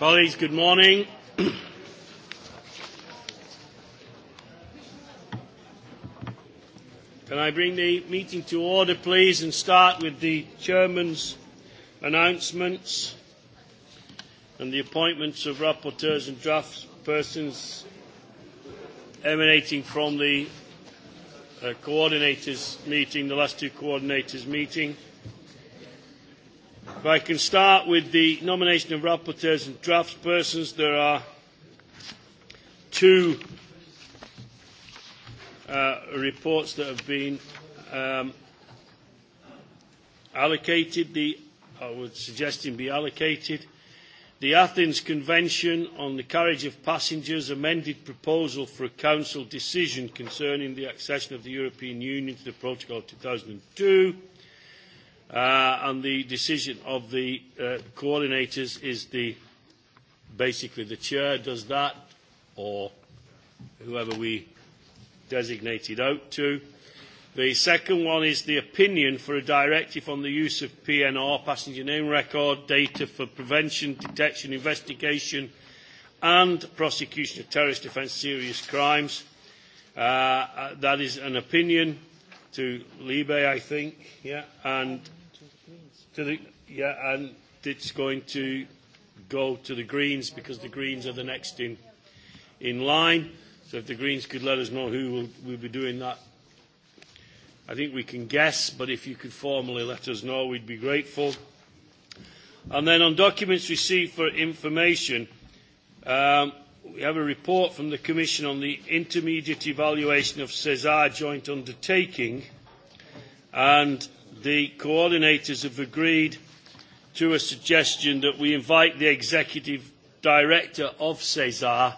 Colleagues, good morning. Can I bring the meeting to order, please, and start with the Chairman's announcements and the appointments of rapporteurs and draft persons emanating from the uh, coordinators' meeting, the last two coordinators' meeting. I can start with the nomination of rapporteurs and draftspersons. There are two uh, reports that have been um, allocated, the, I would suggest be allocated. The Athens Convention on the Carriage of Passengers amended proposal for a Council decision concerning the accession of the European Union to the Protocol of 2002 Uh, and the decision of the uh, coordinators is the basically the chair does that or whoever we designated out to. The second one is the opinion for a directive on the use of PNR, passenger name record, data for prevention, detection, investigation and prosecution of terrorist offence, serious crimes. Uh, uh that is an opinion to Libe, I think, yeah, and To the, yeah, and it's going to go to the Greens because the Greens are the next in, in line. So if the Greens could let us know who will, will be doing that, I think we can guess, but if you could formally let us know, we'd be grateful. And then on documents received for information, um, we have a report from the Commission on the intermediate evaluation of CESAR joint undertaking. And the coordinators have agreed to a suggestion that we invite the executive director of CESAR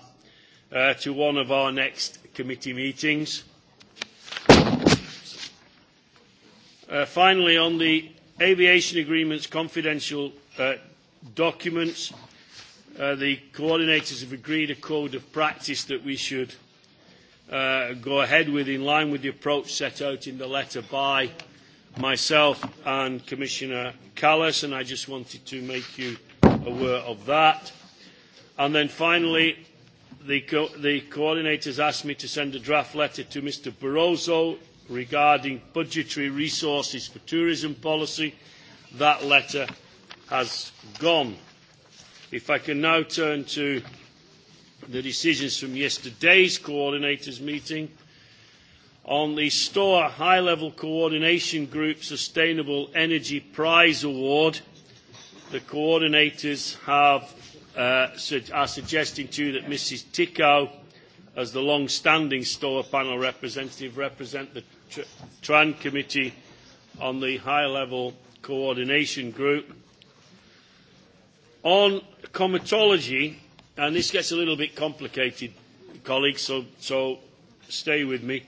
uh, to one of our next committee meetings. Uh, finally, on the aviation agreements confidential uh, documents, uh, the coordinators have agreed a code of practice that we should uh, go ahead with in line with the approach set out in the letter by myself and Commissioner Callas, and I just wanted to make you aware of that. And then finally, the, co the coordinators asked me to send a draft letter to Mr Barroso regarding budgetary resources for tourism policy. That letter has gone. If I can now turn to the decisions from yesterday's coordinators meeting, on the STOA High Level Coordination Group Sustainable Energy Prize Award. The coordinators have, uh, are suggesting to you that Mrs. Tickow, as the long standing STOA panel representative, represent the tr TRAN Committee on the High Level Coordination Group. On comatology, and this gets a little bit complicated, colleagues, so, so stay with me.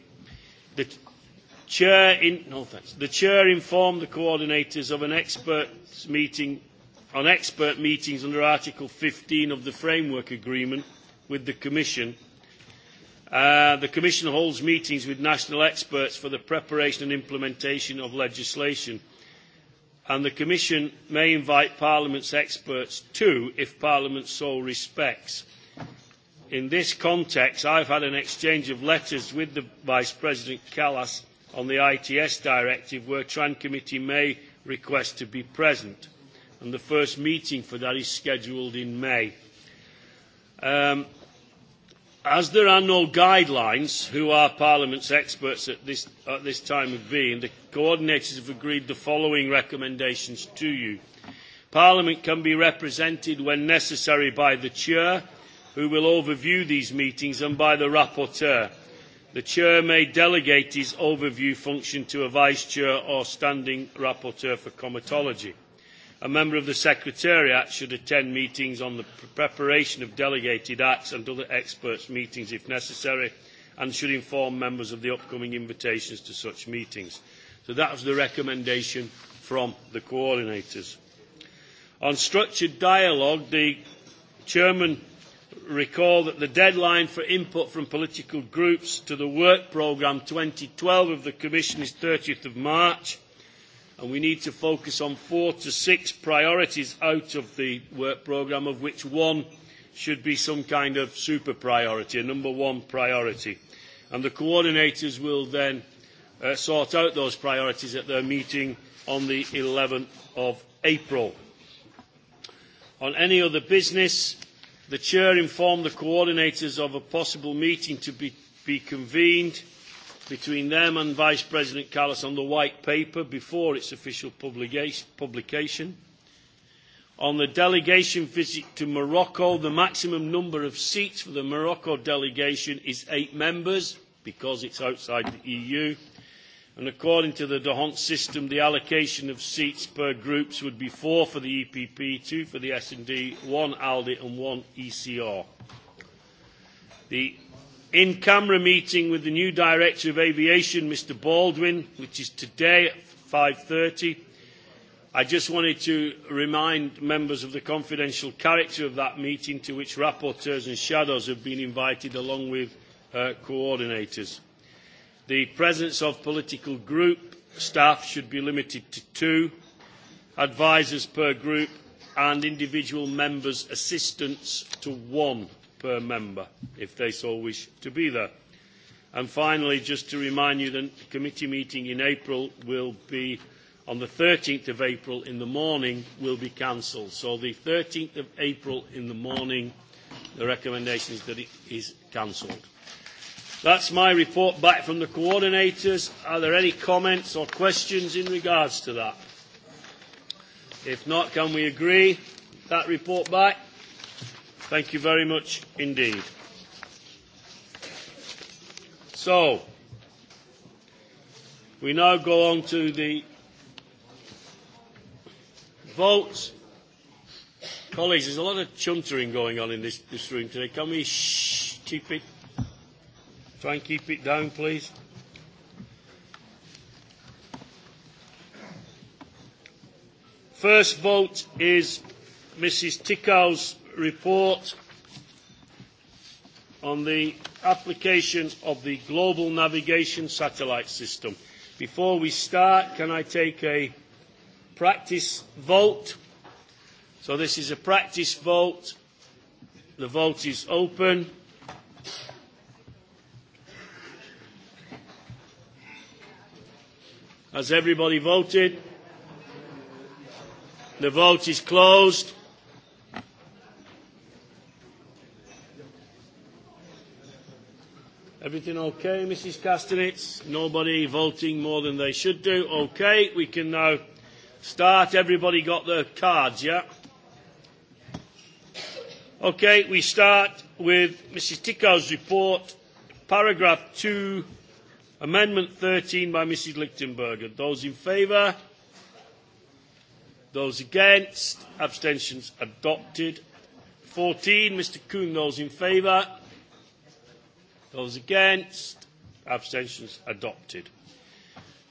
Chair in, no, thanks. The chair informed the coordinators of an expert meeting on expert meetings under Article 15 of the Framework Agreement with the Commission. Uh, the Commission holds meetings with national experts for the preparation and implementation of legislation, and the Commission may invite Parliament's experts too, if Parliament so respects. In this context, I've had an exchange of letters with the Vice President Callas on the ITS directive where TRAN committee may request to be present. And the first meeting for that is scheduled in May. Um, as there are no guidelines, who are Parliament's experts at this, at this time of being, the coordinators have agreed the following recommendations to you. Parliament can be represented when necessary by the Chair, who will overview these meetings, and by the Rapporteur, The Chair may delegate his overview function to a Vice Chair or Standing Rapporteur for Comitology. A member of the Secretariat should attend meetings on the preparation of delegated acts and other experts' meetings if necessary and should inform members of the upcoming invitations to such meetings. So that was the recommendation from the coordinators. On structured dialogue, the Chairman recall that the deadline for input from political groups to the work programme 2012 of the Commission is 30th of March, and we need to focus on four to six priorities out of the work programme, of which one should be some kind of super priority, a number one priority. And the coordinators will then uh, sort out those priorities at their meeting on the 11th of April. On any other business, The Chair informed the coordinators of a possible meeting to be, be convened between them and Vice President Callas on the White Paper before its official publication. On the delegation visit to Morocco, the maximum number of seats for the Morocco delegation is eight members because it's outside the EU and according to the DeHont system, the allocation of seats per groups would be four for the EPP, two for the S&D, one ALDE and one ECR. The in-camera meeting with the new Director of Aviation, Mr Baldwin, which is today at 5.30. I just wanted to remind members of the confidential character of that meeting to which rapporteurs and shadows have been invited along with uh, coordinators. The presence of political group staff should be limited to two, advisers per group and individual members' assistants to one per member, if they so wish to be there. And finally, just to remind you that the committee meeting in April will be on the 13th of April in the morning will be cancelled. So the 13th of April in the morning, the recommendation is that it is cancelled. That's my report back from the coordinators. Are there any comments or questions in regards to that? If not, can we agree that report back? Thank you very much indeed. So, we now go on to the votes. Colleagues, there's a lot of chuntering going on in this, this room today. Can we shh, keep it Try and keep it down, please. First vote is Mrs. Tickow's report on the application of the Global Navigation Satellite System. Before we start, can I take a practice vote? So this is a practice vote. The vote is open. Has everybody voted? The vote is closed. Everything okay, Mrs. Castanets? Nobody voting more than they should do. Okay, we can now start. Everybody got their cards, yeah? Okay, we start with Mrs. Tico's report, paragraph 2. Amendment 13 by Mrs. Lichtenberger. Those in favour? Those against? Abstentions adopted. 14, Mr. Kuhn. Those in favour? Those against? Abstentions adopted.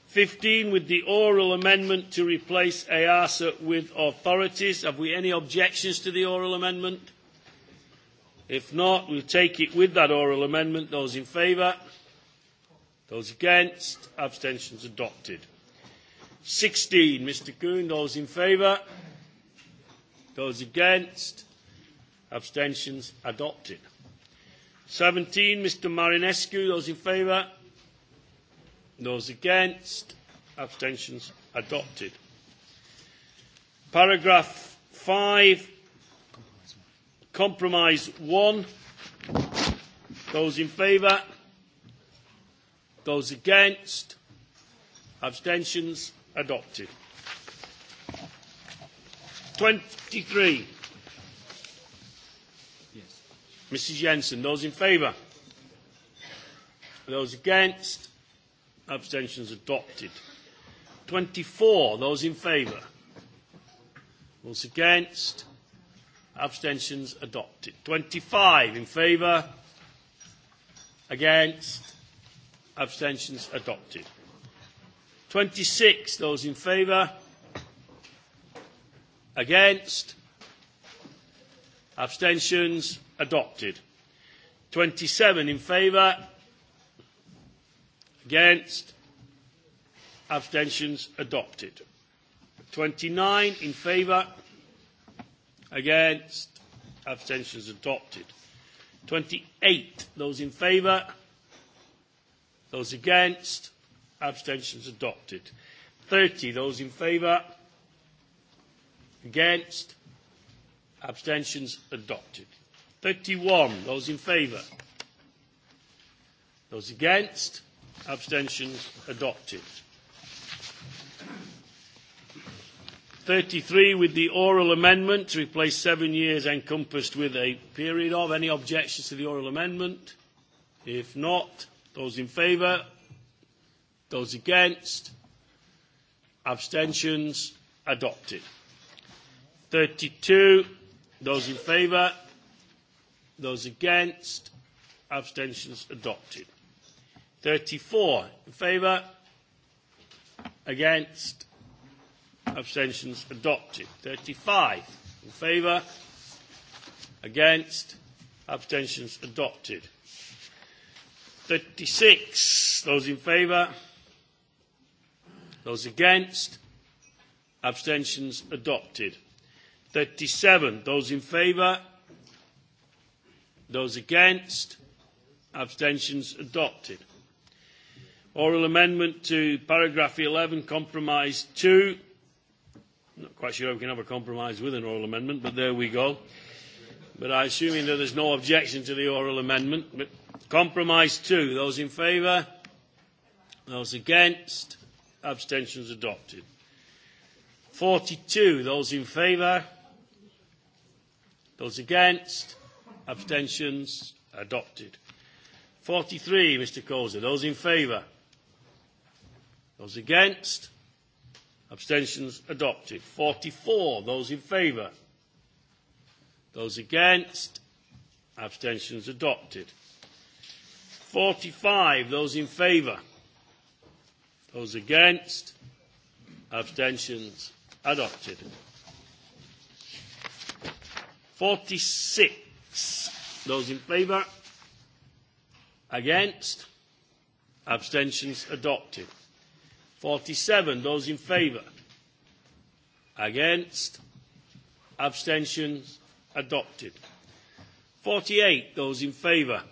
15, with the oral amendment to replace EASA with authorities. Have we any objections to the oral amendment? If not, we'll take it with that oral amendment. Those in favour? Those against? Abstentions adopted. 16, Mr Kuhn. Those in favour? Those against? Abstentions adopted. 17, Mr Marinescu. Those in favour? Those against? Abstentions adopted. Paragraph 5, Compromise 1. Those in favour? Those against? Abstentions? Adopted. 23. Yes. Mrs Jensen, those in favour? Those against? Abstentions adopted. 24, those in favour? Those against? Abstentions adopted. 25 in favour? Against? abstentions adopted. 26, those in favour, against, abstentions adopted. 27 in favour, against, abstentions adopted. 29 in favour, against, abstentions adopted. 28, those in favour, Those against? Abstentions adopted. 30. Those in favour? Against? Abstentions adopted. 31. Those in favour? Those against? Abstentions adopted. 33 with the oral amendment to replace seven years encompassed with a period of. Any objections to the oral amendment? If not, Those in favour? Those against? Abstentions? Adopted. 32. Those in favour? Those against? Abstentions? Adopted. 34. In favour? Against? Abstentions? Adopted. 35. In favour? Against? Abstentions? Adopted. 36. Those in favour? Those against? Abstentions adopted. 37. Those in favour? Those against? Abstentions adopted. Oral amendment to paragraph 11, compromise 2. not quite sure if we can have a compromise with an oral amendment, but there we go. But I assume that there's no objection to the oral amendment, but Compromise 2. Those in favour? Those against? Abstentions adopted. 42. Those in favour? Those against? Abstentions adopted. 43, Mr Coulson. Those in favour? Those against? Abstentions adopted. 44, those in favour? Those against? Abstentions adopted. 45, those in favour. Those against, abstentions adopted. 46, those in favour. Against, abstentions adopted. 47, those in favour. Against, abstentions adopted. 48, those in favour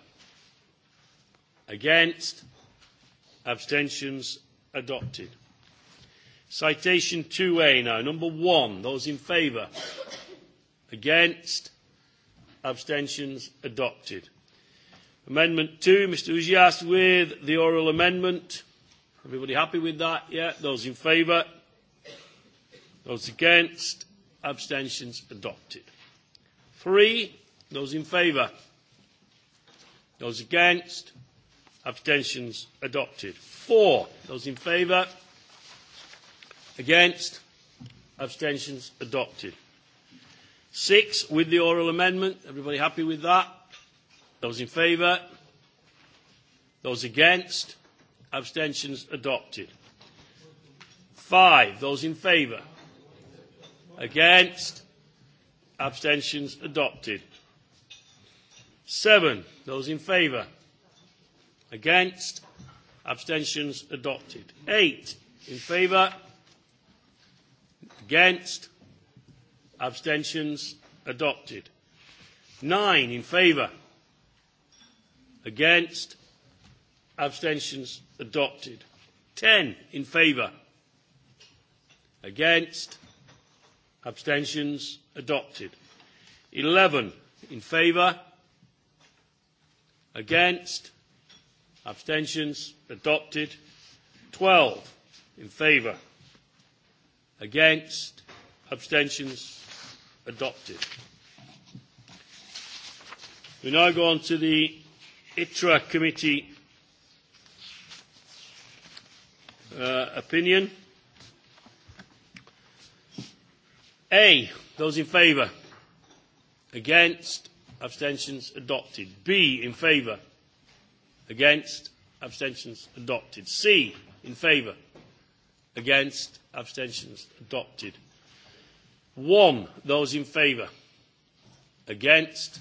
Against? Abstentions? Adopted. Citation 2A now. Number 1. Those in favour? Against? Abstentions? Adopted. Amendment 2, Mr Ujias with the oral amendment. Everybody happy with that? Yeah. Those in favour? Those against? Abstentions? Adopted. 3. Those in favour? Those against? Abstentions adopted. Four. Those in favour? Against? Abstentions adopted. Six with the oral amendment. Everybody happy with that? Those in favour? Those against? Abstentions adopted. Five. Those in favour? Against? Abstentions adopted. Seven. Those in favour? Against? Abstentions adopted. Eight in favour. Against? Abstentions adopted. Nine in favour. Against? Abstentions adopted. Ten in favour. Against? Abstentions adopted. Eleven in favour. Against? Abstentions? Adopted. 12 in favour. Against? Abstentions? Adopted. We now go on to the ITRA committee uh, opinion. A. Those in favour? Against? Abstentions? Adopted. B. In favour? Against? Abstentions adopted. C. In favour? Against? Abstentions adopted. 1. Those in favour? Against?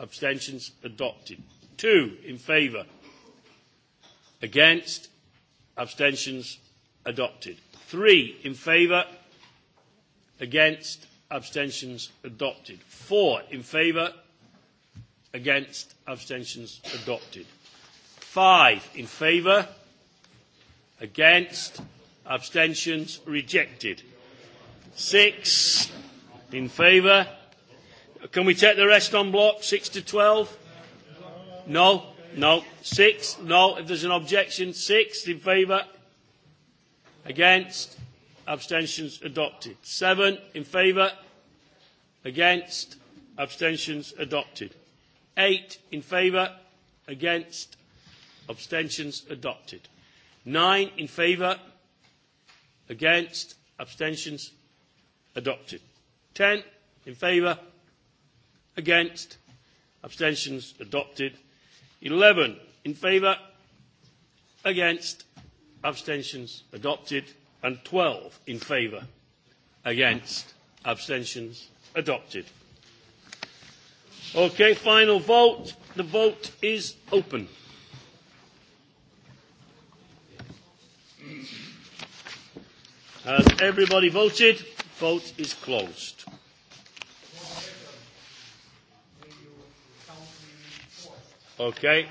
Abstentions adopted. 2. In favour? Against? Abstentions adopted. 3. In favour? Against? Abstentions adopted. 4. In favour? Against? Abstentions adopted. 5 in favour, against, abstentions rejected. 6 in favour. Can we take the rest on block? 6 to 12? No, no. 6, no. If there's an objection, 6 in favour, against, abstentions adopted. 7 in favour, against, abstentions adopted. 8 in favour, against, abstentions adopted. nine in favour, against, abstentions adopted. ten in favour, against, abstentions adopted. eleven in favour, against, abstentions adopted. And twelve in favour, against, abstentions adopted. Okay, final vote. The vote is open. Has everybody voted? Vote is closed. Okay.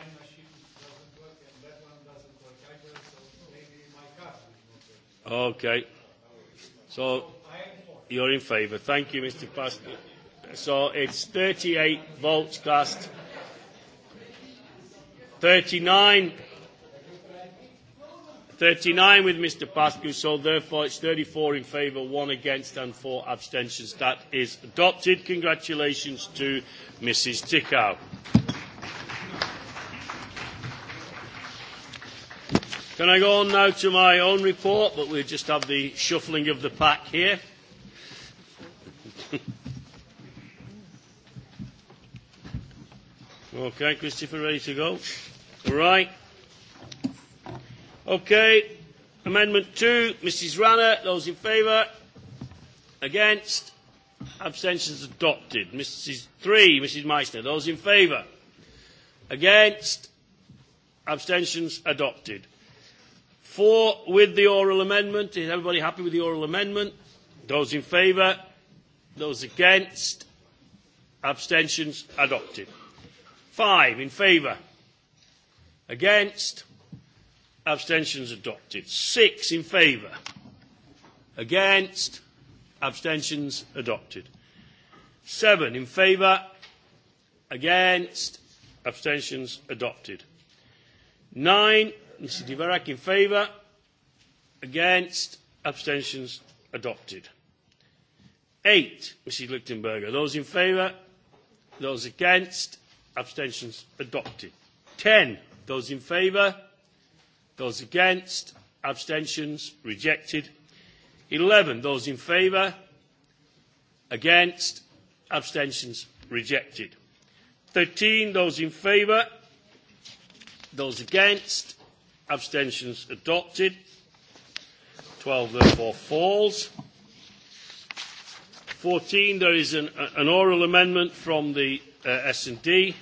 Okay. So you're in favour. Thank you, Mr. Pastor. So it's 38 votes cast. 39 39 with Mr Pascu, so therefore it's 34 in favour, 1 against and 4 abstentions. That is adopted. Congratulations to Mrs Tickow. Can I go on now to my own report, but we just have the shuffling of the pack here. okay, Christopher, ready to go? Right. Okay. Amendment 2, Mrs. Ranner. Those in favour? Against? Abstentions adopted. Mrs. 3, Mrs. Meissner. Those in favour? Against? Abstentions adopted. 4 with the oral amendment. Is everybody happy with the oral amendment? Those in favour? Those against? Abstentions adopted. 5 in favour? Against? abstentions adopted. Six in favour. Against, abstentions adopted. Seven in favour. Against, abstentions adopted. Nine, Mr. Divarak in favour. Against, abstentions adopted. Eight, Mrs. Lichtenberger. Those in favour. Those against, abstentions adopted. Ten, those in favour Those against? Abstentions? Rejected. 11. Those in favour? Against? Abstentions? Rejected. 13. Those in favour? Those against? Abstentions adopted. 12 therefore falls. 14, there is an, an oral amendment from the uh, S&D.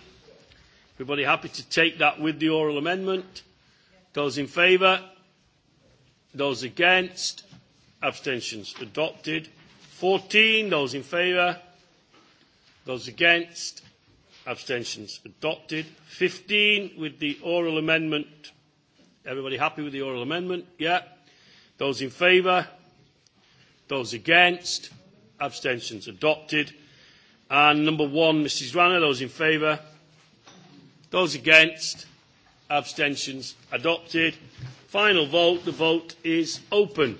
Everybody happy to take that with the oral amendment? Those in favour? Those against? Abstentions adopted. 14. Those in favour? Those against? Abstentions adopted. 15 with the oral amendment. Everybody happy with the oral amendment? Yeah. Those in favour? Those against? Abstentions adopted. And number one, Mrs. Rana, those in favour? Those against? abstentions adopted. Final vote, the vote is open.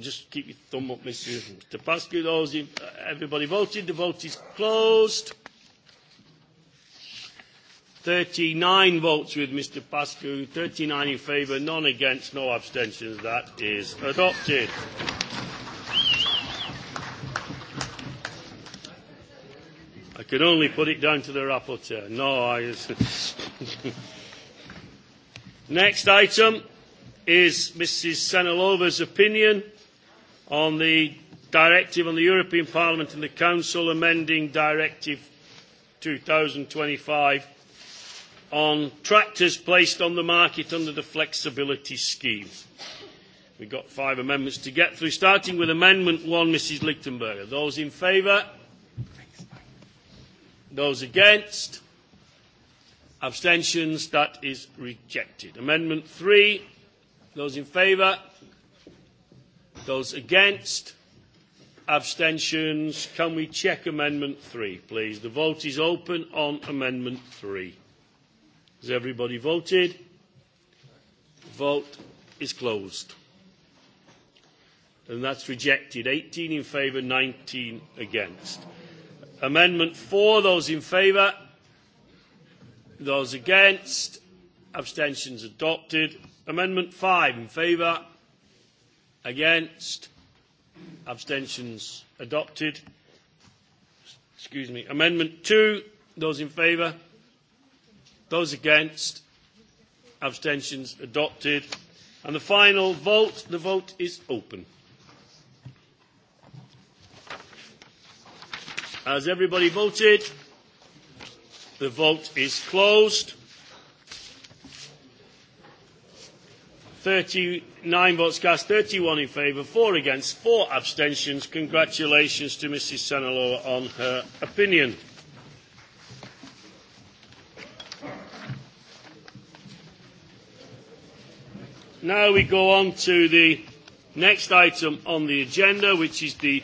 Just keep your thumb up, Mr. Tapascu. Those, in, everybody voted, the vote is closed. 39 votes with Mr. Pascu, 39 in favour, none against, no abstentions. That is adopted. can only put it down to the rapporteur. No, I. Next item is Mrs. Senelova's opinion on the Directive on the European Parliament and the Council amending Directive 2025 on tractors placed on the market under the flexibility scheme. We've got five amendments to get through, starting with Amendment 1, Mrs. Lichtenberger. Those in favour? Those against? Abstentions? That is rejected. Amendment 3. Those in favour? Those against? Abstentions? Can we check Amendment 3, please? The vote is open on Amendment 3. Has everybody voted? Vote is closed. And that's rejected. 18 in favour, 19 against. Amendment 4, those in favour? Those against? Abstentions adopted. Amendment 5 in favour? Against? Abstentions adopted. Excuse me. Amendment 2, those in favour? Those against? Abstentions adopted. And the final vote, the vote is open. Has everybody voted? The vote is closed. 39 votes cast, 31 in favour, 4 against, 4 abstentions. Congratulations to Mrs Senalova on her opinion. Now we go on to the next item on the agenda, which is the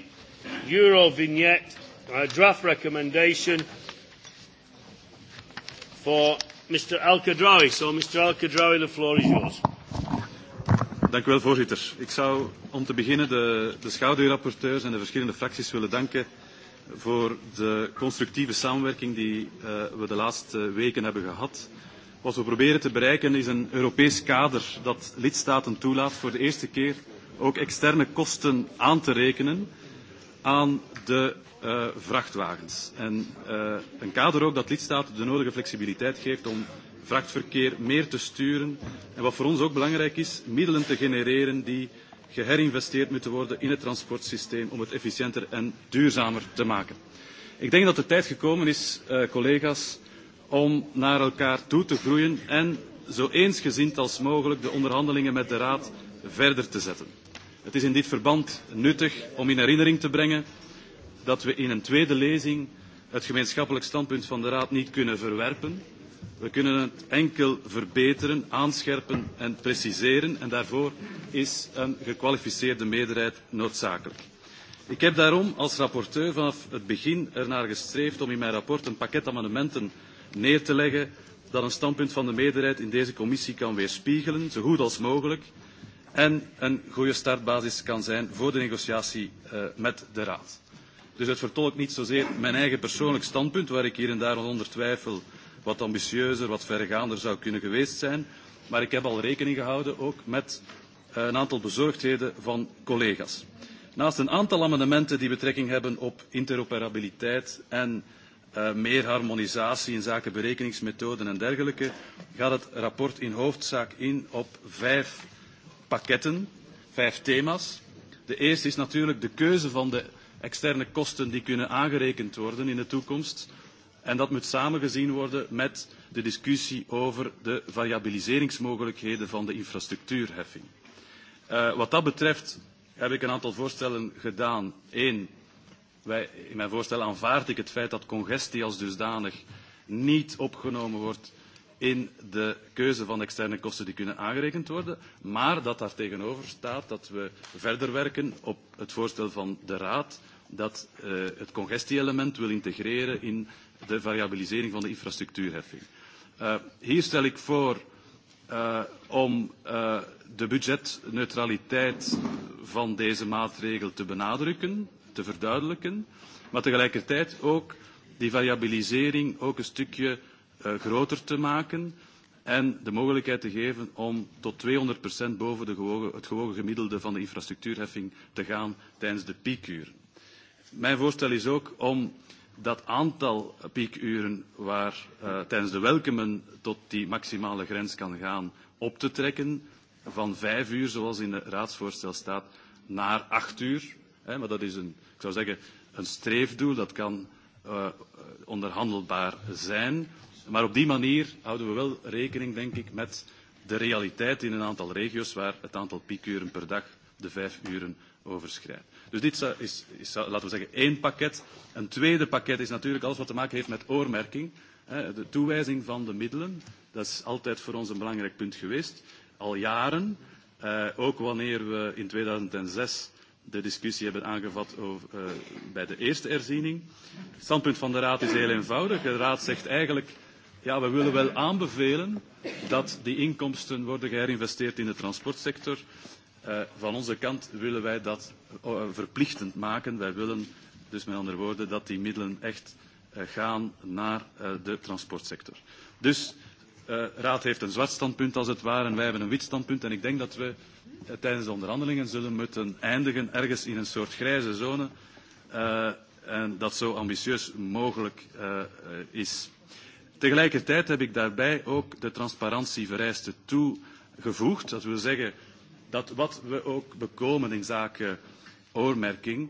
Euro vignette a draft recommendation for Mr. Al Kadrawi. So, Mr. Al Kadrawi, the floor is yours. Dank u wel, voorzitter. Ik zou om te beginnen de, de schaduwrapporteurs en de verschillende fracties willen danken voor de constructieve samenwerking die uh, we de laatste eh, weken hebben gehad. Wat we proberen te bereiken is een Europees kader dat lidstaten toelaat voor de eerste keer ook externe kosten aan te rekenen aan de uh, vrachtwagens. En uh, een kader ook dat lidstaten de nodige flexibiliteit geeft om vrachtverkeer meer te sturen. En wat voor ons ook belangrijk is, middelen te genereren die geherinvesteerd moeten worden in het transportsysteem om het efficiënter en duurzamer te maken. Ik denk dat de tijd gekomen is, uh, collega's, om naar elkaar toe te groeien en zo eensgezind als mogelijk de onderhandelingen met de Raad verder te zetten. Het is in dit verband nuttig om in herinnering te brengen dat we in een tweede lezing het gemeenschappelijk standpunt van de Raad niet kunnen verwerpen. We kunnen het enkel verbeteren, aanscherpen en preciseren en daarvoor is een gekwalificeerde meerderheid noodzakelijk. Ik heb daarom als rapporteur vanaf het begin ernaar gestreefd om in mijn rapport een pakket amendementen neer te leggen dat een standpunt van de meerderheid in deze commissie kan weerspiegelen, zo goed als mogelijk, en een goede startbasis kan zijn voor de negotiatie uh, met de Raad. Dus het vertolkt niet zozeer mijn eigen persoonlijk standpunt, waar ik hier en daar onder twijfel wat ambitieuzer, wat verregaander zou kunnen geweest zijn. Maar ik heb al rekening gehouden ook met eh, een aantal bezorgdheden van collega's. Naast een aantal amendementen die betrekking hebben op interoperabiliteit en uh, meer harmonisatie in zaken berekeningsmethoden en dergelijke, gaat het rapport in hoofdzaak in op vijf pakketten, vijf thema's. De eerste is natuurlijk de keuze van de externe kosten die kunnen aangerekend worden in de toekomst. En dat moet samengezien worden met de discussie over de variabiliseringsmogelijkheden van de infrastructuurheffing. Uh, wat dat betreft heb ik een aantal voorstellen gedaan. Eén, wij, in mijn voorstel aanvaard ik het feit dat congestie als dusdanig niet opgenomen wordt in de keuze van externe kosten die kunnen aangerekend worden, maar dat daar tegenover staat dat we verder werken op het voorstel van de Raad dat uh, het congestieelement wil integreren in de variabilisering van de infrastructuurheffing. Uh, hier stel ik voor uh, om uh, de budgetneutraliteit van deze maatregel te benadrukken, te verduidelijken, maar tegelijkertijd ook die variabilisering ook een stukje Eh, groter te maken en de mogelijkheid te geven om tot 200% boven de gewogen, het gewogen gemiddelde van de infrastructuurheffing te gaan tijdens de piekuren. Mijn voorstel is ook om dat aantal piekuren waar uh, tijdens de welke men tot die maximale grens kan gaan op te trekken van vijf uur, zoals in het raadsvoorstel staat, naar acht uur. maar dat is een, ik zou zeggen, een streefdoel, dat kan uh, onderhandelbaar zijn. Maar op die manier houden we wel rekening, denk ik, met de realiteit in een aantal regio's waar het aantal piekuren per dag de vijf uren overschrijdt. Dus dit is, is, laten we zeggen, één pakket. Een tweede pakket is natuurlijk alles wat te maken heeft met oormerking. De toewijzing van de middelen, dat is altijd voor ons een belangrijk punt geweest. Al jaren, eh, ook wanneer we in 2006 de discussie hebben aangevat over, eh, bij de eerste herziening. Het standpunt van de Raad is heel eenvoudig. De Raad zegt eigenlijk Ja, we willen wel aanbevelen dat die inkomsten worden geherinvesteerd in de transportsector. Uh, van onze kant willen wij dat uh, verplichtend maken. Wij willen dus met andere woorden dat die middelen echt uh, gaan naar uh, de transportsector. Dus de uh, Raad heeft een zwart standpunt als het ware en wij hebben een wit standpunt. En ik denk dat we uh, tijdens de onderhandelingen zullen moeten eindigen ergens in een soort grijze zone. Uh, en dat zo ambitieus mogelijk uh, is. Tegelijkertijd heb ik daarbij ook de transparantievereisten toegevoegd. Dat wil zeggen dat wat we ook bekomen in zaken oormerking,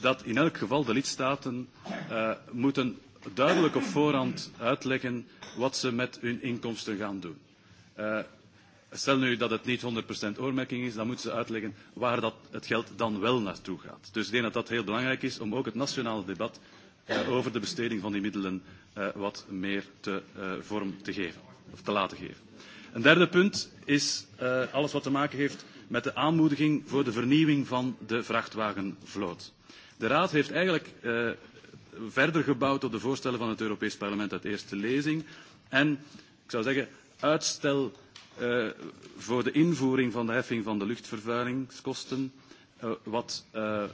dat in elk geval de lidstaten uh, moeten duidelijk op voorhand uitleggen wat ze met hun inkomsten gaan doen. Uh, stel nu dat het niet 100% oormerking is, dan moeten ze uitleggen waar dat, het geld dan wel naartoe gaat. Dus ik denk dat dat heel belangrijk is om ook het nationale debat Eh, over de besteding van die middelen uh, wat meer te, uh, vorm te geven of te laten geven. Een derde punt is uh, alles wat te maken heeft met de aanmoediging voor de vernieuwing van de vrachtwagenvloot. De Raad heeft eigenlijk uh, verder gebouwd op de voorstellen van het Europees Parlement uit eerste lezing en, ik zou zeggen, uitstel Uh, voor de invoering van de heffing van de luchtvervuilingskosten, uh, wat uh,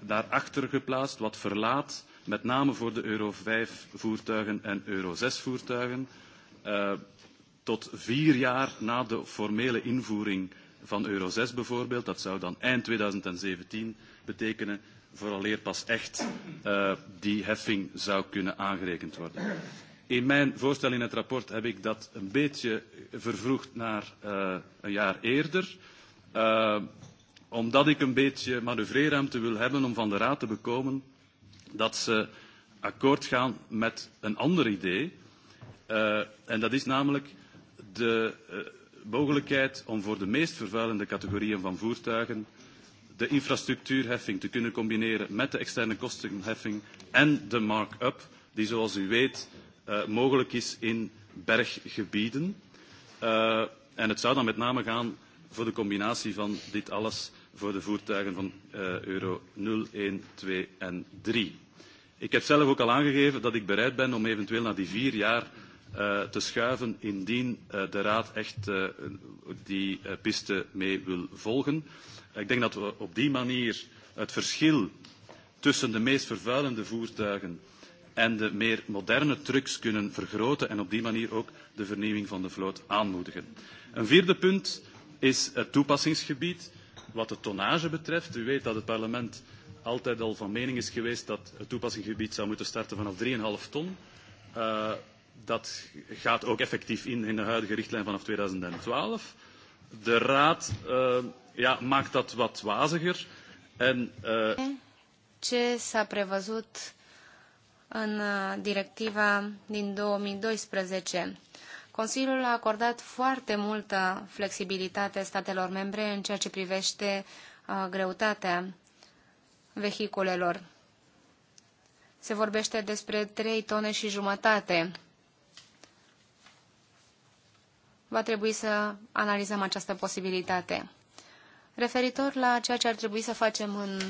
daarachter geplaatst, wat verlaat uh, met name voor de Euro 5 voertuigen en Euro 6 voertuigen. Uh, tot vier jaar na de formele invoering van Euro 6 bijvoorbeeld, dat zou dan eind 2017 betekenen, vooraleer pas echt uh, die heffing zou kunnen aangerekend worden. In mijn voorstel in het rapport heb ik dat een beetje vervroegd naar uh, een jaar eerder. Uh, omdat ik een beetje manoeuvreerruimte wil hebben om van de Raad te bekomen dat ze akkoord gaan met een ander idee. Uh, en dat is namelijk de uh, mogelijkheid om voor de meest vervuilende categorieën van voertuigen de infrastructuurheffing te kunnen combineren met de externe kostenheffing en de mark-up die, zoals u weet, uh, mogelijk is in berggebieden. Uh, en het zou dan met name gaan voor de combinatie van dit alles voor de voertuigen van uh, euro 0, 1, 2 en 3. Ik heb zelf ook al aangegeven dat ik bereid ben om eventueel na die vier jaar uh, te schuiven indien uh, de Raad echt uh, die uh, piste mee wil volgen. ik denk dat we op die manier het verschil tussen de meest vervuilende voertuigen en de meer moderne trucks kunnen vergroten en op die manier ook de vernieuwing van de vloot aanmoedigen. Een vierde punt is het toepassingsgebied. Wat de tonnage betreft, u weet dat het parlement altijd al van mening is geweest dat het toepassingsgebied zou moeten starten vanaf 3,5 ton. Uh, dat gaat ook effectief in in de huidige richtlijn vanaf 2012. De Raad uh, ja, maakt dat wat waziger. En, uh... Ce s-a prevăzut în directiva din 2012? Consiliul a acordat foarte multă flexibilitate statelor membre în ceea ce privește uh, greutatea vehiculelor. Se vorbește despre 3 tone și jumătate. Va trebui să analizăm această posibilitate. Referitor la ceea ce ar trebui să facem în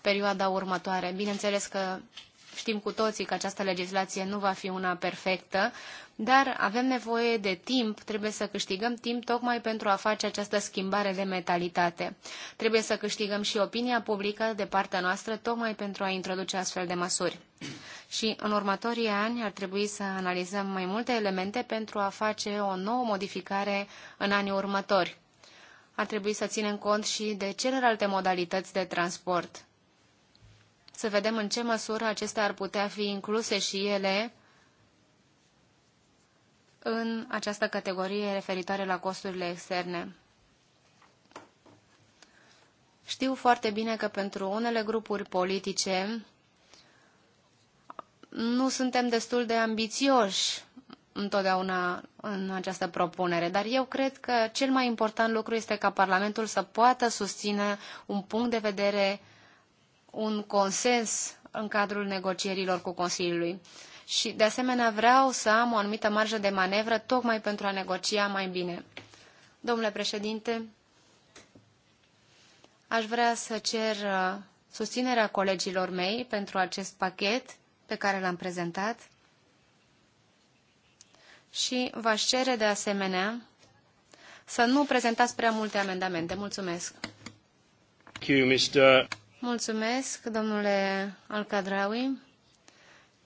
perioada următoare, bineînțeles că Știm cu toții că această legislație nu va fi una perfectă, dar avem nevoie de timp, trebuie să câștigăm timp tocmai pentru a face această schimbare de mentalitate. Trebuie să câștigăm și opinia publică de partea noastră tocmai pentru a introduce astfel de măsuri. Și în următorii ani ar trebui să analizăm mai multe elemente pentru a face o nouă modificare în anii următori. Ar trebui să ținem cont și de celelalte modalități de transport să vedem în ce măsură acestea ar putea fi incluse și ele în această categorie referitoare la costurile externe. Știu foarte bine că pentru unele grupuri politice nu suntem destul de ambițioși întotdeauna în această propunere, dar eu cred că cel mai important lucru este ca Parlamentul să poată susține un punct de vedere uh, un consens în cadrul negocierilor cu Consiliului. Și, de asemenea, vreau să am o anumită marjă de manevră tocmai pentru a negocia mai bine. Domnule președinte, aș vrea să cer uh, susținerea colegilor mei pentru acest pachet pe care l-am prezentat și v-aș cere de asemenea să nu prezentați prea multe amendamente. Mulțumesc! Thank you, Mr. Mulțumesc, domnule Alcadraui.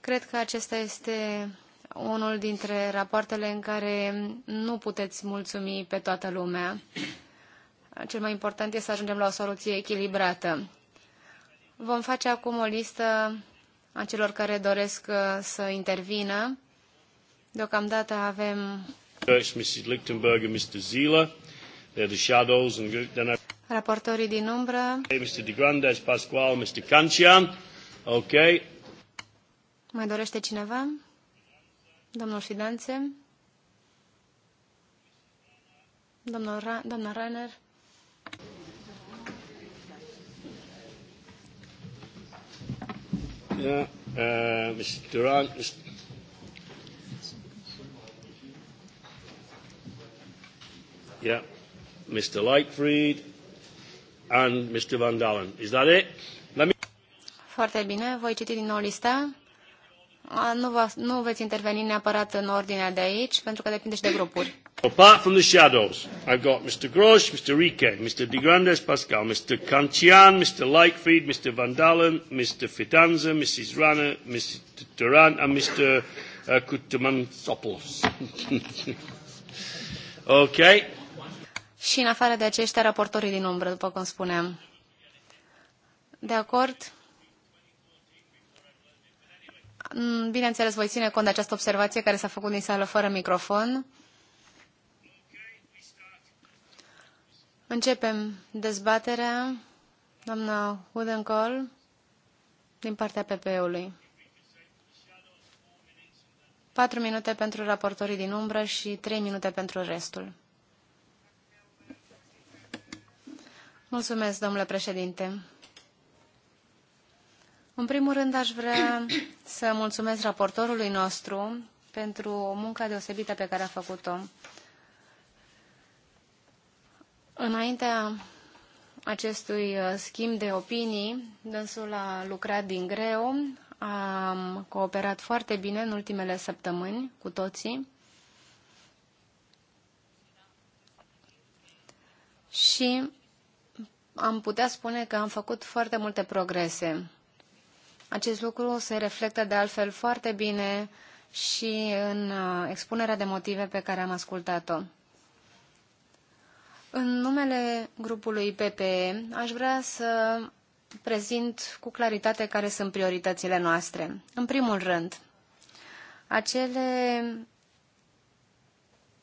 Cred că acesta este unul dintre rapoartele în care nu puteți mulțumi pe toată lumea. Cel mai important este să ajungem la o soluție echilibrată. Vom face acum o listă a celor care doresc uh, să intervină. Deocamdată avem... Mr. Zila, they're the shadows, and then I raportorii din umbră. Okay, Mr. De Grande, Pascual, Mr. Cancian. Ok. Mai dorește cineva? Domnul Fidanțe? Domnul Ra- doamna Rainer? Yeah, uh, Mr. Durant, Mr. Yeah, Mr. Lightfried, and Mr. Van Dalen. Is that it? Let me... Foarte bine, voi citi din nou lista. Nu, vă, nu veți interveni neapărat în ordinea de aici, pentru că depinde și de grupuri. Apart from the shadows, I've got Mr. Grosch, Mr. Rieke, Mr. De Grandes Pascal, Mr. Cancian, Mr. Lightfried, Mr. Van Dalen, Mr. Fidanza, Mrs. Rana, Mr. Duran, and Mr. Uh, Kutumansopoulos. okay și în afară de aceștia raportorii din umbră, după cum spuneam. De acord? Mm, bineînțeles, voi ține cont de această observație care s-a făcut din sală fără microfon. Începem dezbaterea. Doamna Udencol, din partea PPE-ului. Patru minute pentru raportorii din umbră și trei minute pentru restul. Mulțumesc, domnule președinte. În primul rând, aș vrea să mulțumesc raportorului nostru pentru munca deosebită pe care a făcut-o. Înaintea acestui uh, schimb de opinii, dânsul a lucrat din greu, am cooperat foarte bine în ultimele săptămâni cu toții și am putea spune că am făcut foarte multe progrese. Acest lucru se reflectă de altfel foarte bine și în uh, expunerea de motive pe care am ascultat-o. În numele grupului PPE aș vrea să prezint cu claritate care sunt prioritățile noastre. În primul rând, acele,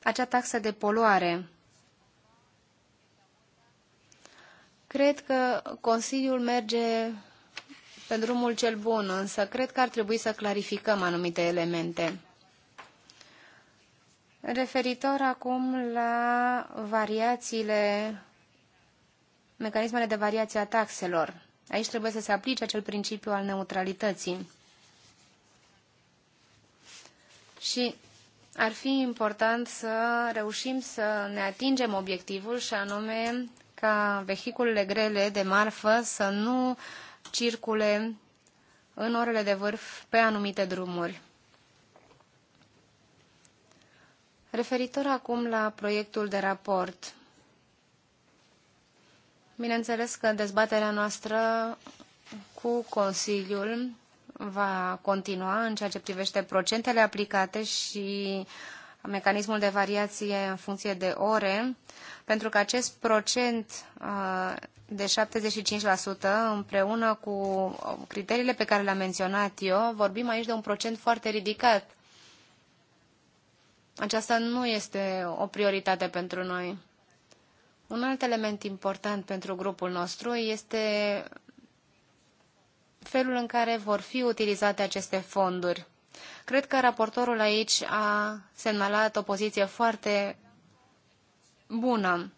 acea taxă de poluare Cred că Consiliul merge pe drumul cel bun, însă cred că ar trebui să clarificăm anumite elemente. Referitor acum la variațiile, mecanismele de variație a taxelor. Aici trebuie să se aplice acel principiu al neutralității. Și ar fi important să reușim să ne atingem obiectivul și anume ca vehiculele grele de marfă să nu circule în orele de vârf pe anumite drumuri. Referitor acum la proiectul de raport, bineînțeles că dezbaterea noastră cu Consiliul va continua în ceea ce privește procentele aplicate și uh, mecanismul de variație în funcție de ore, pentru că acest procent uh, de 75% împreună cu uh, criteriile pe care le-am menționat eu, vorbim aici de un procent foarte ridicat. Aceasta nu este o prioritate pentru noi. Un alt element important pentru grupul nostru este felul în care vor fi utilizate aceste fonduri. Cred că raportorul aici a semnalat o poziție foarte bună.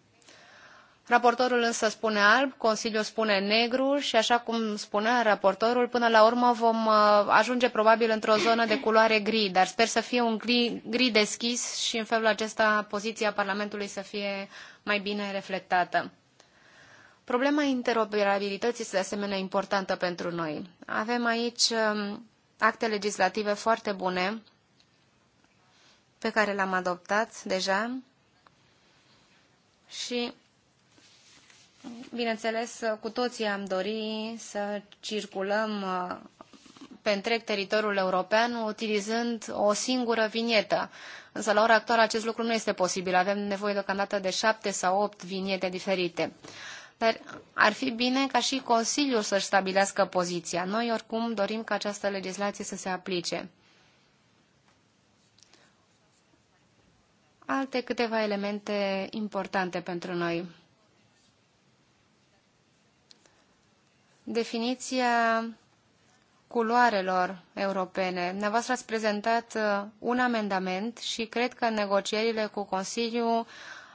Raportorul însă spune alb, Consiliul spune negru și așa cum spunea raportorul, până la urmă vom uh, ajunge probabil într-o zonă de culoare gri, dar sper să fie un gri, gri deschis și în felul acesta poziția Parlamentului să fie mai bine reflectată. Problema interoperabilității este de asemenea importantă pentru noi. Avem aici um, acte legislative foarte bune pe care l-am adoptat deja și, bineînțeles, cu toții am dori să circulăm uh, pe întreg teritoriul european utilizând o singură vinietă. Însă, la ora actuală, acest lucru nu este posibil. Avem nevoie deocamdată de șapte sau opt viniete diferite. Dar ar fi bine ca și Consiliul să-și stabilească poziția. Noi oricum dorim ca această legislație să se aplice. Alte câteva elemente importante pentru noi. Definiția culoarelor europene. Dumneavoastră ați prezentat uh, un amendament și cred că în negocierile cu Consiliul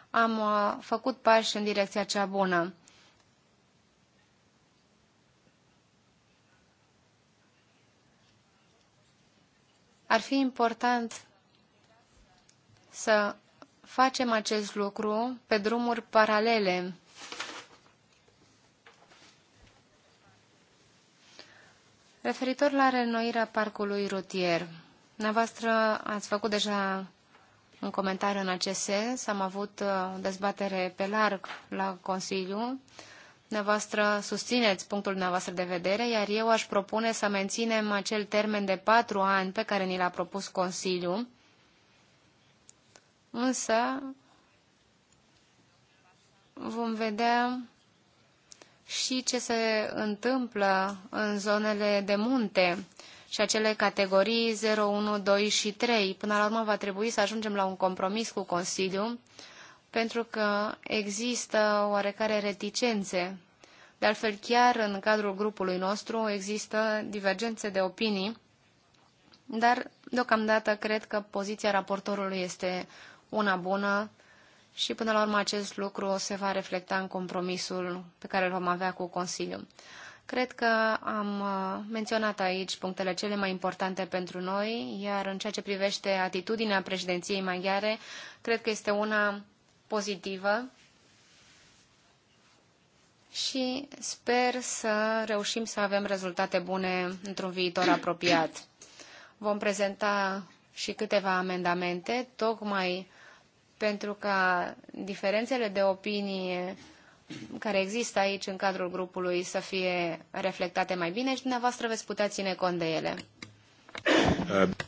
am uh, făcut pași în direcția cea bună. Ar fi important să facem acest lucru pe drumuri paralele. Referitor la renoirea parcului rutier, dumneavoastră ați făcut deja un comentariu în acest sens, am avut o uh, dezbatere pe larg la Consiliu, dumneavoastră susțineți punctul dumneavoastră de vedere, iar eu aș propune să menținem acel termen de patru ani pe care ni l-a propus Consiliul, însă vom vedea și ce se întâmplă în zonele de munte și acele categorii 0, 1, 2 și 3. Până la urmă va trebui să ajungem la un compromis cu Consiliul, pentru că există oarecare reticențe. De altfel, chiar în cadrul grupului nostru există divergențe de opinii, dar deocamdată cred că poziția raportorului este una bună și până la urmă acest lucru se va reflecta în compromisul pe care îl vom avea cu Consiliul. Cred că am uh, menționat aici punctele cele mai importante pentru noi, iar în ceea ce privește atitudinea președinției maghiare, cred că este una pozitivă și sper să reușim să avem rezultate bune într-un viitor apropiat. Vom prezenta și câteva amendamente, tocmai pentru ca diferențele de opinie care există aici în cadrul grupului să fie reflectate mai bine și dumneavoastră veți putea ține cont de ele.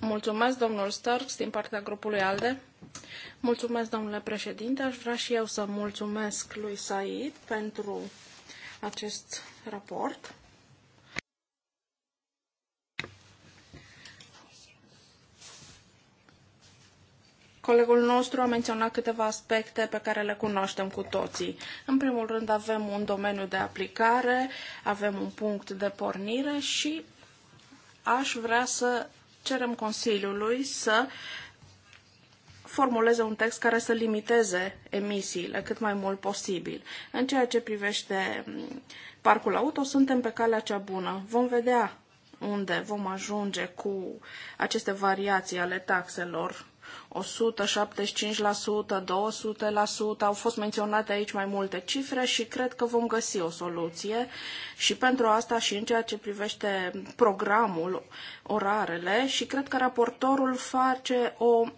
Mulțumesc, domnul Starks, din partea grupului ALDE. Mulțumesc, domnule președinte. Aș vrea și eu să mulțumesc lui Said pentru acest raport. Colegul nostru a menționat câteva aspecte pe care le cunoaștem cu toții. În primul rând avem un domeniu de aplicare, avem un punct de pornire și aș vrea să cerem Consiliului să formuleze un text care să limiteze emisiile cât mai mult posibil. În ceea ce privește mm, parcul auto, suntem pe calea cea bună. Vom vedea unde vom ajunge cu aceste variații ale taxelor 175%, 200%, au fost menționate aici mai multe cifre și cred că vom găsi o soluție și pentru asta și în ceea ce privește programul, orarele și cred că raportorul face o uh,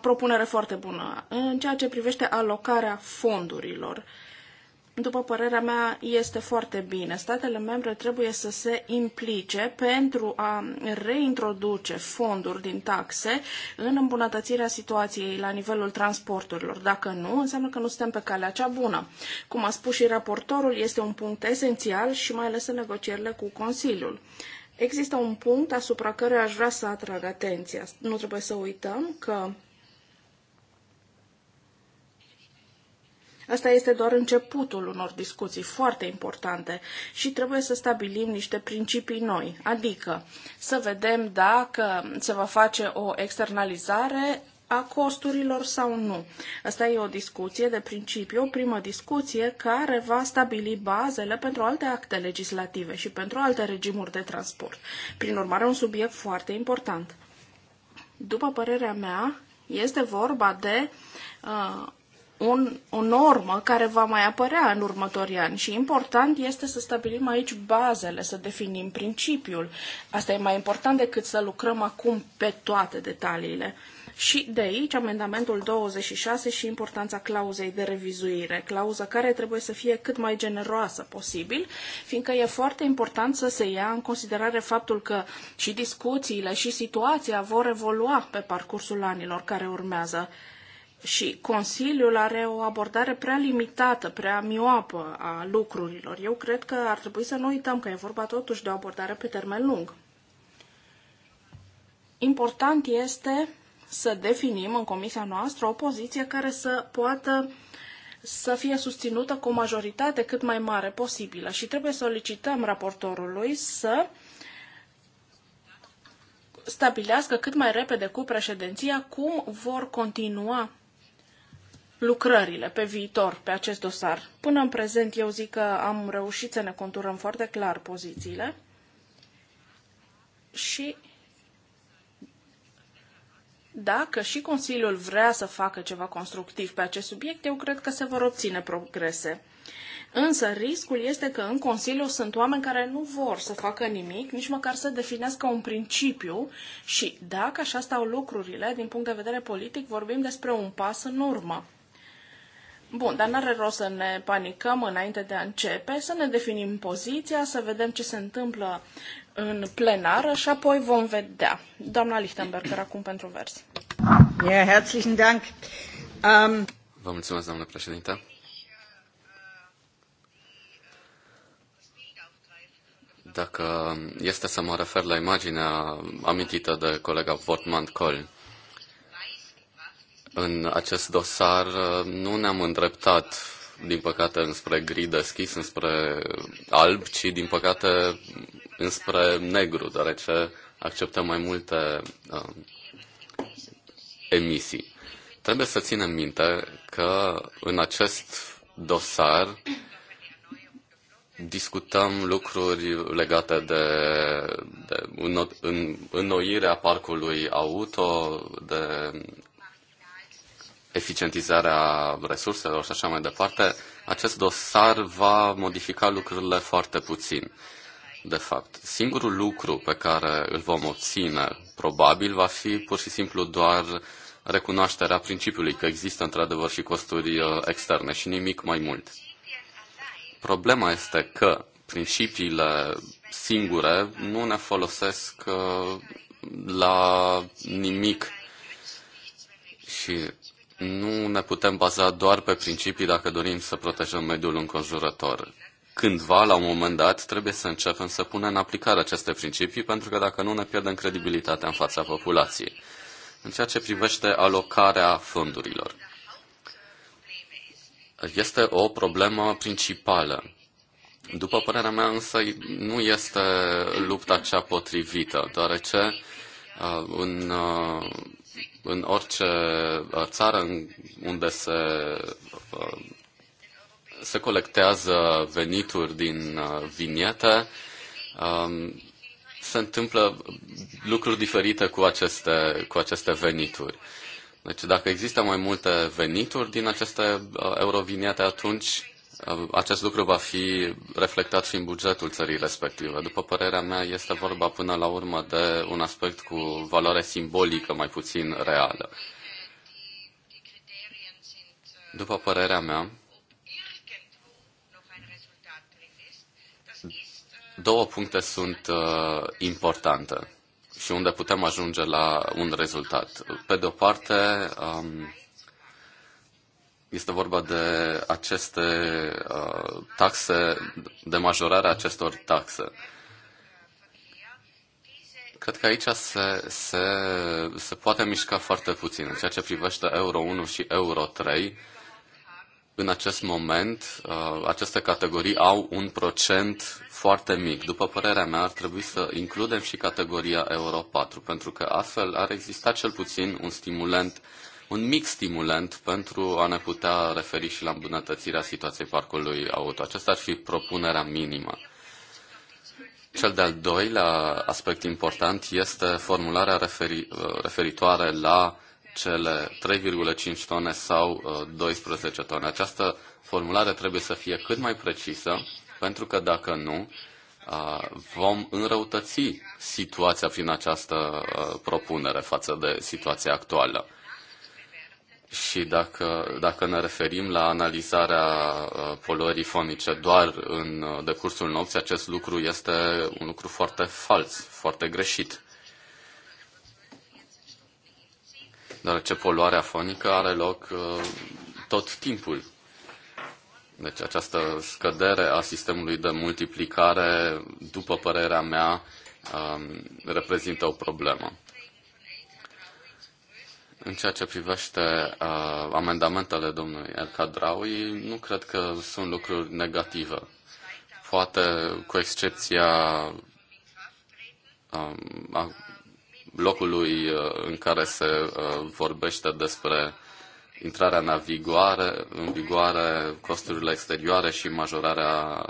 propunere foarte bună în ceea ce privește alocarea fondurilor după părerea mea, este foarte bine. Statele membre trebuie să se implice pentru a reintroduce fonduri din taxe în îmbunătățirea situației la nivelul transporturilor. Dacă nu, înseamnă că nu suntem pe calea cea bună. Cum a spus și raportorul, este un punct esențial și mai ales în negocierile cu Consiliul. Există un punct asupra căruia aș vrea să atrag atenția. Nu trebuie să uităm că Asta este doar începutul unor discuții foarte importante și trebuie să stabilim niște principii noi, adică să vedem dacă se va face o externalizare a costurilor sau nu. Asta e o discuție de principiu, o primă discuție care va stabili bazele pentru alte acte legislative și pentru alte regimuri de transport. Prin urmare, un subiect foarte important. După părerea mea, este vorba de uh, un, o normă care va mai apărea în următorii ani și important este să stabilim aici bazele, să definim principiul. Asta e mai important decât să lucrăm acum pe toate detaliile. Și de aici amendamentul 26 și importanța clauzei de revizuire, clauza care trebuie să fie cât mai generoasă posibil, fiindcă e foarte important să se ia în considerare faptul că și discuțiile și situația vor evolua pe parcursul anilor care urmează. Și Consiliul are o abordare prea limitată, prea mioapă a lucrurilor. Eu cred că ar trebui să nu uităm că e vorba totuși de o abordare pe termen lung. Important este să definim în comisia noastră o poziție care să poată să fie susținută cu o majoritate cât mai mare posibilă și trebuie să solicităm raportorului să stabilească cât mai repede cu președinția cum vor continua lucrările pe viitor pe acest dosar. Până în prezent, eu zic că am reușit să ne conturăm foarte clar pozițiile și dacă și Consiliul vrea să facă ceva constructiv pe acest subiect, eu cred că se vor obține progrese. Însă riscul este că în Consiliu sunt oameni care nu vor să facă nimic, nici măcar să definească un principiu și dacă așa stau lucrurile, din punct de vedere politic, vorbim despre un pas în urmă. Bun, dar n-are rost să ne panicăm înainte de a începe, să ne definim poziția, să vedem ce se întâmplă în plenară și apoi vom vedea. Doamna Lichtenberger, acum pentru vers. Yeah, herzlichen Dank. Um... Vă mulțumesc, doamnă președinte. Dacă este să mă refer la imaginea amintită de colega Wortmann Kohl, în acest dosar nu ne-am îndreptat, din păcate, înspre gri deschis, înspre alb, ci, din păcate, înspre negru, deoarece acceptăm mai multe uh, emisii. Trebuie să ținem minte că în acest dosar discutăm lucruri legate de, de înnoirea parcului auto, de eficientizarea resurselor și așa mai departe, acest dosar va modifica lucrurile foarte puțin. De fapt, singurul lucru pe care îl vom obține, probabil, va fi pur și simplu doar recunoașterea principiului că există într-adevăr și costuri uh, externe și nimic mai mult. Problema este că principiile singure nu ne folosesc uh, la nimic și nu ne putem baza doar pe principii dacă dorim să protejăm mediul înconjurător. Cândva, la un moment dat, trebuie să începem să punem în aplicare aceste principii, pentru că dacă nu ne pierdem credibilitatea în fața populației. În ceea ce privește alocarea fondurilor, este o problemă principală. După părerea mea, însă, nu este lupta cea potrivită, deoarece uh, în uh, în orice uh, țară unde se, uh, se colectează venituri din uh, viniete, um, se întâmplă lucruri diferite cu aceste, cu aceste venituri. Deci dacă există mai multe venituri din aceste euroviniete, atunci acest lucru va fi reflectat și în bugetul țării respective. După părerea mea, este vorba până la urmă de un aspect cu valoare simbolică, mai puțin reală. După părerea mea, două puncte sunt uh, importante și unde putem ajunge la un rezultat. Pe de o parte, um, este vorba de aceste uh, taxe, de majorarea acestor taxe. Cred că aici se, se, se poate mișca foarte puțin. În ceea ce privește Euro 1 și Euro 3, în acest moment, uh, aceste categorii au un procent foarte mic. După părerea mea, ar trebui să includem și categoria Euro 4, pentru că astfel ar exista cel puțin un stimulant uh, un mic stimulant pentru a ne putea referi și la îmbunătățirea situației parcului auto. Aceasta ar fi propunerea minimă. Cel de-al doilea aspect important este formularea referi, uh, referitoare la cele 3,5 tone sau 12 uh, tone. Această formulare trebuie să fie cât mai precisă, pentru că dacă nu, uh, vom înrăutăți situația prin această propunere față de situația actuală. Și dacă, dacă ne referim la analizarea uh, poluării fonice doar în uh, decursul nopții, acest lucru este un lucru foarte fals, foarte greșit. ce poluarea fonică are loc uh, tot timpul. Deci această scădere a sistemului de multiplicare, după părerea mea, um, reprezintă o problemă. În ceea ce privește uh, amendamentele domnului El Cadraui, nu cred că sunt lucruri negative. Poate cu excepția uh, a locului uh, în care se uh, vorbește despre intrarea în vigoare, în vigoare, costurile exterioare și majorarea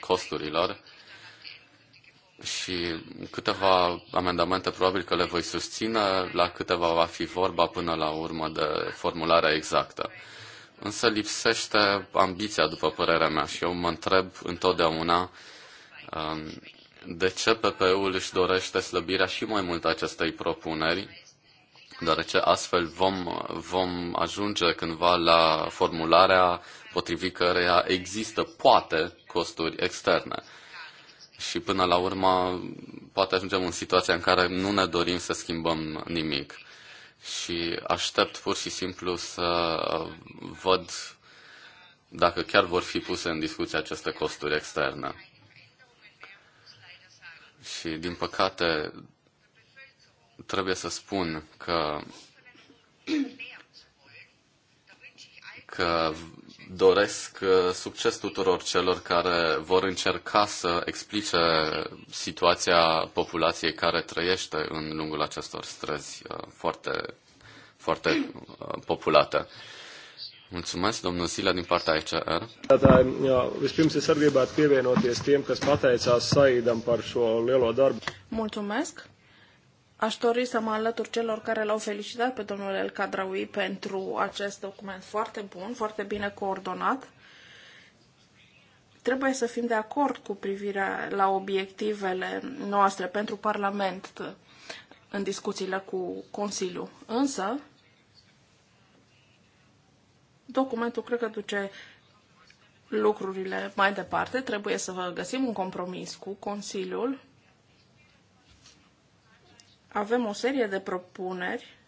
costurilor și câteva amendamente probabil că le voi susține, la câteva va fi vorba până la urmă de formularea exactă. Însă lipsește ambiția, după părerea mea, și eu mă întreb întotdeauna um, de ce PPE-ul își dorește slăbirea și mai mult acestei propuneri, deoarece astfel vom, vom ajunge cândva la formularea potrivit căreia există poate costuri externe și până la urmă poate ajungem în situația în care nu ne dorim să schimbăm nimic. Și aștept pur și simplu să văd dacă chiar vor fi puse în discuție aceste costuri externe. Și, din păcate, trebuie să spun că că doresc uh, succes tuturor celor care vor încerca să explice situația populației care trăiește în lungul acestor străzi uh, foarte, foarte uh, populate. Mulțumesc, domnul Sila, din partea ECR. Da, da, Vispirms es arī gribētu pievienoties tiem, kas Saidam par šo lielo darbu. Mulțumesc. Aș dori să mă alătur celor care l-au felicitat pe domnul El Cadraui pentru acest document foarte bun, foarte bine coordonat. Trebuie să fim de acord cu privirea la obiectivele noastre pentru Parlament în discuțiile cu Consiliul. Însă, documentul cred că duce lucrurile mai departe. Trebuie să găsim un compromis cu Consiliul avem o serie de propuneri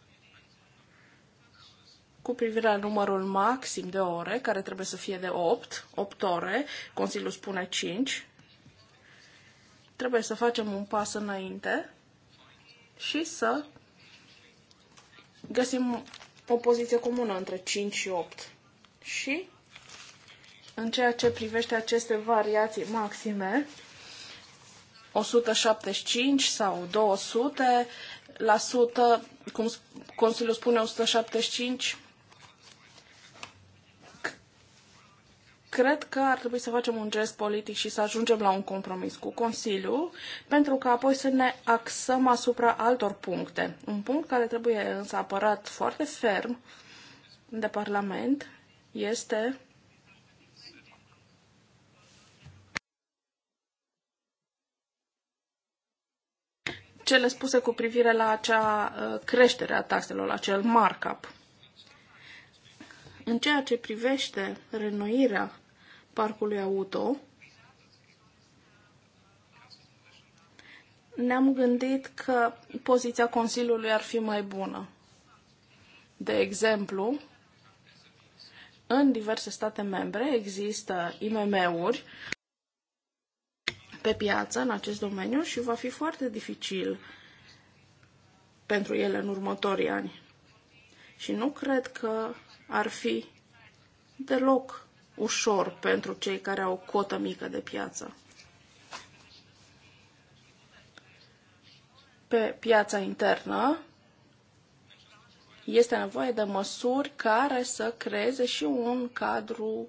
cu privire la numărul maxim de ore, care trebuie să fie de 8, 8 ore, Consiliul spune 5. Trebuie să facem un pas înainte și să găsim o poziție comună între 5 și 8. Și în ceea ce privește aceste variații maxime, 175 sau 200 la sută, cum Consiliul spune 175, cred că ar trebui să facem un gest politic și să ajungem la un compromis cu Consiliul, pentru că apoi să ne axăm asupra altor puncte. Un punct care trebuie însă apărat foarte ferm de Parlament este cele spuse cu privire la acea uh, creștere a taxelor, la acel markup. În ceea ce privește renoirea parcului auto, ne-am gândit că poziția Consiliului ar fi mai bună. De exemplu, în diverse state membre există IMM-uri pe piață în acest domeniu și va fi foarte dificil pentru ele în următorii ani. Și nu cred că ar fi deloc ușor pentru cei care au o cotă mică de piață. Pe piața internă este nevoie de măsuri care să creeze și un cadru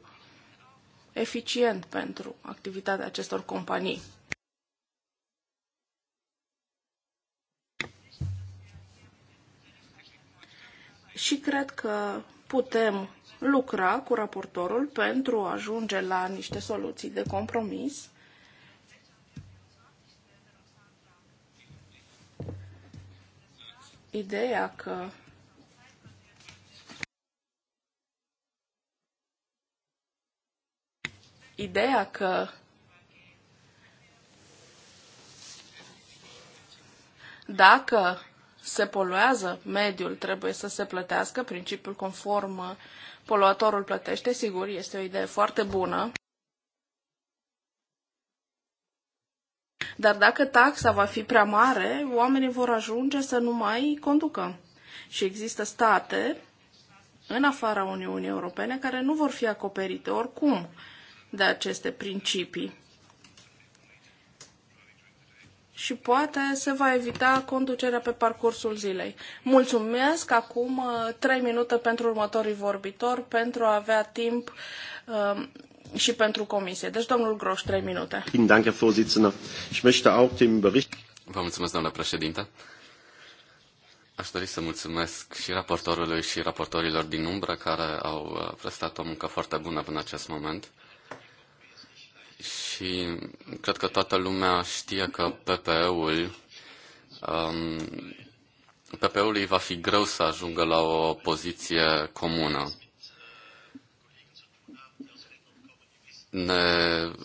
eficient pentru activitatea acestor companii. Și cred că putem lucra cu raportorul pentru a ajunge la niște soluții de compromis ideea că ideea că dacă se poluează mediul, trebuie să se plătească, principiul conform poluatorul plătește, sigur, este o idee foarte bună. Dar dacă taxa va fi prea mare, oamenii vor ajunge să nu mai conducă. Și există state în afara Uniunii Europene care nu vor fi acoperite oricum de aceste principii. Și poate se va evita conducerea pe parcursul zilei. Mulțumesc acum 3 uh, minute pentru următorii vorbitori, pentru a avea timp um, și pentru comisie. Deci, domnul Groș, 3 minute. Vă mulțumesc, doamnă președinte. Aș dori să mulțumesc și raportorului și raportorilor din umbră care au uh, prestat o muncă foarte bună până acest moment și cred că toată lumea știe că PPE-ul um, PPE-ului va fi greu să ajungă la o poziție comună. Ne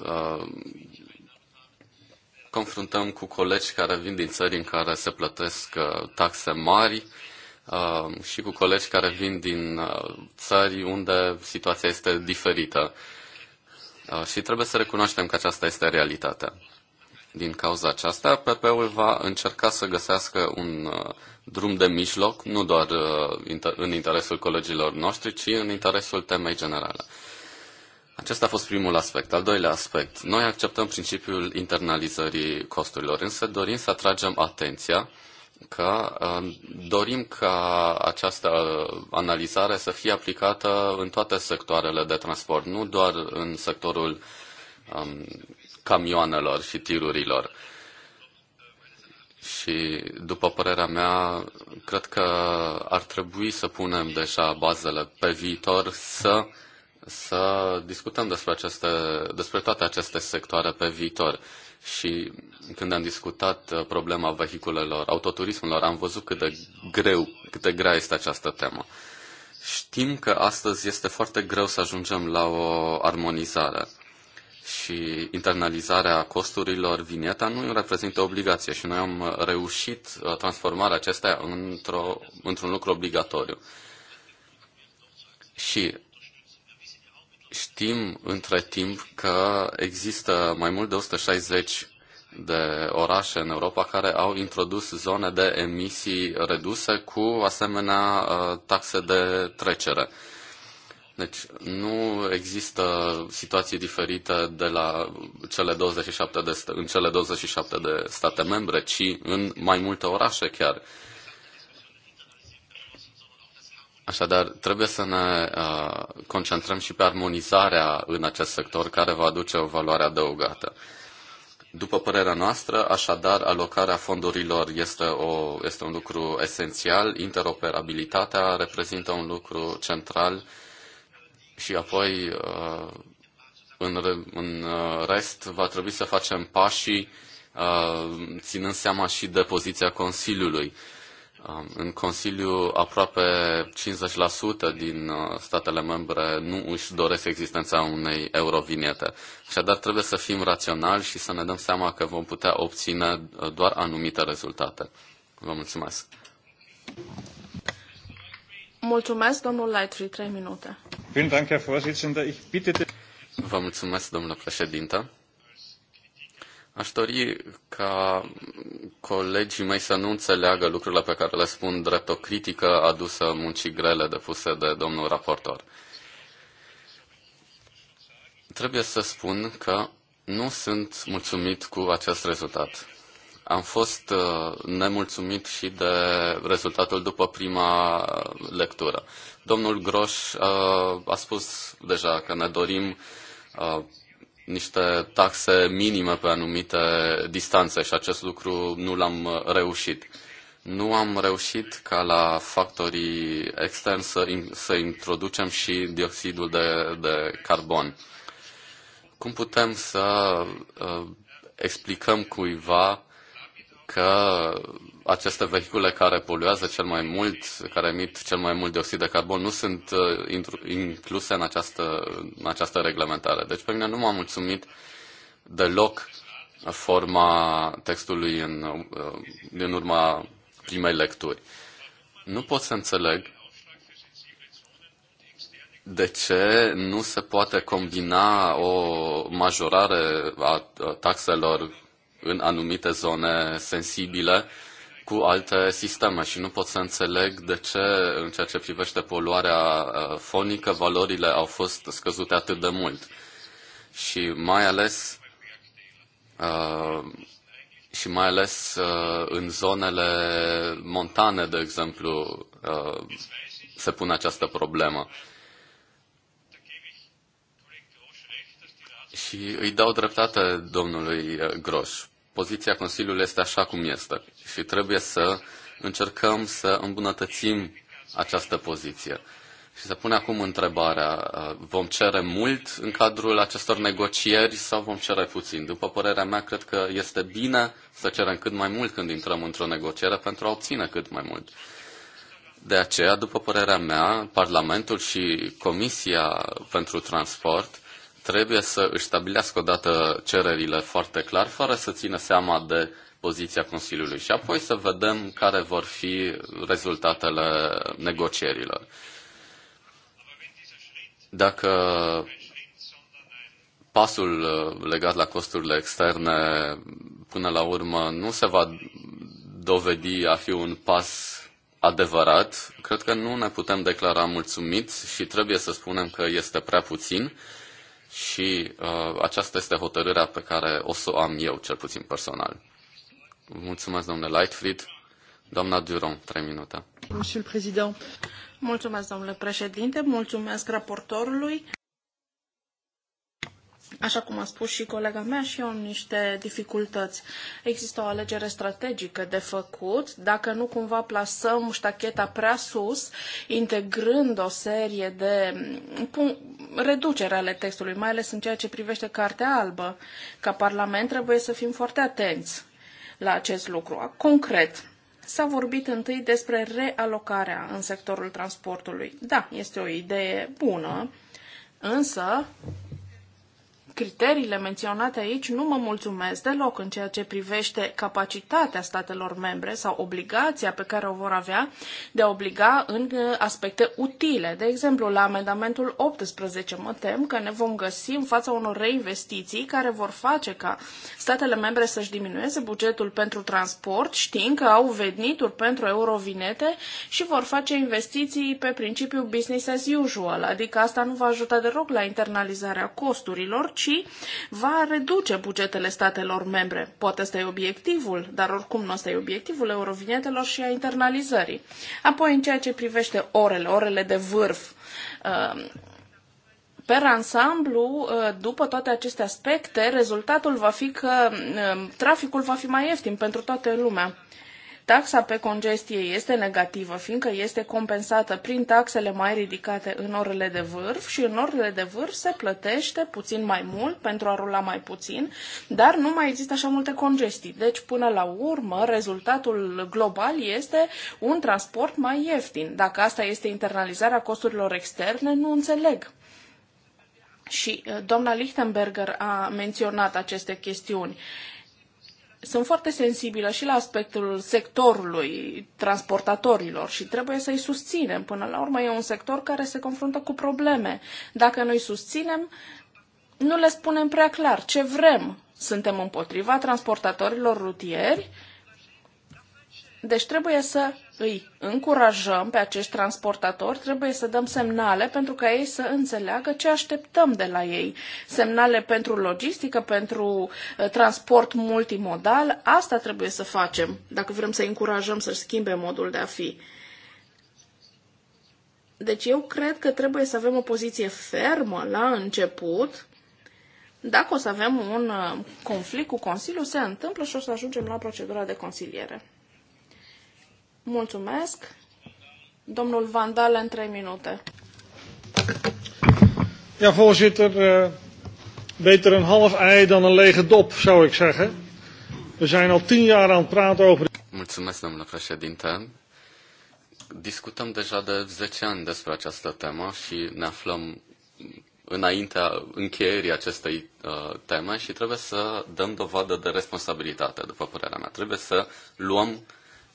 uh, confruntăm cu colegi care vin din țări în care se plătesc uh, taxe mari uh, și cu colegi care vin din uh, țări unde situația este diferită. Uh, Uh, și trebuie să recunoaștem că aceasta este realitatea. Din cauza aceasta, PP-ul va încerca să găsească un uh, drum de mijloc, nu doar uh, în interesul colegilor noștri, ci în interesul temei generale. Acesta a fost primul aspect. Al doilea aspect. Noi acceptăm principiul internalizării costurilor, însă dorim să atragem atenția că um, dorim ca această analizare să fie aplicată în toate sectoarele de transport, nu doar în sectorul um, camioanelor și tirurilor. Și, după părerea mea, cred că ar trebui să punem deja bazele pe viitor să, să discutăm despre, aceste, despre toate aceste sectoare pe viitor și când am discutat uh, problema vehiculelor, autoturismelor, am văzut cât de greu, cât de grea este această temă. Știm că astăzi este foarte greu să ajungem la o armonizare și internalizarea costurilor, vineta nu reprezintă obligație și noi am reușit uh, transformarea acestea într într-un lucru obligatoriu. Și Știm între timp că există mai mult de 160 de orașe în Europa care au introdus zone de emisii reduse cu asemenea uh, taxe de trecere. Deci nu există situații diferite de la cele 27 de, în cele 27 de state membre, ci în mai multe orașe chiar. Așadar, trebuie să ne uh, concentrăm și pe armonizarea în acest sector care va aduce o valoare adăugată. După părerea noastră, așadar, alocarea fondurilor este, o, este un lucru esențial, interoperabilitatea reprezintă un lucru central și apoi, uh, în, în uh, rest, va trebui să facem pașii uh, ținând seama și de poziția Consiliului. Uh, Um, în Consiliu, aproape 50% din uh, statele membre nu își doresc existența unei eurovinete. Așadar, trebuie să fim raționali și să ne dăm seama că vom putea obține uh, doar anumite rezultate. Vă mulțumesc. Mulțumesc, domnul Leitri, trei minute. Vă mulțumesc, domnule președinte. Aș dori ca colegii mei să nu înțeleagă lucrurile pe care le spun drept o critică adusă muncii grele depuse de domnul raportor. Trebuie să spun că nu sunt mulțumit cu acest rezultat. Am fost uh, nemulțumit și de rezultatul după prima lectură. Domnul Groș uh, a spus deja că ne dorim uh, niște taxe minime pe anumite distanțe și acest lucru nu l-am uh, reușit. Nu am reușit ca la factorii externi să, să introducem și dioxidul de, de carbon. Cum putem să uh, explicăm cuiva că aceste vehicule care poluează cel mai mult, care emit cel mai mult dioxid de carbon, nu sunt uh, incluse în această, în această reglementare. Deci pe mine nu m-a mulțumit deloc forma textului în, din uh, urma primei lecturi. Nu pot să înțeleg de ce nu se poate combina o majorare a taxelor în anumite zone sensibile cu alte sisteme și nu pot să înțeleg de ce, în ceea ce privește poluarea uh, fonică, valorile au fost scăzute atât de mult. Și mai ales uh, și mai ales uh, în zonele montane, de exemplu, uh, se pune această problemă. Și îi dau dreptate domnului Groș poziția Consiliului este așa cum este și trebuie să încercăm să îmbunătățim această poziție. Și se pune acum întrebarea, uh, vom cere mult în cadrul acestor negocieri sau vom cere puțin? După părerea mea, cred că este bine să cerem cât mai mult când intrăm într-o negociere pentru a obține cât mai mult. De aceea, după părerea mea, Parlamentul și Comisia pentru Transport trebuie să își stabilească odată cererile foarte clar, fără să țină seama de poziția Consiliului și apoi să vedem care vor fi rezultatele negocierilor. Dacă pasul legat la costurile externe până la urmă nu se va dovedi a fi un pas adevărat, cred că nu ne putem declara mulțumiți și trebuie să spunem că este prea puțin și uh, aceasta este hotărârea pe care o să o am eu, cel puțin personal. Mulțumesc, domnule Lightfried. Doamna Duron, trei minute. Mulțumesc, domnule președinte. Mulțumesc raportorului așa cum a spus și colega mea, și eu niște dificultăți. Există o alegere strategică de făcut. Dacă nu cumva plasăm ștacheta prea sus, integrând o serie de reducere ale textului, mai ales în ceea ce privește Cartea Albă, ca Parlament trebuie să fim foarte atenți la acest lucru. Concret, S-a vorbit întâi despre realocarea în sectorul transportului. Da, este o idee bună, însă criteriile menționate aici nu mă mulțumesc deloc în ceea ce privește capacitatea statelor membre sau obligația pe care o vor avea de a obliga în uh, aspecte utile. De exemplu, la amendamentul 18 mă tem că ne vom găsi în fața unor reinvestiții care vor face ca statele membre să-și diminueze bugetul pentru transport, știind că au venituri pentru eurovinete și vor face investiții pe principiul business as usual, adică asta nu va ajuta deloc la internalizarea costurilor, ci și va reduce bugetele statelor membre. Poate ăsta e obiectivul, dar oricum nu ăsta e obiectivul eurovinetelor și a internalizării. Apoi, în ceea ce privește orele, orele de vârf, um, per ansamblu, uh, după toate aceste aspecte, rezultatul va fi că um, traficul va fi mai ieftin pentru toată lumea. Taxa pe congestie este negativă, fiindcă este compensată prin taxele mai ridicate în orele de vârf și în orele de vârf se plătește puțin mai mult pentru a rula mai puțin, dar nu mai există așa multe congestii. Deci, până la urmă, rezultatul global este un transport mai ieftin. Dacă asta este internalizarea costurilor externe, nu înțeleg. Și eh, doamna Lichtenberger a menționat aceste chestiuni. Uh, sunt foarte sensibilă și la aspectul sectorului transportatorilor și trebuie să-i susținem. Până la urmă e un sector care se confruntă cu probleme. Dacă noi susținem, nu le spunem prea clar ce vrem. Suntem împotriva transportatorilor rutieri deci trebuie să îi încurajăm pe acești transportatori, trebuie să dăm semnale pentru ca ei să înțeleagă ce așteptăm de la ei. Semnale pentru logistică, pentru uh, transport multimodal, asta trebuie să facem dacă vrem să încurajăm să-și schimbe modul de a fi. Deci eu cred că trebuie să avem o poziție fermă la început. Dacă o să avem un uh, conflict cu Consiliul, se întâmplă și o să ajungem la procedura de consiliere. Mulțumesc. Domnul Vandal, în trei minute. Ja, voorzitter. Uh, beter een half ei dan een lege dop, zou ik zeggen. We zijn al tien jaar aan het praten over. Mulțumesc, domnule președinte. Discutăm deja de 10 ani despre această temă și ne aflăm înaintea încheierii acestei uh, teme și trebuie să dăm dovadă de responsabilitate, după părerea mea. Trebuie să luăm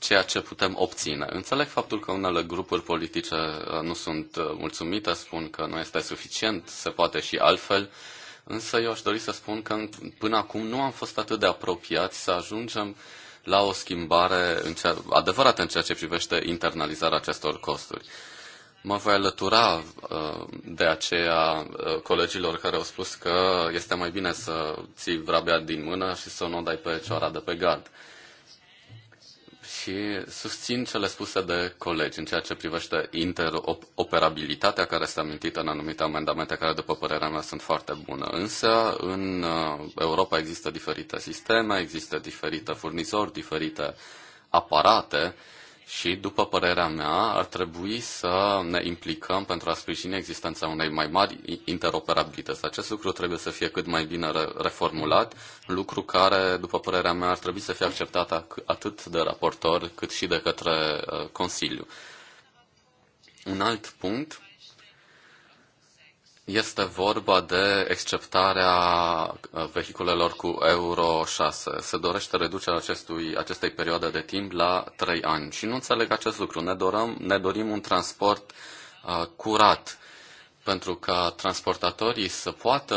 ceea ce putem obține. Înțeleg faptul că unele grupuri politice uh, nu sunt uh, mulțumite, spun că nu este suficient, se poate și altfel, însă eu aș dori să spun că până acum nu am fost atât de apropiați să ajungem la o schimbare în cea, adevărată în ceea ce privește internalizarea acestor costuri. Mă voi alătura uh, de aceea colegilor care au spus că este mai bine să ții vrabia din mână și să nu o dai pe cioara de pe gard și susțin cele spuse de colegi în ceea ce privește interoperabilitatea care este amintită în anumite amendamente care, după părerea mea, sunt foarte bune. Însă, în uh, Europa există diferite sisteme, există diferite furnizori, diferite aparate și, după părerea mea, ar trebui să ne implicăm pentru a sprijini existența unei mai mari interoperabilități. Acest lucru trebuie să fie cât mai bine reformulat, lucru care, după părerea mea, ar trebui să fie acceptat atât de raportor cât și de către uh, Consiliu. Un alt punct este vorba de exceptarea uh, vehiculelor cu Euro 6. Se dorește reducerea acestui, acestei perioade de timp la 3 ani și nu înțeleg acest lucru. Ne, dorăm, ne dorim un transport uh, curat pentru ca transportatorii să poată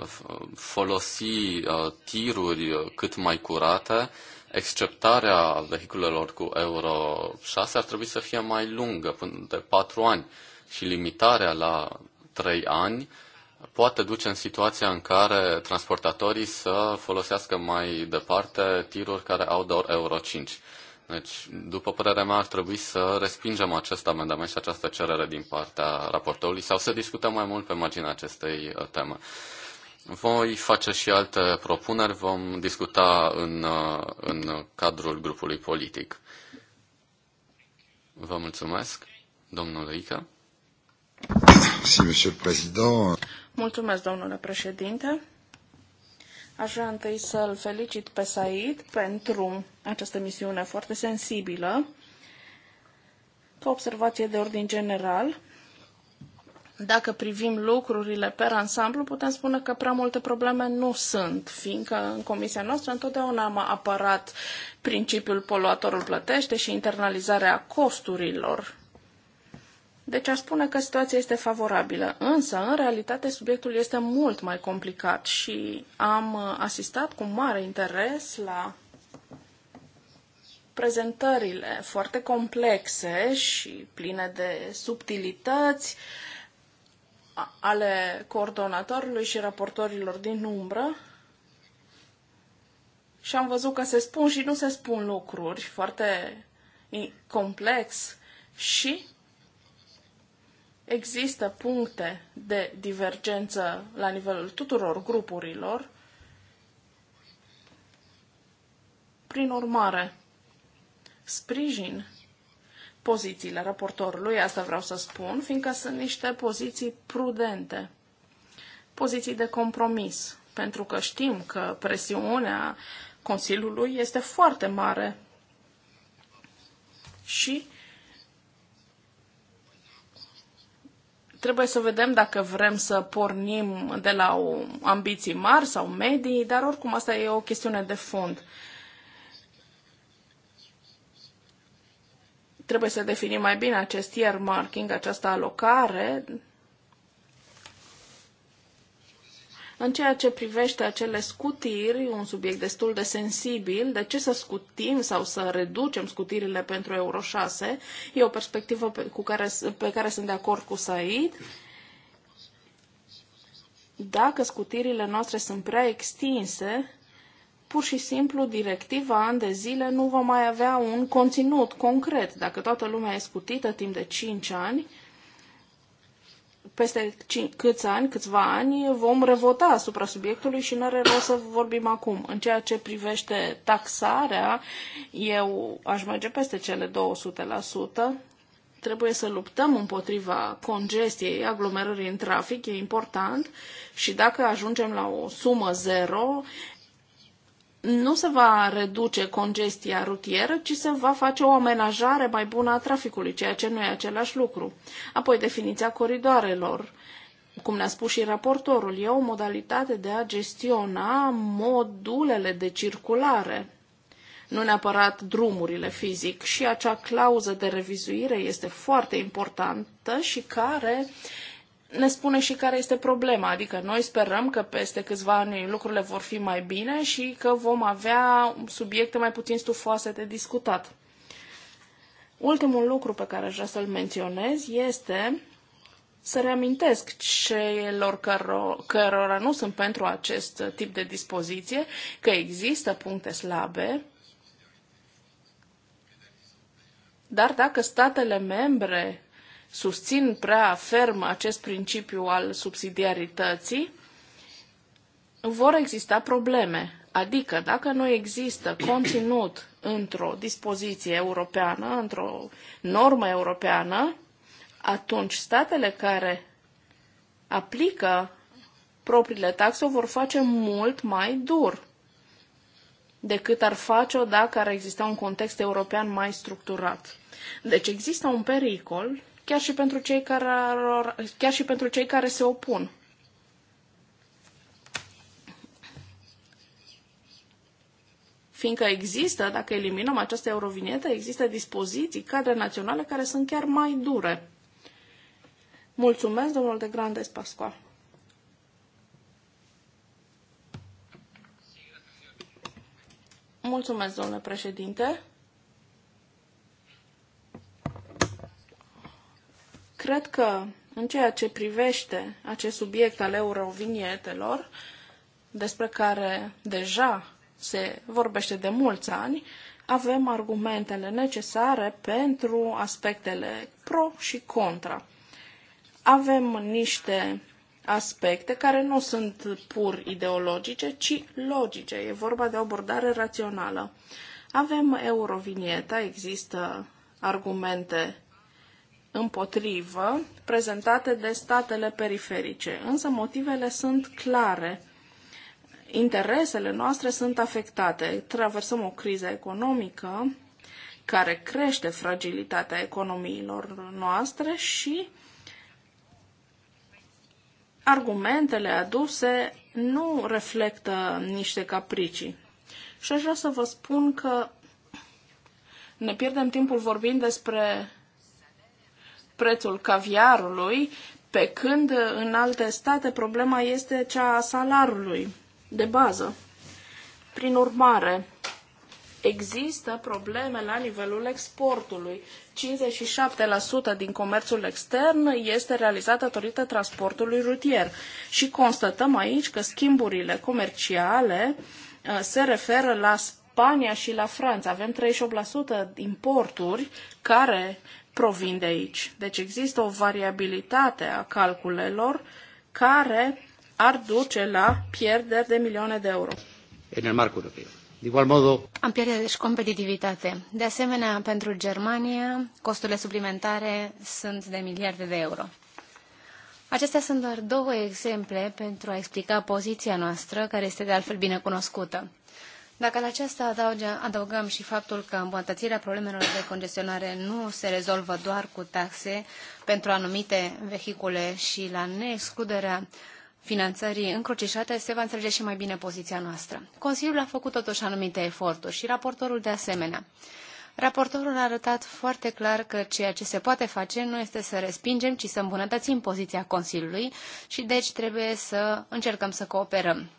uh, folosi uh, tiruri cât mai curate. Exceptarea vehiculelor cu Euro 6 ar trebui să fie mai lungă, până de 4 ani și limitarea la trei ani poate duce în situația în care transportatorii să folosească mai departe tiruri care au doar Euro 5. Deci, după părerea mea, ar trebui să respingem acest amendament și această cerere din partea raportorului sau să discutăm mai mult pe marginea acestei uh, teme. Voi face și alte propuneri, vom discuta în, uh, în cadrul grupului politic. Vă mulțumesc, domnule Ica. Mulțumesc, domnule președinte. Aș vrea întâi să-l felicit pe Said pentru această misiune foarte sensibilă. Ca observație de ordin general, dacă privim lucrurile pe ansamblu, putem spune că prea multe probleme nu sunt, fiindcă în comisia noastră întotdeauna am apărat principiul poluatorul plătește și internalizarea costurilor deci aș spune că situația este favorabilă, însă, în realitate, subiectul este mult mai complicat și am uh, asistat cu mare interes la prezentările foarte complexe și pline de subtilități ale coordonatorului și raportorilor din umbră, și am văzut că se spun și nu se spun lucruri foarte complex și Există puncte de divergență la nivelul tuturor grupurilor. Prin urmare, sprijin pozițiile raportorului, asta vreau să spun, fiindcă sunt niște poziții prudente, poziții de compromis, pentru că știm că presiunea Consiliului este foarte mare și Trebuie să vedem dacă vrem să pornim de la o ambiții mari sau medii, dar oricum asta e o chestiune de fond. Trebuie să definim mai bine acest earmarking, această alocare În ceea ce privește acele scutiri, un subiect destul de sensibil, de ce să scutim sau să reducem scutirile pentru Euro 6, e o perspectivă pe, cu care, pe care sunt de acord cu Said. Dacă scutirile noastre sunt prea extinse, pur și simplu directiva an de zile nu va mai avea un conținut concret. Dacă toată lumea e scutită timp de 5 ani, peste câți ani, câțiva ani, vom revota asupra subiectului și nu are rost să vorbim acum. În ceea ce privește taxarea, eu aș merge peste cele 200%. Trebuie să luptăm împotriva congestiei, aglomerării în trafic, e important. Și dacă ajungem la o sumă zero, nu se va reduce congestia rutieră, ci se va face o amenajare mai bună a traficului, ceea ce nu e același lucru. Apoi, definiția coridoarelor. Cum ne-a spus și raportorul, e o modalitate de a gestiona modulele de circulare, nu neapărat drumurile fizic. Și acea clauză de revizuire este foarte importantă și care uh, ne spune și care este problema. Adică noi sperăm că peste câțiva ani lucrurile vor fi mai bine și că vom avea subiecte mai puțin stufoase de discutat. Ultimul lucru pe care aș vrea să-l menționez este să reamintesc celor căro- cărora nu sunt pentru acest tip de dispoziție că există puncte slabe, dar dacă statele membre susțin prea ferm acest principiu al subsidiarității, vor exista probleme. Adică, dacă nu există conținut într-o dispoziție europeană, într-o normă europeană, atunci statele care aplică propriile taxe o vor face mult mai dur decât ar face-o dacă ar exista un context european mai structurat. Deci există un pericol chiar și pentru cei care, chiar și pentru cei care se opun. Fiindcă există, dacă eliminăm această eurovinietă, există dispoziții, cadre naționale care sunt chiar mai dure. Mulțumesc, domnul de Grandes Pascual. Mulțumesc, domnule președinte. Cred că în ceea ce privește acest subiect al eurovinietelor, despre care deja se vorbește de mulți ani, avem argumentele necesare pentru aspectele pro și contra. Avem niște aspecte care nu sunt pur ideologice, ci logice. E vorba de o abordare rațională. Avem eurovinieta, există argumente împotrivă prezentate de statele periferice. Însă motivele sunt clare. Interesele noastre sunt afectate. Traversăm o criză economică care crește fragilitatea economiilor noastre și argumentele aduse nu reflectă niște capricii. Și aș vrea să vă spun că ne pierdem timpul vorbind despre prețul caviarului, pe când în alte state problema este cea a salarului de bază. Prin urmare, există probleme la nivelul exportului. 57% din comerțul extern este realizat datorită transportului rutier și constatăm aici că schimburile comerciale uh, se referă la Spania și la Franța. Avem 38% importuri care provin de aici. Deci există o variabilitate a calculelor care ar duce la pierderi de milioane de euro. În el marco european. De igual modo... Am pierdut deci competitivitate. De asemenea, pentru Germania, costurile suplimentare sunt de miliarde de euro. Acestea sunt doar două exemple pentru a explica poziția noastră, care este de altfel bine cunoscută. Dacă la aceasta adăugăm și faptul că îmbunătățirea problemelor de congestionare nu se rezolvă doar cu taxe pentru anumite vehicule și la neexcluderea finanțării încrucișate, se va înțelege și mai bine poziția noastră. Consiliul a făcut totuși anumite eforturi și raportorul de asemenea. Raportorul a arătat foarte clar că ceea ce se poate face nu este să respingem, ci să îmbunătățim poziția Consiliului și deci trebuie să încercăm să cooperăm.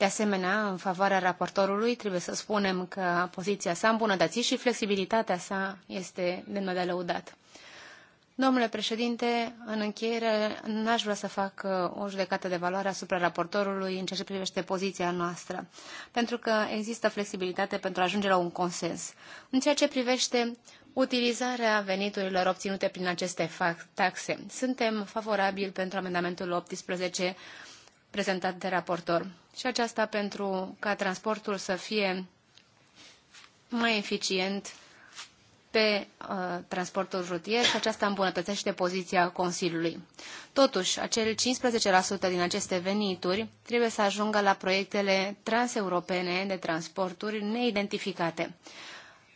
De asemenea, în favoarea raportorului, trebuie să spunem că poziția sa îmbunătățit și flexibilitatea sa este demnă de lăudat. Domnule președinte, în încheiere, n-aș vrea să fac uh, o judecată de valoare asupra raportorului în ceea ce privește poziția noastră, pentru că există flexibilitate pentru a ajunge la un consens. În ceea ce privește utilizarea veniturilor obținute prin aceste taxe, suntem favorabili pentru amendamentul 18 prezentat de raportor. Și aceasta pentru ca transportul să fie mai eficient pe uh, transportul rutier și aceasta îmbunătățește poziția Consiliului. Totuși, acel 15% din aceste venituri trebuie să ajungă la proiectele transeuropene de transporturi neidentificate.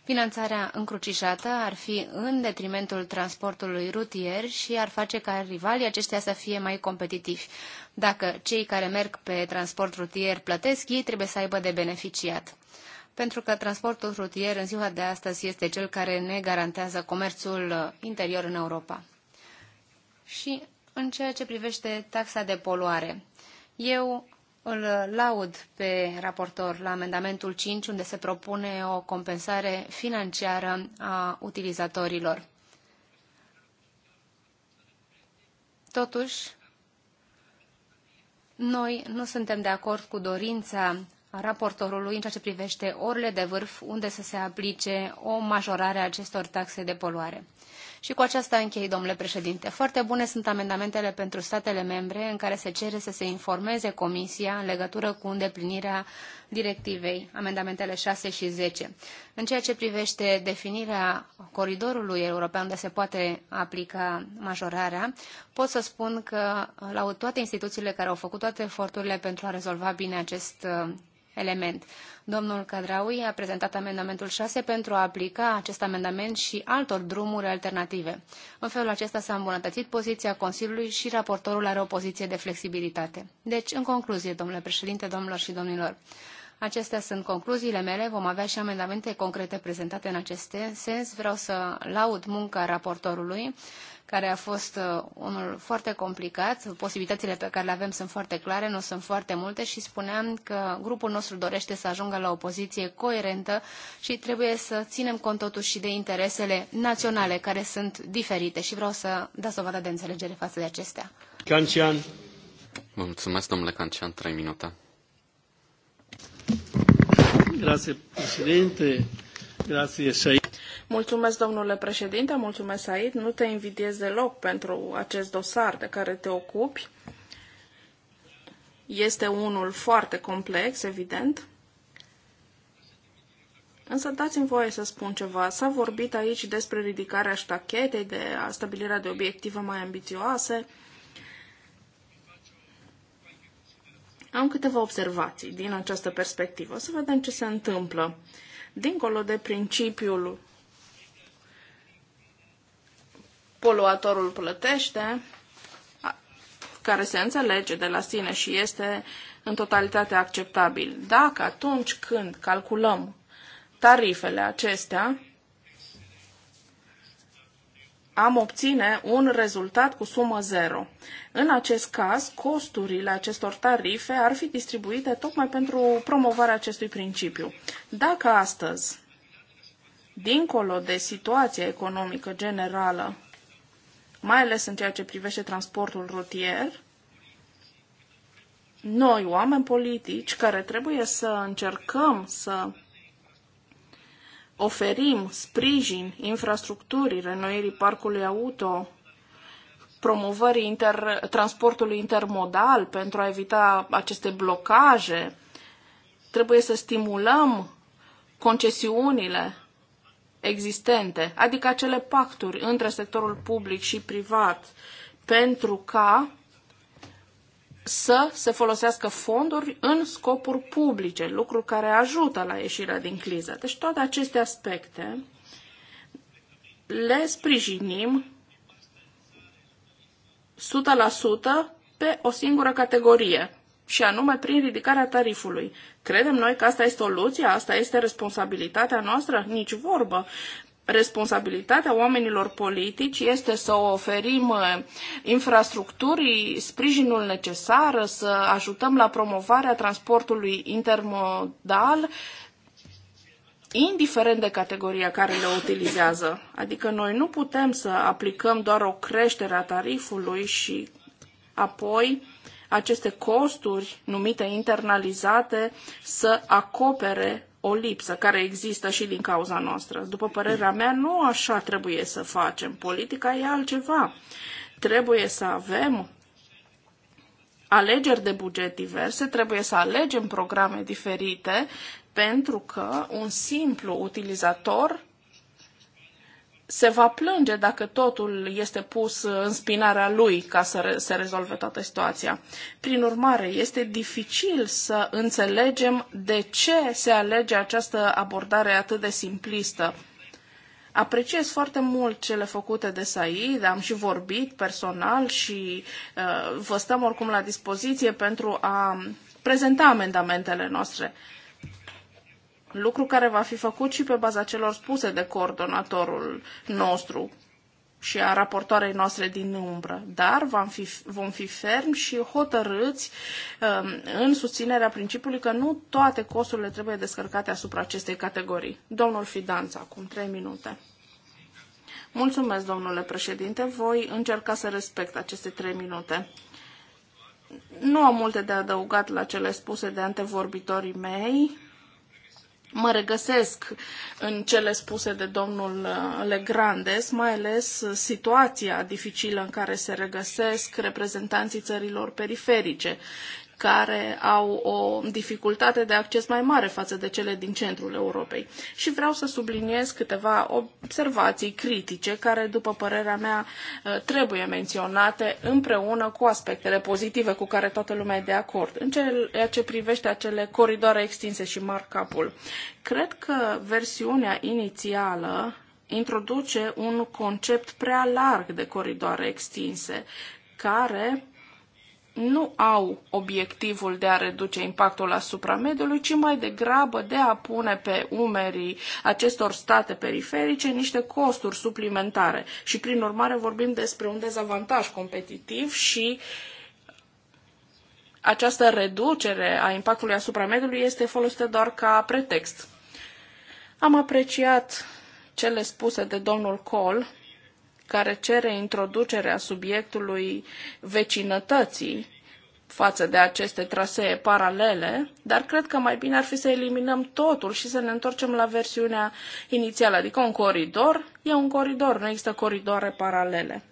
Finanțarea încrucișată ar fi în detrimentul transportului rutier și ar face ca rivalii aceștia să fie mai competitivi. Dacă cei care merg pe transport rutier plătesc, ei trebuie să aibă de beneficiat. Pentru că transportul rutier în ziua de astăzi este cel care ne garantează comerțul interior în Europa. Și în ceea ce privește taxa de poluare, eu îl laud pe raportor la amendamentul 5, unde se propune o compensare financiară a utilizatorilor. Totuși, noi nu suntem de acord cu dorința raportorului în ceea ce privește orele de vârf unde să se aplice o majorare a acestor taxe de poluare. Și cu aceasta închei, domnule președinte. Foarte bune sunt amendamentele pentru statele membre în care se cere să se informeze Comisia în legătură cu îndeplinirea directivei, amendamentele 6 și 10. În ceea ce privește definirea coridorului european unde se poate aplica majorarea, pot să spun că la toate instituțiile care au făcut toate eforturile pentru a rezolva bine acest element. Domnul Cadraui a prezentat amendamentul 6 pentru a aplica acest amendament și altor drumuri alternative. În felul acesta s-a îmbunătățit poziția Consiliului și raportorul are o poziție de flexibilitate. Deci, în concluzie, domnule președinte, domnilor și domnilor, Acestea sunt concluziile mele. Vom avea și amendamente concrete prezentate în acest sens. Vreau să laud munca raportorului care a fost uh, unul foarte complicat. Posibilitățile pe care le avem sunt foarte clare, nu sunt foarte multe și spuneam că grupul nostru dorește să ajungă la o poziție coerentă și trebuie să ținem cont totuși și de interesele naționale care sunt diferite și vreau să dați dovadă de înțelegere față de acestea. Cancian. Mă mulțumesc, domnule Cancian, trei minute. Grazie, președinte. Grazie, Said. Mulțumesc, domnule președinte, mulțumesc, Said. Nu te invidiez deloc pentru acest dosar de care te ocupi. Este unul foarte complex, evident. Însă dați-mi voie să spun ceva. S-a vorbit aici despre ridicarea ștachetei, de stabilirea de obiective mai ambițioase. Am câteva observații din această perspectivă. Să vedem ce se întâmplă. Dincolo de principiul poluatorul plătește, care se înțelege de la sine și este în totalitate acceptabil. Dacă atunci când calculăm tarifele acestea, am obține un rezultat cu sumă zero. În acest caz, costurile acestor tarife ar fi distribuite tocmai pentru promovarea acestui principiu. Dacă astăzi, dincolo de situația economică generală, mai ales în ceea ce privește transportul rutier, noi, oameni politici, care trebuie să încercăm să oferim sprijin infrastructurii, renoirii parcului auto, promovării inter, transportului intermodal pentru a evita aceste blocaje. Trebuie să stimulăm concesiunile existente, adică acele pacturi între sectorul public și privat, pentru ca să se folosească fonduri în scopuri publice, lucru care ajută la ieșirea din criză. Deci toate aceste aspecte le sprijinim 100% pe o singură categorie, și anume prin ridicarea tarifului. Credem noi că asta este soluția, asta este responsabilitatea noastră? Nici vorbă. Responsabilitatea oamenilor politici este să oferim eh, infrastructurii sprijinul necesar, să ajutăm la promovarea transportului intermodal, indiferent de categoria care le utilizează. Adică noi nu putem să aplicăm doar o creștere a tarifului și apoi aceste costuri numite internalizate să acopere o lipsă care există și din cauza noastră. După părerea mea, nu așa trebuie să facem. Politica e altceva. Trebuie să avem alegeri de buget diverse, trebuie să alegem programe diferite, pentru că un simplu utilizator se va plânge dacă totul este pus în spinarea lui ca să se rezolve toată situația. Prin urmare, este dificil să înțelegem de ce se alege această abordare atât de simplistă. Apreciez foarte mult cele făcute de Said, am și vorbit personal și uh, vă stăm oricum la dispoziție pentru a prezenta amendamentele noastre lucru care va fi făcut și pe baza celor spuse de coordonatorul nostru și a raportoarei noastre din umbră, dar vom fi, vom fi ferm și hotărâți um, în susținerea principiului că nu toate costurile trebuie descărcate asupra acestei categorii. Domnul Fidanța, acum trei minute. Mulțumesc, domnule președinte. Voi încerca să respect aceste trei minute. Nu am multe de adăugat la cele spuse de antevorbitorii mei Mă regăsesc în cele spuse de domnul uh, Legrandes, mai ales uh, situația dificilă în care se regăsesc reprezentanții țărilor periferice care au o dificultate de acces mai mare față de cele din centrul Europei. Și vreau să subliniez câteva observații critice care, după părerea mea, uh, trebuie menționate împreună cu aspectele pozitive cu care toată lumea e de acord. În ceea ce privește acele coridoare extinse și markup-ul, cred că versiunea inițială introduce un concept prea larg de coridoare extinse, care nu au obiectivul de a reduce impactul asupra mediului, ci mai degrabă de a pune pe umerii acestor state periferice niște costuri suplimentare. Și prin urmare vorbim despre un dezavantaj competitiv și această reducere a impactului asupra mediului este folosită doar ca pretext. Am apreciat cele spuse de domnul Cole care cere introducerea subiectului vecinătății față de aceste trasee paralele, dar cred că mai bine ar fi să eliminăm totul și să ne întorcem la versiunea inițială, adică un coridor e un coridor, nu există coridoare paralele.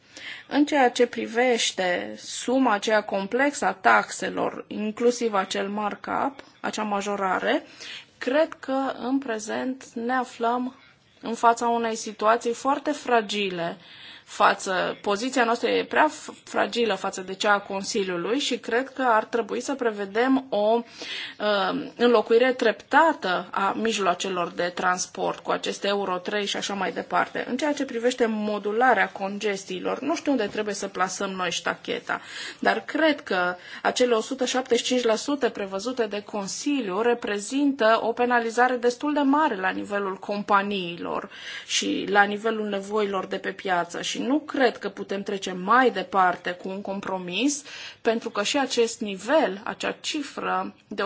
În ceea ce privește suma aceea complexă a taxelor, inclusiv acel markup, acea majorare, cred că în prezent ne aflăm în fața unei situații foarte fragile față, poziția noastră e prea fragilă față de cea a Consiliului și cred că ar trebui să prevedem o uh, înlocuire treptată a mijloacelor de transport cu aceste Euro 3 și așa mai departe. În ceea ce privește modularea congestiilor, nu știu unde trebuie să plasăm noi ștacheta, dar cred că acele 175% prevăzute de Consiliu reprezintă o penalizare destul de mare la nivelul companiilor și la nivelul nevoilor de pe piață și nu cred că putem trece mai departe cu un compromis, pentru că și acest nivel, acea cifră de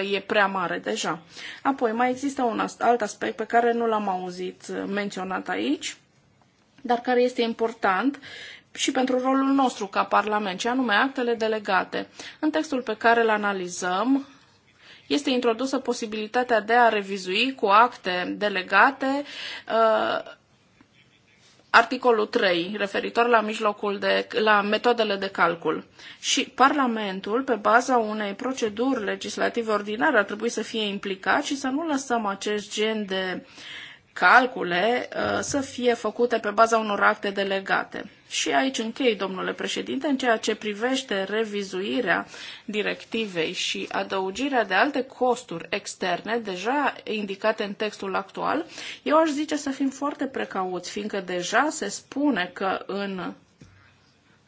175% e prea mare deja. Apoi mai există un alt aspect pe care nu l-am auzit menționat aici, dar care este important și pentru rolul nostru ca Parlament, și anume actele delegate. În textul pe care îl analizăm, este introdusă posibilitatea de a revizui cu acte delegate uh, articolul 3, referitor la mijlocul de, la metodele de calcul. Și Parlamentul, pe baza unei proceduri legislative ordinare, ar trebui să fie implicat și să nu lăsăm acest gen de uh, calcule uh, să fie făcute pe baza unor acte delegate. Și aici închei, domnule președinte, în ceea ce privește revizuirea directivei și adăugirea de alte costuri externe, deja indicate în textul actual, eu aș zice să fim foarte precauți, fiindcă deja se spune că în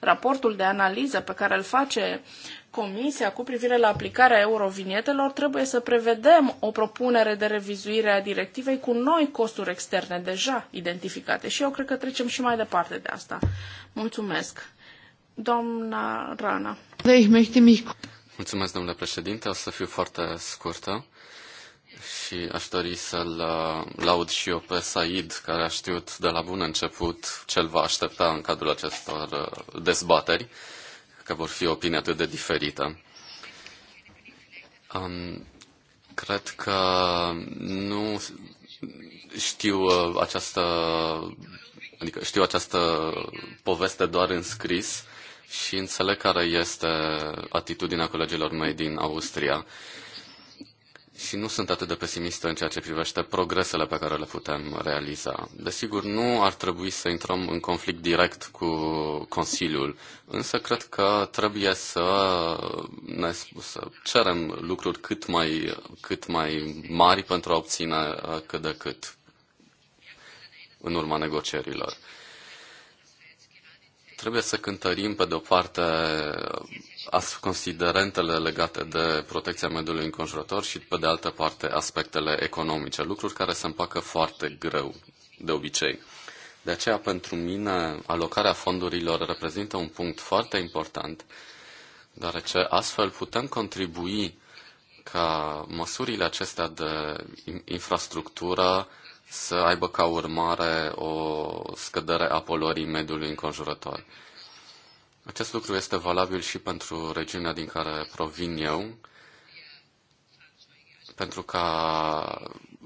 raportul de analiză pe care îl face uh, Comisia cu privire la aplicarea eurovinietelor trebuie să prevedem o propunere de revizuire a directivei cu noi costuri externe deja identificate și eu cred că trecem și mai departe de asta. Mulțumesc. Doamna Rana. Mulțumesc, domnule președinte. O să fiu foarte scurtă și aș dori să-l uh, laud și eu pe Said, care a știut de la bun început ce va aștepta în cadrul acestor uh, dezbateri că vor fi opinii atât de diferite. Um, cred că nu știu uh, această, adică știu această poveste doar în scris și înțeleg care este atitudinea colegilor mei din Austria. Uh, și nu sunt atât de pesimistă în ceea ce privește progresele pe care le putem realiza. Desigur, nu ar trebui să intrăm în conflict direct cu Consiliul, însă cred că trebuie să, ne, să cerem lucruri cât mai, cât mai mari pentru a obține uh, cât de cât în urma negocierilor trebuie să cântărim, pe de-o parte, considerentele legate de protecția mediului înconjurător și, pe de altă parte, aspectele economice, lucruri care se împacă foarte greu de obicei. De aceea, pentru mine, alocarea fondurilor reprezintă un punct foarte important, deoarece astfel putem contribui ca măsurile acestea de infrastructură să aibă ca urmare o scădere a poluării mediului înconjurător. Acest lucru este valabil și pentru regiunea din care provin eu, pentru ca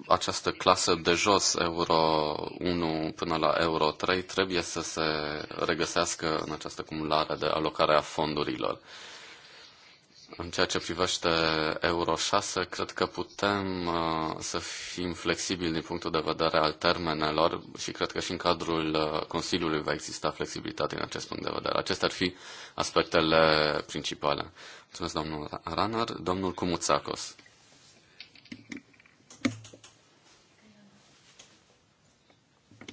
această clasă de jos, euro 1 până la euro 3, trebuie să se regăsească în această cumulare de alocare a fondurilor. În ceea ce privește Euro 6, cred că putem uh, să fim flexibili din punctul de vedere al termenelor și cred că și în cadrul uh, Consiliului va exista flexibilitate în acest punct de vedere. Acestea ar fi aspectele principale. Mulțumesc, domnul Ranar. Domnul Kumutsakos.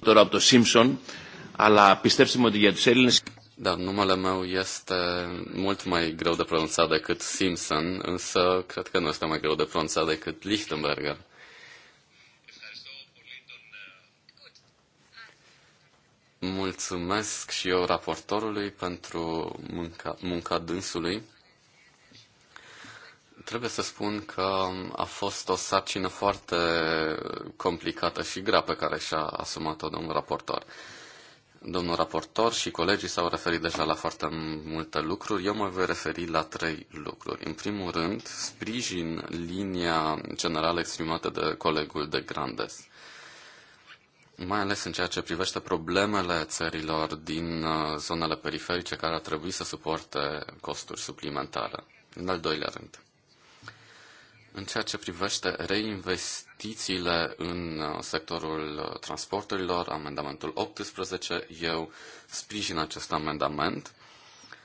Τώρα από το Simpson, αλλά πιστέψτε μου ότι για τους Έλληνες da, numele meu este mult mai greu de pronunțat decât Simpson, însă cred că nu este mai greu de pronunțat decât Lichtenberger. Mulțumesc și eu raportorului pentru munca, munca dânsului. Trebuie să spun că a fost o sarcină foarte complicată și grea pe care și-a asumat-o domnul raportor. Domnul raportor și colegii s-au referit deja la foarte multe lucruri. Eu mă voi referi la trei lucruri. În primul rând, sprijin linia generală exprimată de colegul de Grandes mai ales în ceea ce privește problemele țărilor din uh, zonele periferice care ar trebui să suporte costuri suplimentare. În al doilea rând, în ceea ce privește reinvestițiile în uh, sectorul uh, transporturilor, amendamentul 18, eu sprijin acest amendament.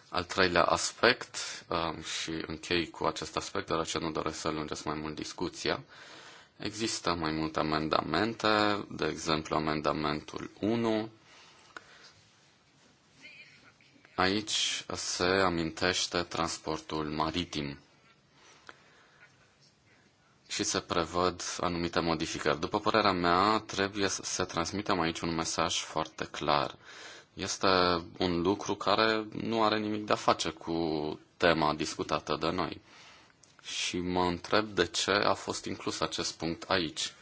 Al treilea aspect, um, și închei cu acest aspect, deoarece nu doresc să lungesc mai mult discuția, există mai multe amendamente, de exemplu amendamentul 1, Aici se amintește transportul maritim și se prevăd anumite modificări. După părerea mea, trebuie să transmitem aici un mesaj foarte clar. Este un lucru care nu are nimic de a face cu tema discutată de noi. Și mă întreb de ce a fost inclus acest punct aici.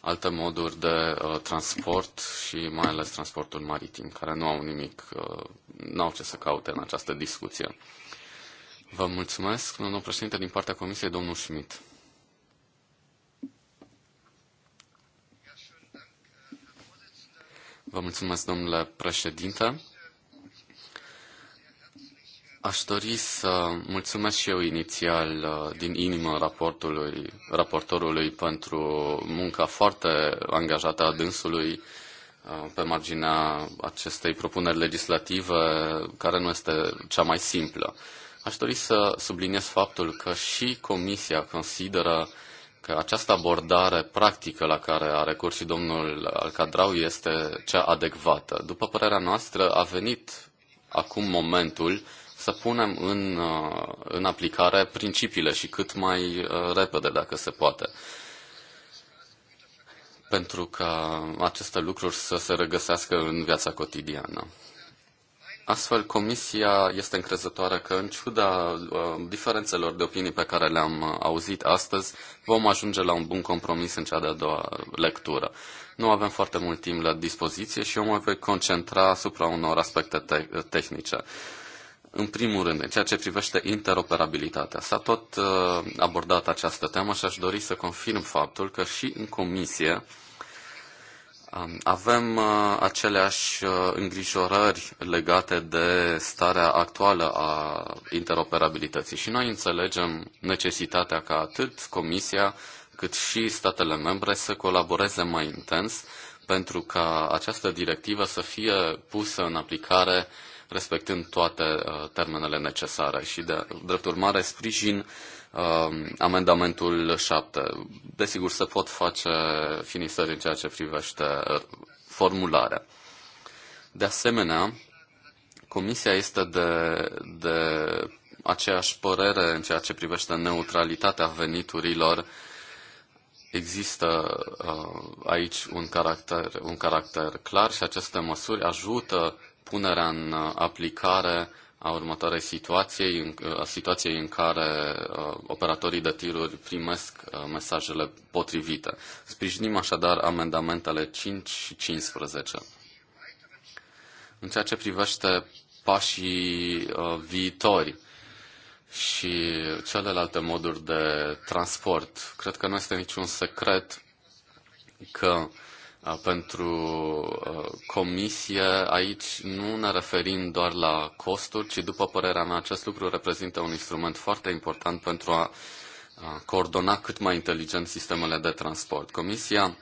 Alte moduri de uh, transport și mai ales transportul maritim, care nu au nimic, uh, n-au ce să caute în această discuție. Vă mulțumesc, domnul președinte, din partea Comisiei, domnul Schmidt. Vă mulțumesc, domnule președinte. Aș dori să mulțumesc și eu inițial uh, din inimă raportului, raportorului pentru munca foarte angajată a dânsului uh, pe marginea acestei propuneri legislative, care nu este cea mai simplă. Aș dori să subliniez faptul că și Comisia consideră că această abordare practică la care a recurs și domnul Alcadrau este cea adecvată. După părerea noastră, a venit acum momentul să punem în, uh, în aplicare principiile și cât mai uh, repede, dacă se poate. Pentru ca aceste lucruri să se regăsească în viața cotidiană. Astfel, Comisia este încrezătoare că, în ciuda uh, diferențelor de opinii pe care le-am uh, auzit astăzi, vom ajunge la un bun compromis în cea de-a doua lectură. Nu avem foarte mult timp la dispoziție și eu mă voi concentra asupra unor aspecte te- uh, tehnice. În primul rând, în ceea ce privește interoperabilitatea, s-a tot uh, abordat această temă și aș dori să confirm faptul că și în comisie uh, avem uh, aceleași uh, îngrijorări legate de starea actuală a interoperabilității și noi înțelegem necesitatea ca atât Comisia cât și statele membre să colaboreze mai intens pentru ca această directivă să fie pusă în aplicare respectând toate uh, termenele necesare și de drept urmare sprijin uh, amendamentul 7. Desigur, se pot face finisări în ceea ce privește uh, formularea. De asemenea, Comisia este de, de aceeași părere în ceea ce privește neutralitatea veniturilor. Există uh, aici un caracter, un caracter clar și aceste măsuri ajută punerea în uh, aplicare a următoarei situației, a situației în care uh, operatorii de tiruri primesc uh, mesajele potrivite. Sprijinim așadar amendamentele 5 și 15. În ceea ce privește pașii uh, viitori și celelalte moduri de transport, cred că nu este niciun secret că pentru comisie, aici nu ne referim doar la costuri, ci după părerea mea acest lucru reprezintă un instrument foarte important pentru a coordona cât mai inteligent sistemele de transport. Comisia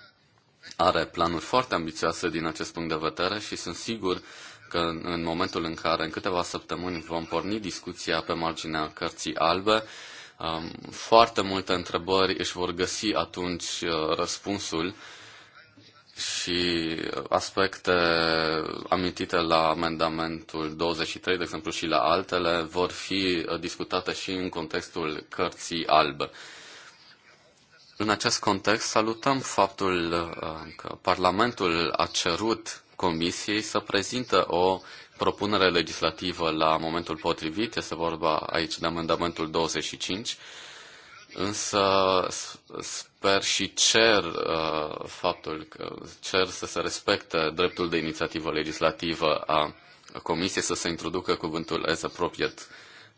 are planuri foarte ambițioase din acest punct de vedere și sunt sigur că în momentul în care în câteva săptămâni vom porni discuția pe marginea cărții albe, foarte multe întrebări își vor găsi atunci răspunsul și uh, aspecte amintite la amendamentul 23, de exemplu, și la altele, vor fi uh, discutate și în contextul cărții albe. În acest context, salutăm faptul uh, că Parlamentul a cerut Comisiei să prezintă o propunere legislativă la momentul potrivit, este vorba aici de amendamentul 25, Însă sper și cer uh, faptul că cer să se respecte dreptul de inițiativă legislativă a Comisiei să se introducă cuvântul as appropriate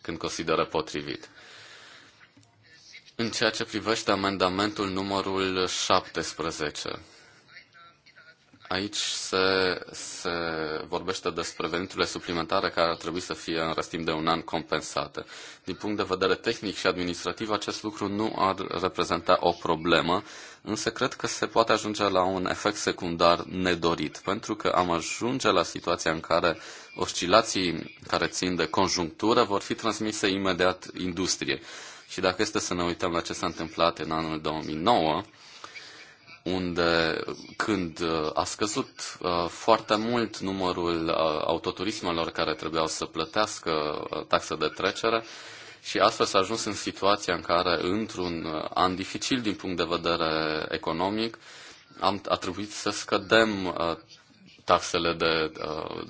când consideră potrivit. În ceea ce privește amendamentul numărul 17, Aici se, se vorbește despre veniturile suplimentare care ar trebui să fie în răstim de un an compensate. Din punct de vedere tehnic și administrativ, acest lucru nu ar reprezenta o problemă, însă cred că se poate ajunge la un efect secundar nedorit, pentru că am ajunge la situația în care oscilații care țin de conjunctură vor fi transmise imediat industriei. Și dacă este să ne uităm la ce s-a întâmplat în anul 2009, unde când uh, a scăzut uh, foarte mult numărul uh, autoturismelor care trebuiau să plătească taxe de trecere și astfel s-a ajuns în situația în care, într-un an dificil din punct de vedere economic, am, a trebuit să scădem taxele de,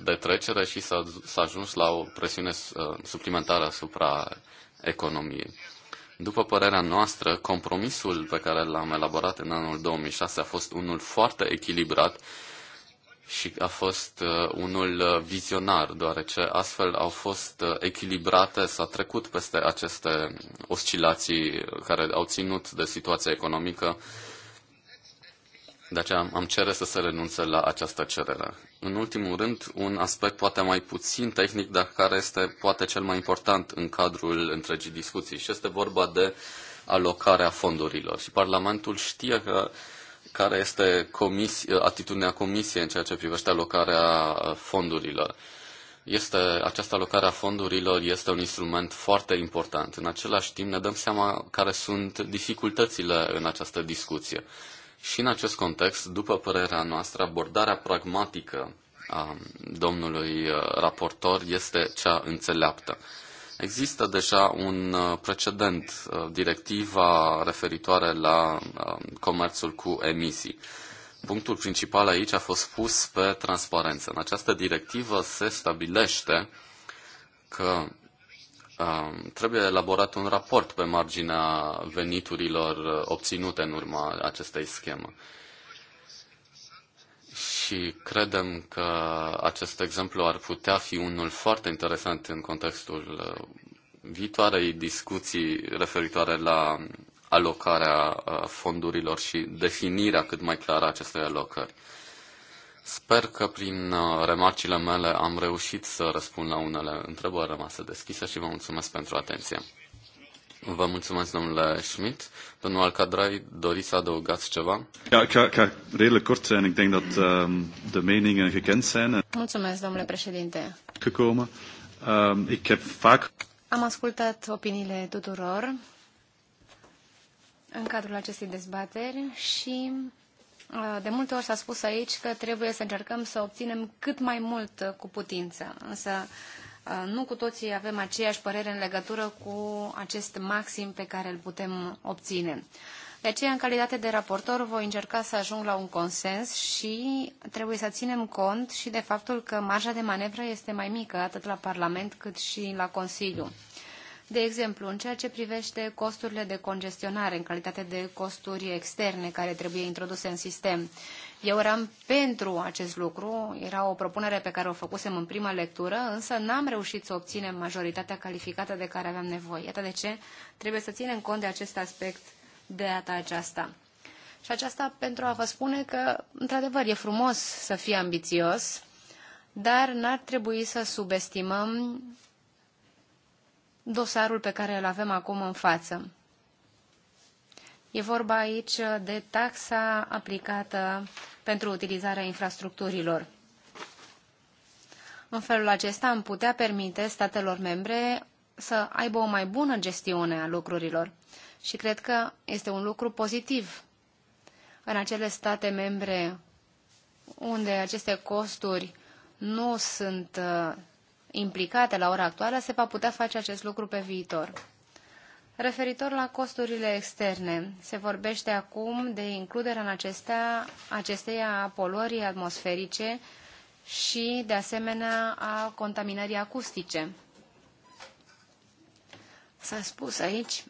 de trecere și s-a, s-a ajuns la o presiune suplimentară asupra economiei. După părerea noastră, compromisul pe care l-am elaborat în anul 2006 a fost unul foarte echilibrat și a fost uh, unul uh, vizionar, deoarece astfel au fost uh, echilibrate, s-a trecut peste aceste oscilații care au ținut de situația economică de aceea am cere să se renunțe la această cerere. În ultimul rând, un aspect poate mai puțin tehnic, dar care este poate cel mai important în cadrul întregii discuții și este vorba de alocarea fondurilor. Și Parlamentul știe că care este comis, atitudinea Comisiei în ceea ce privește alocarea fondurilor. Este, această alocare a fondurilor este un instrument foarte important. În același timp ne dăm seama care sunt dificultățile în această discuție. Și în acest context, după părerea noastră, abordarea pragmatică a domnului uh, raportor este cea înțeleaptă. Există deja un uh, precedent, uh, directiva referitoare la comerțul cu emisii. Punctul principal aici a fost pus pe transparență. În această directivă se stabilește că Um, trebuie elaborat un raport pe marginea veniturilor uh, obținute în urma acestei scheme. Și credem că acest exemplu ar putea fi unul foarte interesant în contextul uh, viitoarei discuții referitoare la alocarea uh, fondurilor și definirea cât mai clară a acestei alocări. Sper că prin uh, remarcile mele am reușit să răspund la unele întrebări rămase deschise și vă mulțumesc pentru atenție. Vă mulțumesc, domnule Schmidt. Domnul Alcadrai, doriți să adăugați ceva? Ehm, eh, mulțumesc, domnule președinte. Ehm, am ascultat opiniile tuturor în cadrul acestei dezbateri și Eh, de multe ori s-a spus aici că trebuie să încercăm să obținem cât mai mult eh, cu putință, însă eh, nu cu toții avem aceeași părere în legătură cu acest maxim pe care îl putem obține. De aceea, în calitate de raportor, voi încerca să ajung la un consens și trebuie să ținem cont și de faptul că marja de manevră este mai mică atât la Parlament cât și la Consiliu. De exemplu, în ceea ce privește costurile de congestionare în calitate de costuri externe care trebuie introduse în sistem, eu eram pentru acest lucru, era o propunere pe care o făcusem în prima lectură, însă n-am reușit să obținem majoritatea calificată de care aveam nevoie. Iată de ce trebuie să ținem cont de acest aspect de data aceasta. Și aceasta pentru a vă spune că, într-adevăr, e frumos să fii ambițios, dar n-ar trebui să subestimăm dosarul pe care îl avem acum în față. E vorba aici de taxa aplicată pentru utilizarea infrastructurilor. În felul acesta am putea permite statelor membre să aibă o mai bună gestiune a lucrurilor și cred că este un lucru pozitiv. În acele state membre unde aceste costuri nu sunt uh, implicate la ora actuală, se va putea face acest lucru pe viitor. Referitor la costurile externe, se vorbește acum de includerea în acestea, acesteia a poluării atmosferice și, de asemenea, a contaminării acustice. S-a spus aici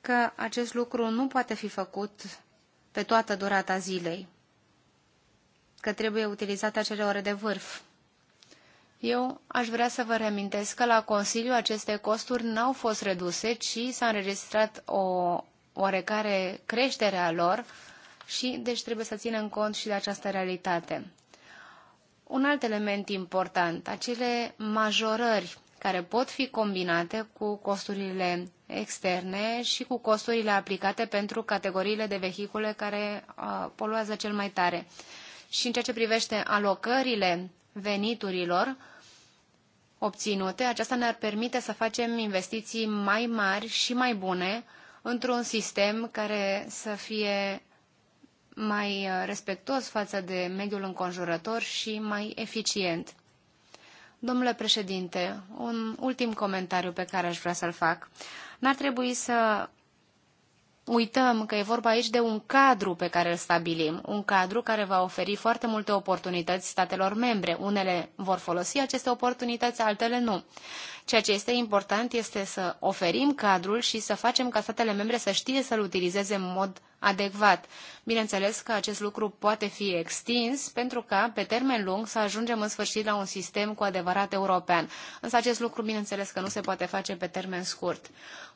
că acest lucru nu poate fi făcut pe toată durata zilei că trebuie utilizate acele ore de vârf. Eu aș vrea să vă reamintesc că la Consiliu aceste costuri n-au fost reduse, ci s-a înregistrat o oarecare creștere a lor și deci trebuie să ținem cont și de această realitate. Un alt element important, acele majorări care pot fi combinate cu costurile externe și cu costurile aplicate pentru categoriile de vehicule care uh, poluează cel mai tare și în ceea ce privește alocările veniturilor obținute, aceasta ne-ar permite să facem investiții mai mari și mai bune într-un sistem care să fie mai uh, respectuos față de mediul înconjurător și mai eficient. Domnule președinte, un ultim comentariu pe care aș vrea să-l fac. N-ar trebui să uităm că e vorba aici de un cadru pe care îl stabilim, un cadru care va oferi foarte multe oportunități statelor membre. Unele vor folosi aceste oportunități, altele nu. Ceea ce este important este să oferim cadrul și să facem ca statele membre să știe să-l utilizeze în mod adecvat. Bineînțeles că acest lucru poate fi extins pentru ca, pe termen lung, să ajungem în sfârșit la un sistem cu adevărat european. Însă acest lucru, bineînțeles că nu se poate face pe termen scurt.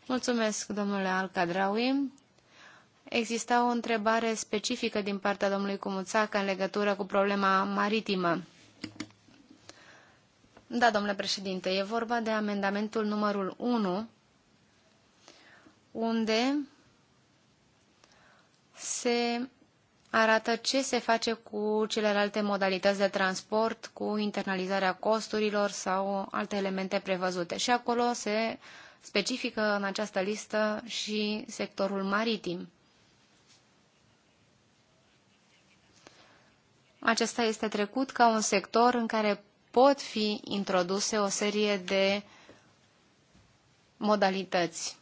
Mulțumesc, domnule Alcadraui. Exista o întrebare specifică din partea domnului Cumuțac în legătură cu problema maritimă. Da, domnule președinte, e vorba de amendamentul numărul 1, unde se arată ce se face cu celelalte modalități de transport, cu internalizarea costurilor sau alte elemente prevăzute. Și acolo se specifică în această listă și sectorul maritim. Acesta este trecut ca un sector în care pot fi introduse o serie de modalități.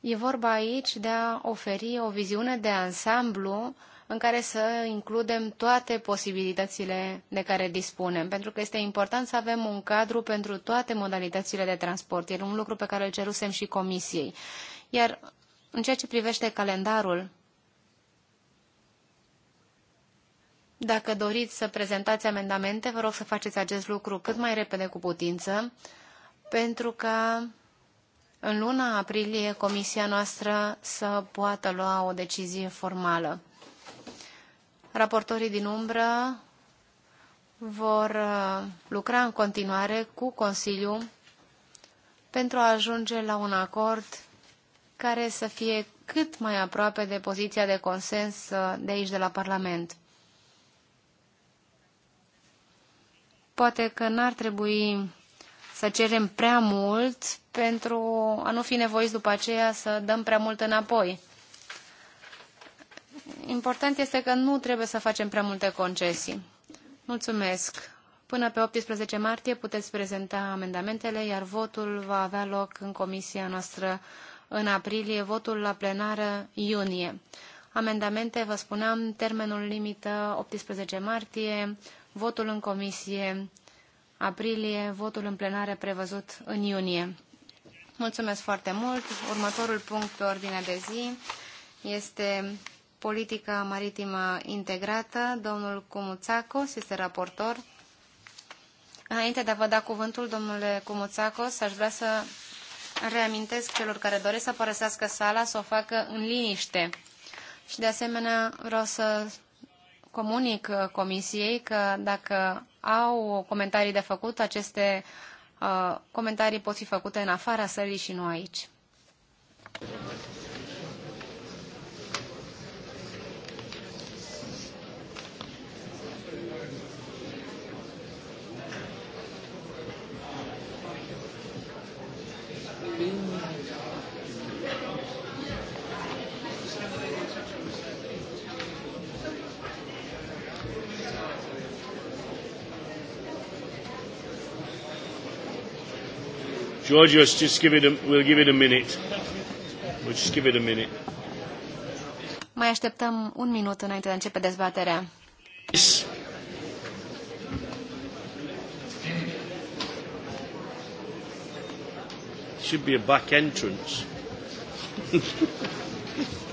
E vorba aici de a oferi o viziune de ansamblu în care să includem toate posibilitățile de care dispunem, pentru că este important să avem un cadru pentru toate modalitățile de transport. E un lucru pe care îl cerusem și Comisiei. Iar în ceea ce privește calendarul, Dacă doriți să prezentați amendamente, vă rog să faceți acest lucru cât mai repede cu putință, pentru că în luna aprilie comisia noastră să poată lua o decizie formală. Raportorii din umbră vor uh, lucra în continuare cu Consiliul pentru a ajunge la un acord care să fie cât mai aproape de poziția de consens uh, de aici de la Parlament. Poate că n-ar trebui să cerem prea mult pentru a nu fi nevoiți după aceea să dăm prea mult înapoi. Important este că nu trebuie să facem prea multe concesii. Mulțumesc! Până pe 18 martie puteți prezenta amendamentele, iar votul va avea loc în comisia noastră în aprilie, votul la plenară iunie. Amendamente, vă spuneam, termenul limită 18 martie, votul în comisie aprilie, votul în plenare prevăzut în iunie. Mulțumesc foarte mult. Următorul punct pe ordinea de zi este politica maritimă integrată. Domnul Cumuțacos este raportor. Înainte de a vă da cuvântul, domnule Cumuțacos, aș vrea să reamintesc celor care doresc să părăsească sala să o facă în liniște. Și de asemenea vreau să comunic uh, Comisiei că dacă au comentarii de făcut, aceste uh, comentarii pot fi făcute în afara sălii și nu aici. Georgios, just give it a, we'll give it a minute. We'll just give it a minute. Mai așteptăm un minut înainte de a începe dezbaterea. Yes. Should be a back entrance.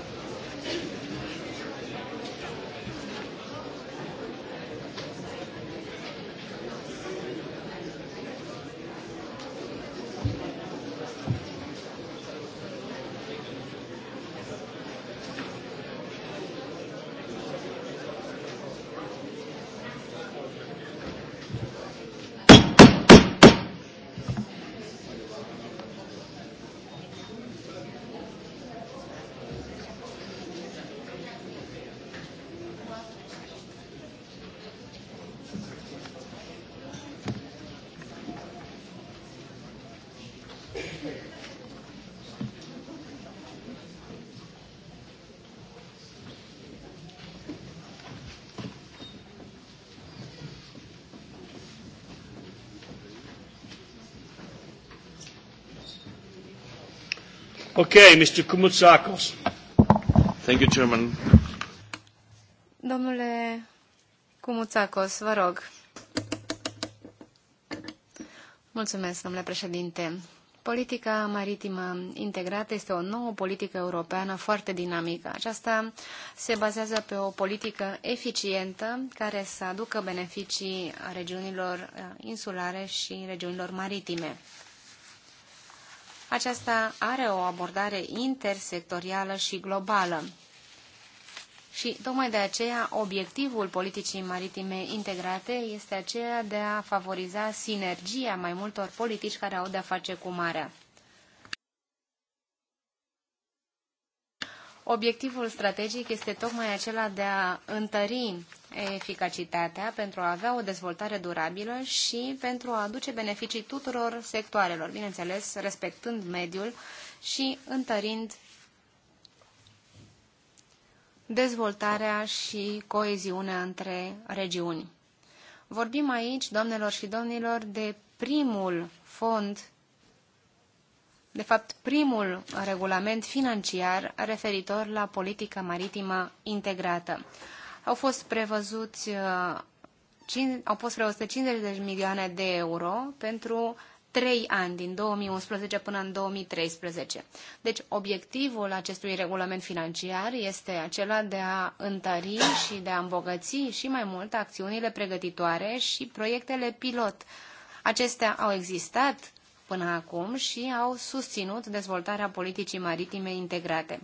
Okay, Mr. Koumoutsakos. Thank you, Chairman. Domnule Cumuțacos, vă rog. Mulțumesc, domnule președinte. Politica maritimă integrată este o nouă politică europeană foarte dinamică. Aceasta se bazează pe o politică eficientă care să aducă beneficii regiunilor uh, insulare și regiunilor maritime. Aceasta are o abordare intersectorială și globală. Și tocmai de aceea obiectivul politicii maritime integrate este aceea de a favoriza sinergia mai multor politici care au de-a face cu marea. Obiectivul strategic este tocmai acela de a întări eficacitatea pentru a avea o dezvoltare durabilă și pentru a aduce beneficii tuturor sectoarelor, bineînțeles respectând mediul și întărind dezvoltarea și coeziunea între regiuni. Vorbim aici, doamnelor și domnilor, de primul fond de fapt, primul regulament financiar referitor la politica maritimă integrată. Au fost prevăzuți uh, au fost prevăzute 50 de milioane de euro pentru 3 ani, din 2011 până în 2013. Deci, obiectivul acestui regulament financiar este acela de a întări și de a îmbogăți și mai mult acțiunile pregătitoare și proiectele pilot. Acestea au existat până acum și au susținut dezvoltarea politicii maritime integrate.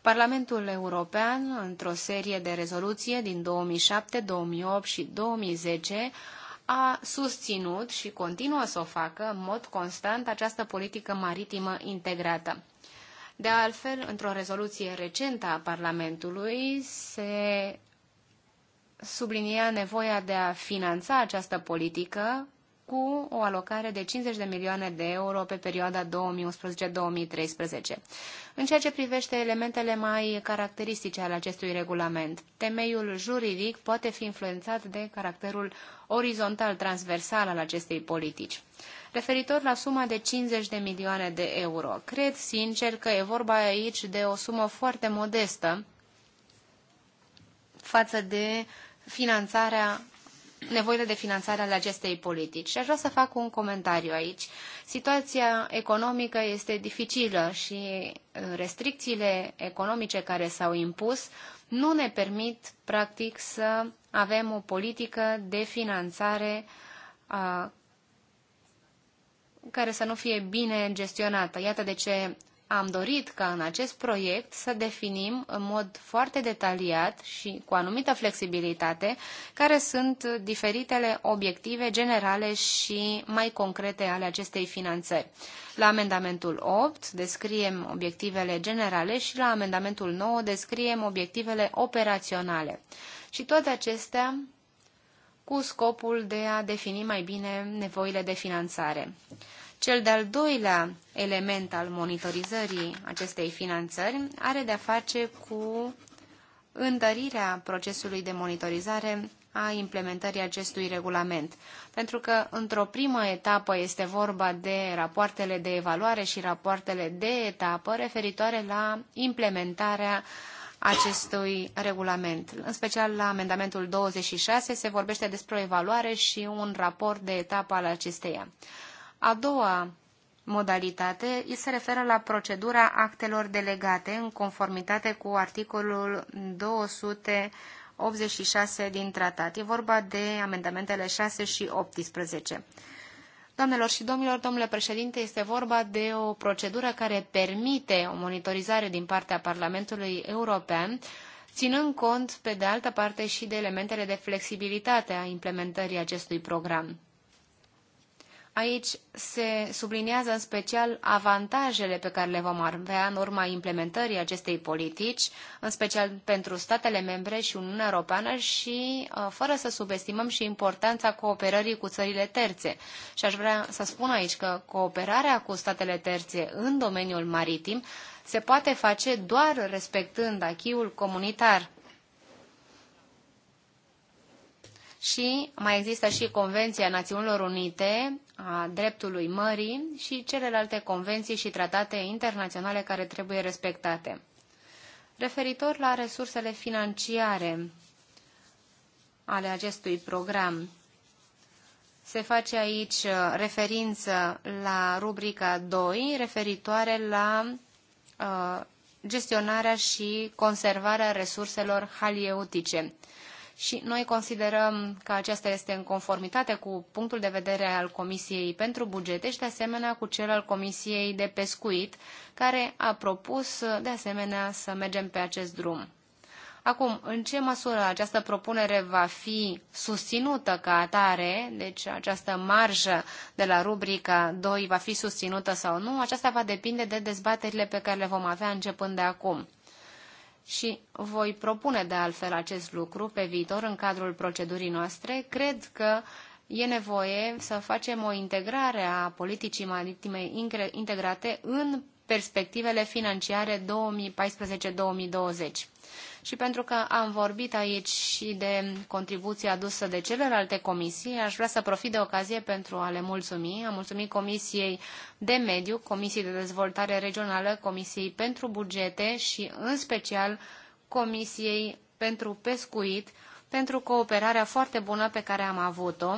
Parlamentul European, într-o serie de rezoluție din 2007, 2008 și 2010, a susținut și continuă să o facă în mod constant această politică maritimă integrată. De altfel, într-o rezoluție recentă a Parlamentului se sublinia nevoia de a finanța această politică cu o alocare de 50 de milioane de euro pe perioada 2011-2013. În ceea ce privește elementele mai caracteristice ale acestui regulament, temeiul juridic poate fi influențat de caracterul orizontal transversal al acestei politici. Referitor la suma de 50 de milioane de euro, cred sincer că e vorba aici de o sumă foarte modestă față de finanțarea nevoile de finanțare ale acestei politici. Și aș vrea să fac un comentariu aici. Situația economică este dificilă și uh, restricțiile economice care s-au impus nu ne permit, practic, să avem o politică de finanțare a, uh, care să nu fie bine gestionată. Iată de ce am dorit ca în acest proiect să definim în mod foarte detaliat și cu anumită flexibilitate care sunt diferitele obiective generale și mai concrete ale acestei finanțări. La amendamentul 8 descriem obiectivele generale și la amendamentul 9 descriem obiectivele operaționale. Și toate acestea cu scopul de a defini mai bine nevoile de finanțare. Cel de-al doilea element al monitorizării acestei finanțări are de-a face cu întărirea procesului de monitorizare a implementării acestui regulament. Pentru că, într-o primă etapă, este vorba de rapoartele de evaluare și rapoartele de etapă referitoare la implementarea acestui regulament. În special la amendamentul 26 se vorbește despre o evaluare și un raport de etapă al acesteia. A doua modalitate îi se referă la procedura actelor delegate în conformitate cu articolul 286 din tratat. E vorba de amendamentele 6 și 18. Doamnelor și domnilor, domnule președinte, este vorba de o procedură care permite o monitorizare din partea Parlamentului European, ținând cont, pe de altă parte, și de elementele de flexibilitate a implementării acestui program. Aici se subliniază în special avantajele pe care le vom avea în urma implementării acestei politici, în special pentru statele membre și Uniunea Europeană și uh, fără să subestimăm și importanța cooperării cu țările terțe. Și aș vrea să spun aici că cooperarea cu statele terțe în domeniul maritim se poate face doar respectând achiul comunitar. Și mai există și Convenția Națiunilor Unite a dreptului mării și celelalte convenții și tratate internaționale care trebuie respectate. Referitor la resursele financiare ale acestui program, se face aici uh, referință la rubrica 2, referitoare la uh, gestionarea și conservarea resurselor halieutice și noi considerăm că aceasta este în conformitate cu punctul de vedere al Comisiei pentru bugete și de asemenea cu cel al Comisiei de pescuit, care a propus de asemenea să mergem pe acest drum. Acum, în ce măsură această propunere va fi susținută ca atare, deci această marjă de la rubrica 2 va fi susținută sau nu, aceasta va depinde de dezbaterile pe care le vom avea începând de acum și voi propune de altfel acest lucru pe viitor în cadrul procedurii noastre. Cred că e nevoie să facem o integrare a politicii maritime integrate în perspectivele financiare 2014-2020. Și pentru că am vorbit aici și de contribuția adusă de celelalte comisii, aș vrea să profit de ocazie pentru a le mulțumi. Am mulțumit Comisiei de Mediu, Comisiei de Dezvoltare Regională, Comisiei pentru Bugete și, în special, Comisiei pentru Pescuit, pentru cooperarea foarte bună pe care am avut-o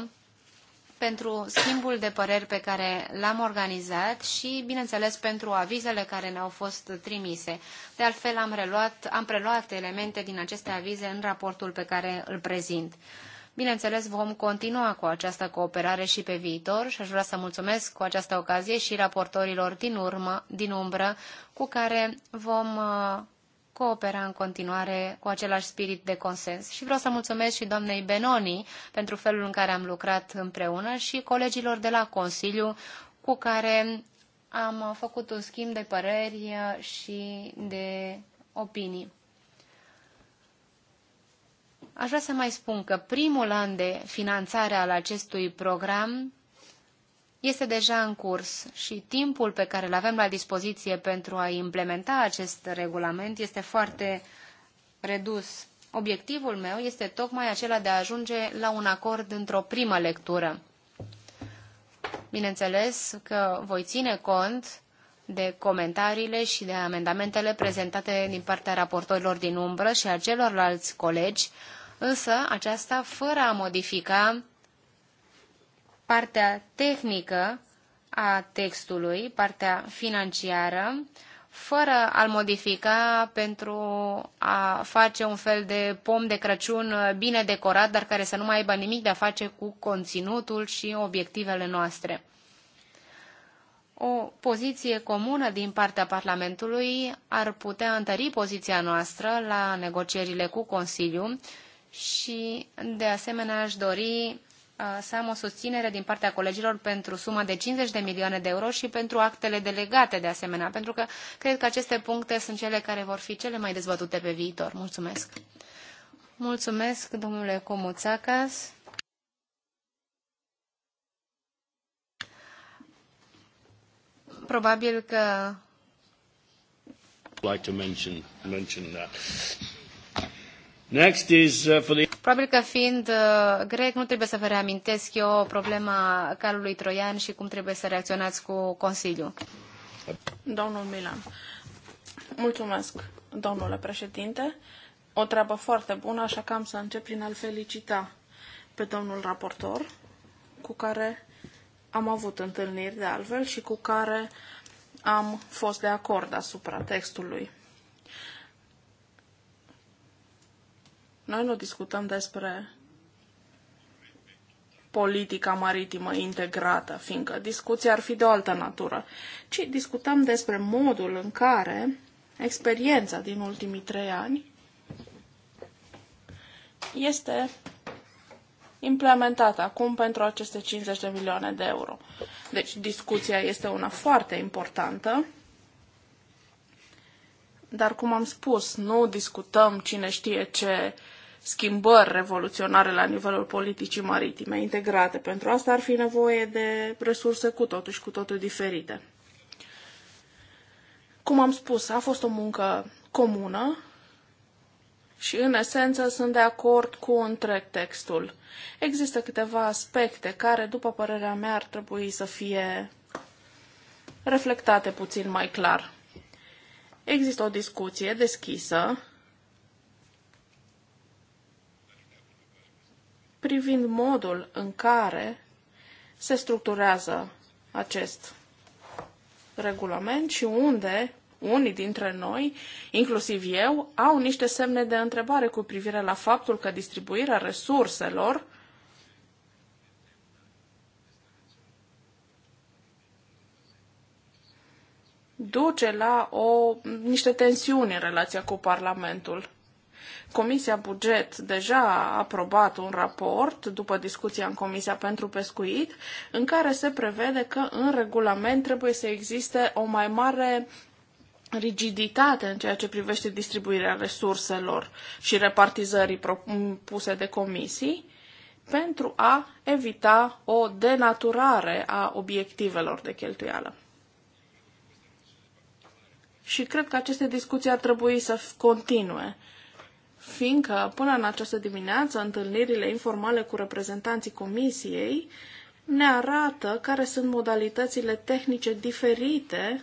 pentru schimbul de păreri pe care l-am organizat și, bineînțeles, pentru avizele care ne-au fost trimise. De altfel, am, reluat, am preluat elemente din aceste avize în raportul pe care îl prezint. Bineînțeles, vom continua cu această cooperare și pe viitor și aș vrea să mulțumesc cu această ocazie și raportorilor din urmă, din umbră, cu care vom uh, coopera în continuare cu același spirit de consens. Și vreau să mulțumesc și doamnei Benoni pentru felul în care am lucrat împreună și colegilor de la Consiliu cu care am făcut un schimb de păreri și de opinii. Aș vrea să mai spun că primul an de finanțare al acestui program este deja în curs și timpul pe care îl avem la dispoziție pentru a implementa acest regulament este foarte redus. Obiectivul meu este tocmai acela de a ajunge la un acord într-o primă lectură. Bineînțeles că voi ține cont de comentariile și de amendamentele prezentate din partea raportorilor din umbră și a celorlalți colegi, însă aceasta fără a modifica partea tehnică a textului, partea financiară, fără a-l modifica pentru a face un fel de pom de Crăciun bine decorat, dar care să nu mai aibă nimic de a face cu conținutul și obiectivele noastre. O poziție comună din partea Parlamentului ar putea întări poziția noastră la negocierile cu Consiliu și, de asemenea, aș dori Uh, să am o susținere din partea colegilor pentru suma de 50 de milioane de euro și pentru actele delegate de asemenea, pentru că cred că aceste puncte sunt cele care vor fi cele mai dezbătute pe viitor. Mulțumesc! Mulțumesc, domnule Comuțacas. Probabil că... Like to mention, mention that. Next is uh, for the Probabil că fiind uh, grec, nu trebuie să vă reamintesc eu problema calului troian și cum trebuie să reacționați cu Consiliul. Domnul Milan, mulțumesc, domnule președinte. O treabă foarte bună, așa că am să încep prin a-l felicita pe domnul raportor, cu care am avut întâlniri de altfel și cu care am fost de acord asupra textului. Noi nu discutăm despre politica maritimă integrată, fiindcă discuția ar fi de o altă natură, ci discutăm despre modul în care experiența din ultimii trei ani este implementată acum pentru aceste 50 de milioane de euro. Deci discuția este una foarte importantă, dar cum am spus, nu discutăm cine știe ce uh, schimbări revoluționare la nivelul politicii maritime integrate. Pentru asta ar fi nevoie de resurse cu totul și cu totul diferite. Cum am spus, a fost o muncă comună și, în esență, sunt de acord cu întreg textul. Există câteva aspecte care, după părerea mea, ar trebui să fie reflectate puțin mai clar. Există o discuție deschisă privind modul în care se structurează acest regulament și unde unii dintre noi, inclusiv eu, au niște semne de întrebare cu privire la faptul că distribuirea resurselor duce la o, niște tensiuni în relația cu Parlamentul. Comisia Buget deja a aprobat un raport după discuția în Comisia pentru Pescuit, în care se prevede că în regulament trebuie să existe o mai mare rigiditate în ceea ce privește distribuirea resurselor și repartizării puse de comisii pentru a evita o denaturare a obiectivelor de cheltuială. Și cred că aceste discuții ar trebui să continue fiindcă până în această dimineață întâlnirile informale cu reprezentanții comisiei ne arată care sunt modalitățile tehnice diferite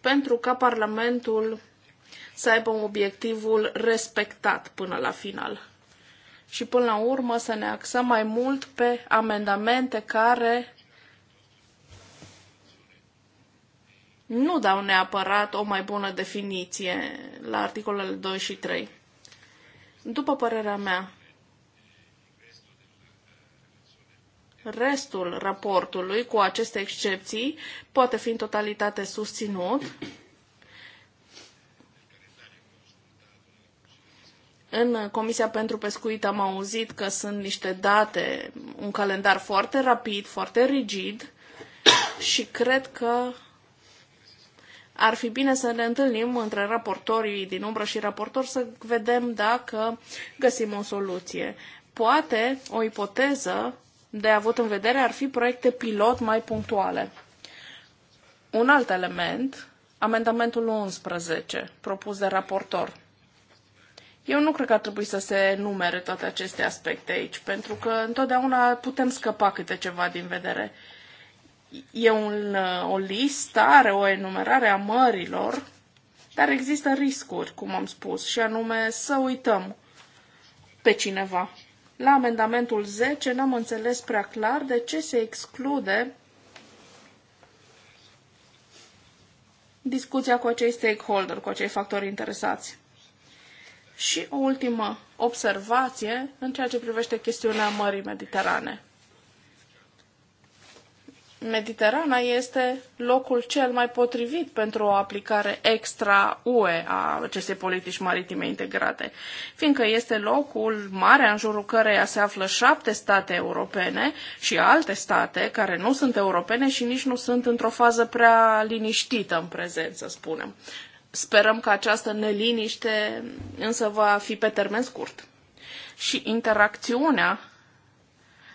pentru ca Parlamentul să aibă obiectivul respectat până la final. Și până la urmă să ne axăm mai mult pe amendamente care nu dau neapărat o mai bună definiție la articolele 2 și 3. După părerea mea, restul raportului, cu aceste excepții, poate fi în totalitate susținut În Comisia pentru Pescuit am auzit că sunt niște date, un calendar foarte rapid, foarte rigid și cred că ar fi bine să ne întâlnim între raportorii din umbră și raportori să vedem dacă găsim o soluție. Poate o ipoteză de avut în vedere ar fi proiecte pilot mai punctuale. Un alt element, amendamentul 11, propus de raportor. Eu nu cred că ar trebui să se numere toate aceste aspecte aici, pentru că întotdeauna putem scăpa câte ceva din vedere e un, uh, o are o enumerare a mărilor, dar există riscuri, cum am spus, și anume să uităm pe cineva. La amendamentul 10 n-am înțeles prea clar de ce se exclude discuția cu acei stakeholder, cu acei factori interesați. Și o ultimă observație în ceea ce privește chestiunea Mării Mediterane. Mediterana este locul cel mai potrivit pentru o aplicare extra-UE a acestei politici maritime integrate, fiindcă este locul mare în jurul căreia se află șapte state europene și alte state care nu sunt europene și nici nu sunt într-o fază prea liniștită în prezent, să spunem. Sperăm că această neliniște însă va fi pe termen scurt. Și interacțiunea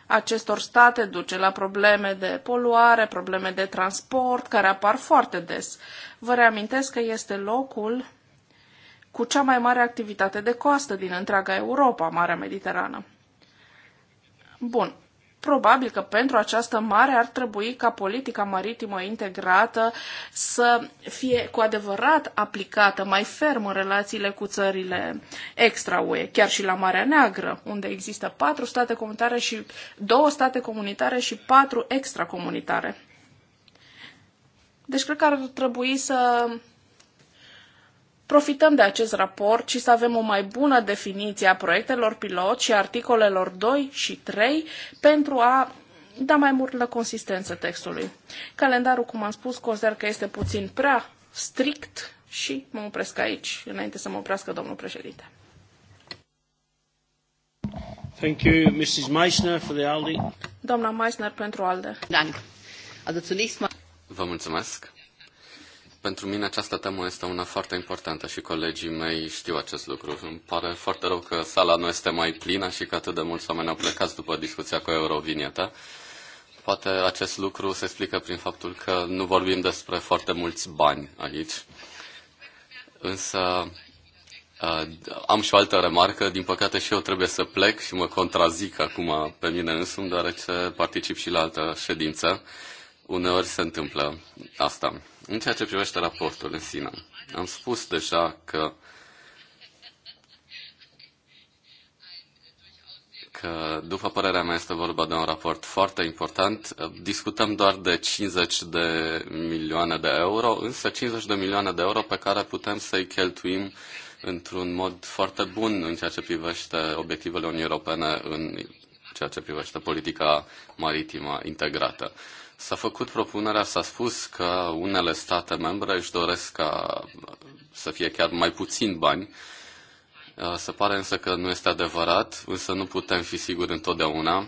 acestor state duce la probleme de poluare, probleme de transport, care apar foarte des. Vă reamintesc că este locul cu cea mai mare activitate de coastă din întreaga Europa, Marea Mediterană. Bun, Probabil că pentru această mare ar trebui ca politica maritimă integrată să fie cu adevărat aplicată mai ferm în relațiile cu țările extra-UE, chiar și la Marea Neagră, unde există patru state comunitare și două state comunitare și patru extracomunitare. Deci cred că ar trebui să profităm de acest raport și să avem o mai bună definiție a proiectelor pilot și articolelor 2 și 3 pentru a da mai multă consistență textului. Calendarul, cum am spus, consider că este puțin prea strict și mă opresc aici, înainte să mă oprească domnul președinte. Thank you, Mrs. Meissner, for the ALDE. Doamna Meissner pentru ALDE. Dank. Also zunächst mal... Vă mulțumesc. Pentru mine această temă este una foarte importantă și colegii mei știu acest lucru. Îmi pare foarte rău că sala nu este mai plină și că atât de mulți oameni au plecat după discuția cu Eurovinieta. Poate acest lucru se explică prin faptul că nu vorbim despre foarte mulți bani aici. Însă uh, am și o altă remarcă. Din păcate și eu trebuie să plec și mă contrazic acum pe mine însumi, deoarece particip și la altă ședință. Uneori se întâmplă asta. În ceea ce privește raportul în sine, am spus deja că că, după părerea mea, este vorba de un raport foarte important. Discutăm doar de 50 de milioane de euro, însă 50 de milioane de euro pe care putem să-i cheltuim într-un mod foarte bun în ceea ce privește obiectivele Unii Europene în ceea ce privește politica maritimă integrată. S-a făcut propunerea, s-a spus că unele state membre își doresc ca să fie chiar mai puțin bani. Uh, se pare însă că nu este adevărat, însă nu putem fi siguri întotdeauna.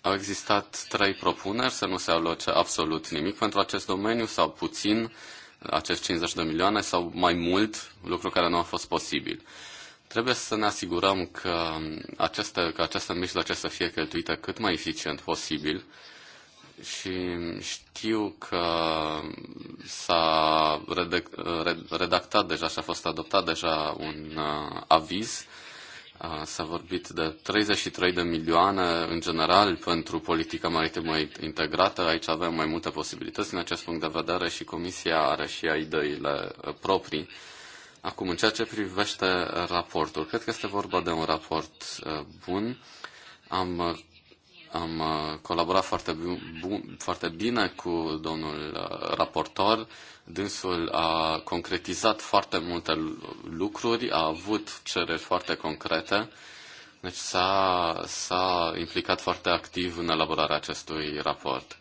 Au existat trei propuneri să nu se aloce absolut nimic pentru acest domeniu sau puțin, uh, acești 50 de milioane sau mai mult, lucru care nu a fost posibil. Trebuie să ne asigurăm că um, aceste, că aceste mijloace să fie cheltuite cât mai eficient posibil, și știu că s-a redactat deja și a fost adoptat deja un uh, aviz. Uh, s-a vorbit de 33 de milioane în general pentru politica maritimă integrată. Aici avem mai multe posibilități în acest punct de vedere și Comisia are și ea ideile uh, proprii. Acum, în ceea ce privește raportul, cred că este vorba de un raport bun. Am am uh, colaborat foarte, bu- foarte bine cu domnul uh, raportor. Dânsul a concretizat foarte multe lucruri, a avut cereri foarte concrete. Deci s-a, s-a implicat foarte activ în elaborarea acestui raport.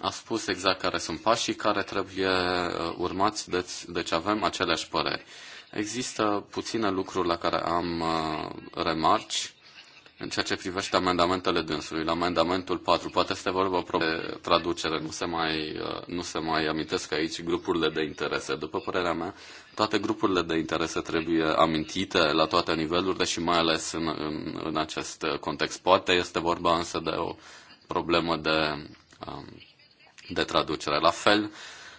A spus exact care sunt pașii care trebuie uh, urmați, deci, deci avem aceleași păreri. Există puține lucruri la care am remarci în ceea ce privește amendamentele dânsului, la amendamentul 4, poate este vorba de traducere, nu se, mai, uh, nu se mai amintesc aici grupurile de interese. După părerea mea, toate grupurile de interese trebuie amintite la toate nivelurile și mai ales în, în, în acest context. Poate este vorba însă de o problemă de, um, de traducere. La fel,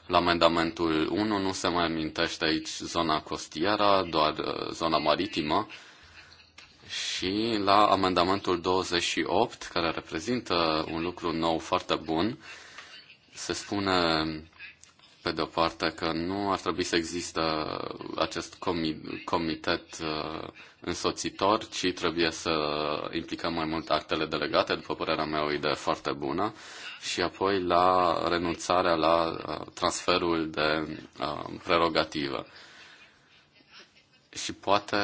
la amendamentul 1 nu se mai amintește aici zona costieră, doar uh, zona maritimă și la amendamentul 28, care reprezintă un lucru nou foarte bun, se spune pe de-o parte că nu ar trebui să există acest comitet uh, însoțitor, ci trebuie să implicăm mai mult actele delegate, după părerea mea o idee foarte bună, și apoi la renunțarea la uh, transferul de uh, prerogativă și poate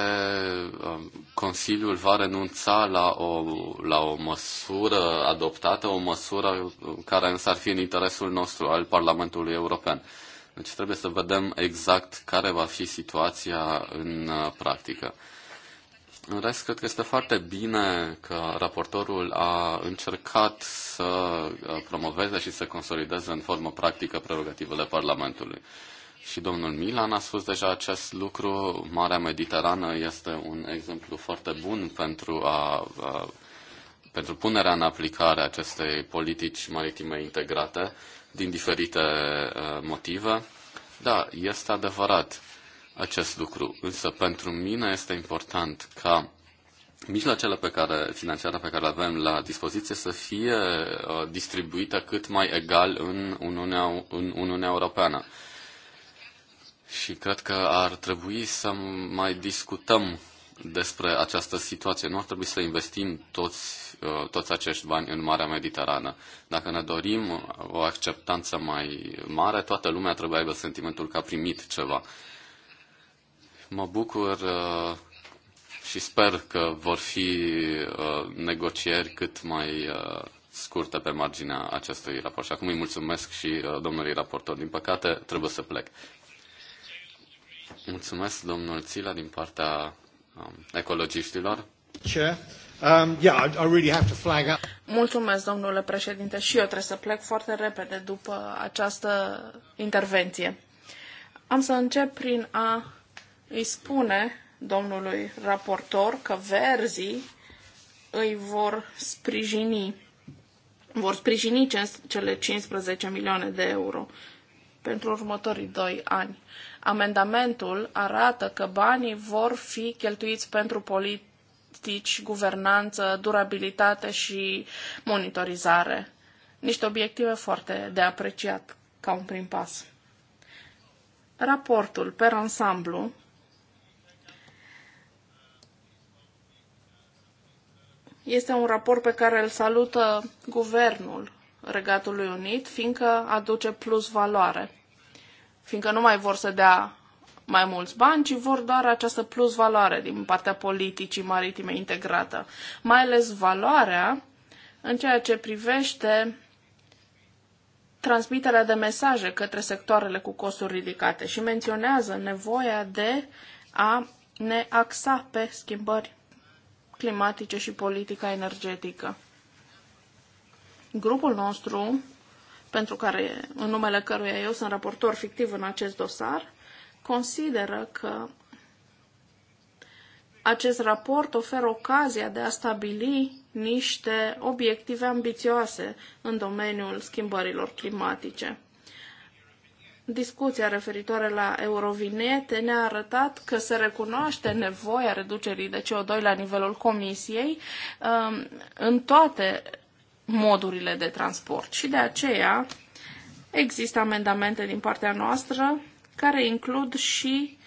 um, Consiliul va renunța la o, la o măsură adoptată, o măsură um, care însă ar fi în interesul nostru al Parlamentului European. Deci trebuie să vedem exact care va fi situația în uh, practică. În rest, cred că este foarte bine că raportorul a încercat să uh, promoveze și să consolideze în formă practică prerogativele Parlamentului și domnul Milan a spus deja acest lucru. Marea Mediterană este un exemplu foarte bun pentru a, a pentru punerea în aplicare acestei politici maritime integrate din diferite a, motive. Da, este adevărat acest lucru, însă pentru mine este important ca mijloacele pe care, financiare pe care le avem la dispoziție să fie uh, distribuite cât mai egal în Uniunea, în Uniunea Europeană. Și cred că ar trebui să mai discutăm despre această situație. Nu ar trebui să investim toți, uh, toți acești bani în Marea Mediterană. Dacă ne dorim o acceptanță mai mare, toată lumea trebuie să aibă sentimentul că a primit ceva. Mă bucur uh, și sper că vor fi uh, negocieri cât mai scurtă pe marginea acestui raport. Și acum îi mulțumesc și domnului raportor. Din păcate, trebuie să plec. Mulțumesc, domnul Țila, din partea um, ecologiștilor. Um, yeah, I really have to flag up. Mulțumesc, domnule președinte, și eu trebuie să plec foarte repede după această intervenție. Am să încep prin a îi spune domnului raportor că verzii îi vor sprijini, vor sprijini cele 15 milioane de euro pentru următorii doi ani. Amendamentul arată că banii vor fi cheltuiți pentru politici, guvernanță, durabilitate și monitorizare. Niște obiective foarte de apreciat ca un prim pas. Raportul, per ansamblu, este un raport pe care îl salută guvernul Regatului Unit, fiindcă aduce plus valoare fiindcă nu mai vor să dea mai mulți bani, ci vor doar această plus valoare din partea politicii maritime integrată. Mai ales valoarea în ceea ce privește transmiterea de mesaje către sectoarele cu costuri ridicate și menționează nevoia de a ne axa pe schimbări climatice și politica energetică. Grupul nostru pentru care, în numele căruia eu sunt raportor fictiv în acest dosar, consideră că acest raport oferă ocazia de a stabili niște obiective ambițioase în domeniul schimbărilor climatice. Discuția referitoare la Eurovinete ne-a arătat că se recunoaște nevoia reducerii de CO2 la nivelul Comisiei um, în toate modurile de transport. Și de aceea există amendamente din partea noastră care includ și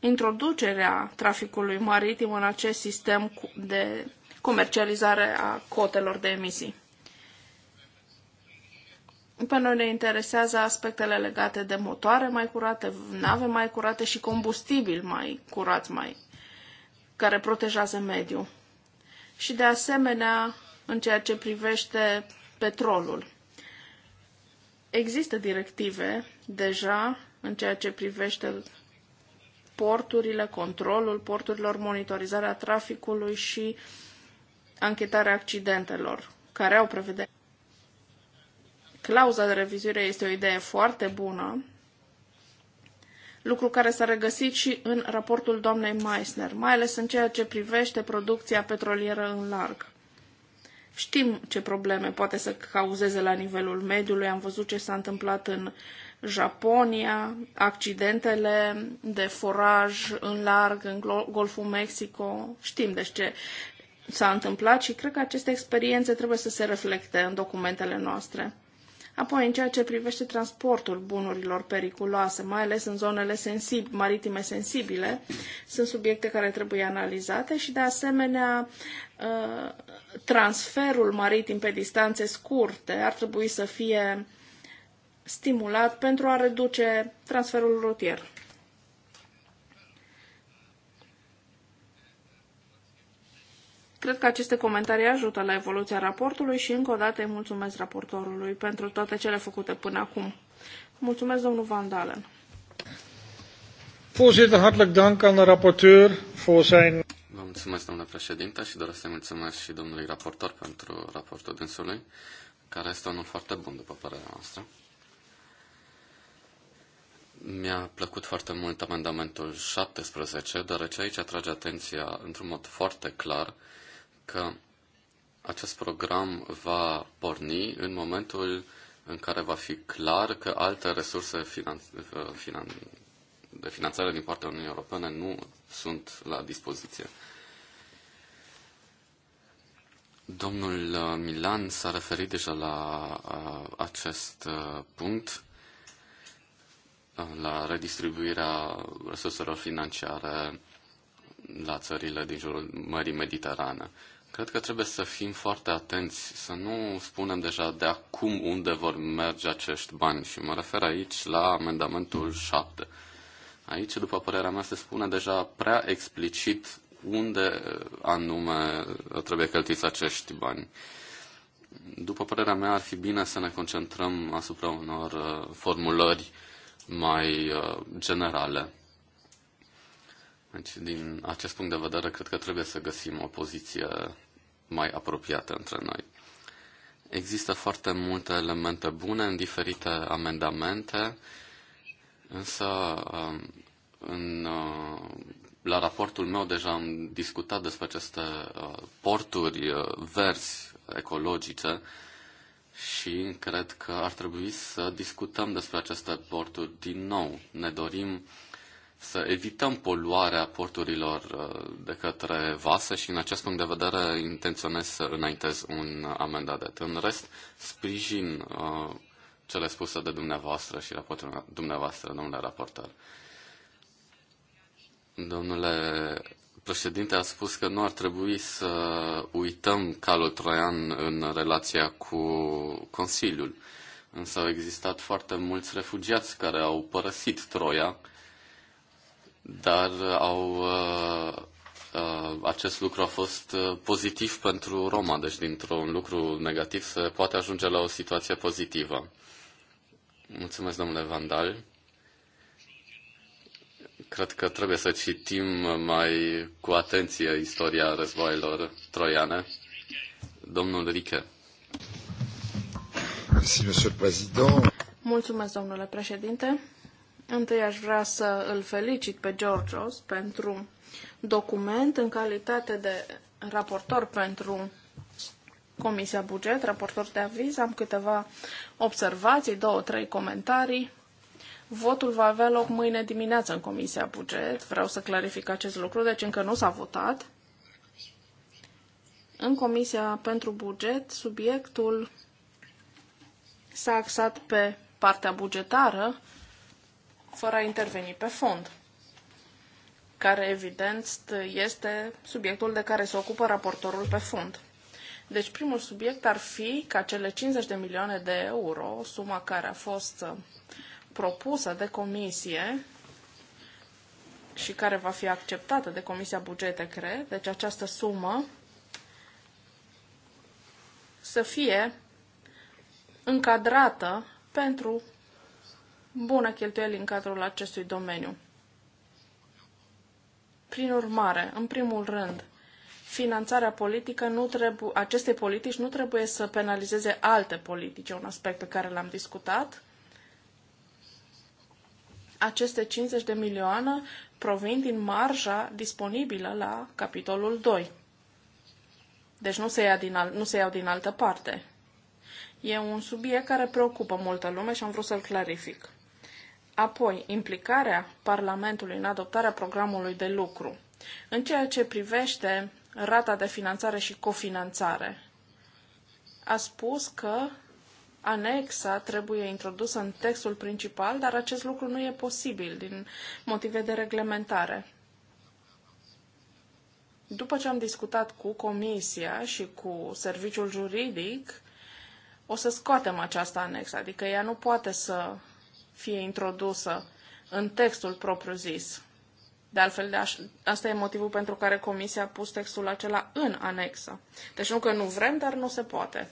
introducerea traficului maritim în acest sistem de comercializare a cotelor de emisii. Pe noi ne interesează aspectele legate de motoare mai curate, nave mai curate și combustibil mai curat, mai, care protejează mediul. Și de asemenea, în ceea ce privește petrolul. Există directive deja în ceea ce privește porturile, controlul porturilor, monitorizarea traficului și anchetarea accidentelor, care au prevedere. Clauza de revizuire este o idee foarte bună, lucru care s-a regăsit și în raportul doamnei Meissner, mai ales în ceea ce privește producția petrolieră în larg. Știm ce probleme poate să cauzeze la nivelul mediului, am văzut ce s-a întâmplat în Japonia, accidentele de foraj în larg în Golful Mexico, știm deci ce s-a întâmplat și cred că aceste experiențe trebuie să se reflecte în documentele noastre. Apoi, în ceea ce privește transportul bunurilor periculoase, mai ales în zonele sensib- maritime sensibile, sunt subiecte care trebuie analizate și, de asemenea, uh, transferul maritim pe distanțe scurte ar trebui să fie stimulat pentru a reduce transferul rutier. Cred că aceste comentarii ajută la evoluția raportului și încă o dată îi mulțumesc raportorului pentru toate cele făcute până acum. Mulțumesc, domnul Van Dalen. Voorzitter, hartelijk dank aan de rapporteur voor zijn... Vă mulțumesc, domnule președinte, și doresc să mulțumesc și domnului raportor pentru raportul dânsului, care este unul foarte bun, după părerea noastră. Mi-a plăcut foarte mult amendamentul 17, deoarece aici atrage atenția într-un mod foarte clar că acest program va porni în momentul în care va fi clar că alte resurse finan- finan- de finanțare din partea Uniunii Europene nu sunt la dispoziție. Domnul uh, Milan s-a referit deja la uh, acest uh, punct, la redistribuirea resurselor financiare la țările din jurul Mării Mediterane. Cred că trebuie să fim foarte atenți, să nu spunem deja de acum unde vor merge acești bani și mă refer aici la amendamentul 7. Aici, după părerea mea, se spune deja prea explicit unde eh, anume eh, trebuie cheltuiți acești bani. După părerea mea, ar fi bine să ne concentrăm asupra unor eh, formulări mai generale. Deci, din acest punct de vedere, cred că trebuie să găsim o poziție mai apropiată între noi. Există foarte multe elemente bune în diferite amendamente Însă, um, în, uh, la raportul meu deja am discutat despre aceste uh, porturi uh, verzi ecologice și cred că ar trebui să discutăm despre aceste porturi din nou. Ne dorim să evităm poluarea porturilor de către vase și în acest punct de vedere intenționez să înaintez un amendat. În rest, sprijin cele spuse de dumneavoastră și raportul dumneavoastră, domnule raportor. Domnule președinte, a spus că nu ar trebui să uităm calul troian în relația cu Consiliul. Însă au existat foarte mulți refugiați care au părăsit Troia, dar au, uh, uh, acest lucru a fost uh, pozitiv pentru Roma, deci dintr-un lucru negativ se poate ajunge la o situație pozitivă. Mulțumesc, domnule Vandal. Cred că trebuie să citim mai cu atenție istoria războaielor troiane. Domnul Rică. Mulțumesc, domnule președinte. Întâi aș vrea să îl felicit pe Georgios pentru document în calitate de raportor pentru Comisia Buget, raportor de aviz, am câteva observații, două, trei comentarii. Votul va avea loc mâine dimineață în Comisia Buget. Vreau să clarific acest lucru, deci încă nu s-a votat. În Comisia pentru Buget, subiectul s-a axat pe partea bugetară, fără a interveni pe fond, care evident este subiectul de care se ocupă raportorul pe fond. Deci primul subiect ar fi ca cele 50 de milioane de euro, suma care a fost uh, propusă de comisie și care va fi acceptată de Comisia Bugete, cred, deci această sumă să fie încadrată pentru bună cheltuieli în cadrul acestui domeniu. Prin urmare, în primul rând, finanțarea politică nu trebuie, acestei politici nu trebuie să penalizeze alte politici, un aspect pe care l-am discutat. Aceste 50 de milioane provin din marja disponibilă la capitolul 2. Deci nu se, ia din al- nu se iau din altă parte. E un subiect care preocupă multă lume și am vrut să-l clarific. Apoi, implicarea Parlamentului în adoptarea programului de lucru. În ceea ce privește rata de finanțare și cofinanțare. A spus că anexa trebuie introdusă în textul principal, dar acest lucru nu e posibil din motive de reglementare. După ce am discutat cu Comisia și cu Serviciul Juridic, o să scoatem această anexă, adică ea nu poate să fie introdusă în textul propriu-zis. De altfel, de aș... asta e motivul pentru care Comisia a pus textul acela în anexă. Deci nu că nu vrem, dar nu se poate.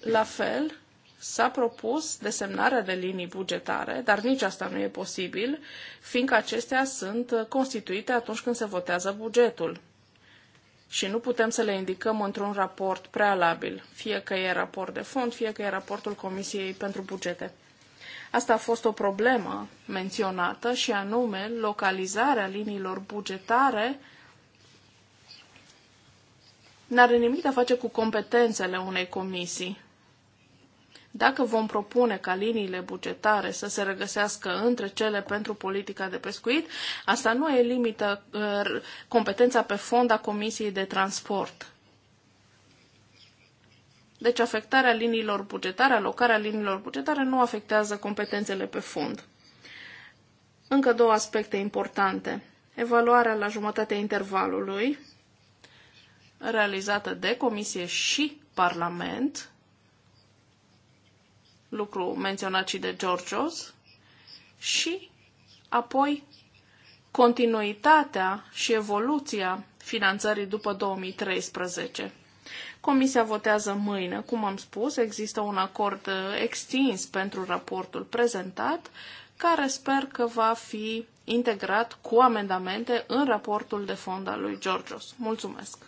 La fel, s-a propus desemnarea de linii bugetare, dar nici asta nu e posibil, fiindcă acestea sunt constituite atunci când se votează bugetul. Și nu putem să le indicăm într-un raport prealabil, fie că e raport de fond, fie că e raportul Comisiei pentru bugete. Asta a fost o problemă menționată și anume localizarea liniilor bugetare n-are nimic de a face cu competențele unei comisii. Dacă vom propune ca liniile bugetare să se regăsească între cele pentru politica de pescuit, asta nu e limită uh, competența pe fond a Comisiei de Transport. Deci afectarea liniilor bugetare, alocarea liniilor bugetare nu afectează competențele pe fond. Încă două aspecte importante. Evaluarea la jumătatea intervalului, realizată de Comisie și Parlament, lucru menționat și de Georgios, și apoi continuitatea și evoluția finanțării după 2013. Comisia votează mâine. Cum am spus, există un acord uh, extins pentru raportul prezentat, care sper că va fi integrat cu amendamente în raportul de fond al lui Georgios. Mulțumesc!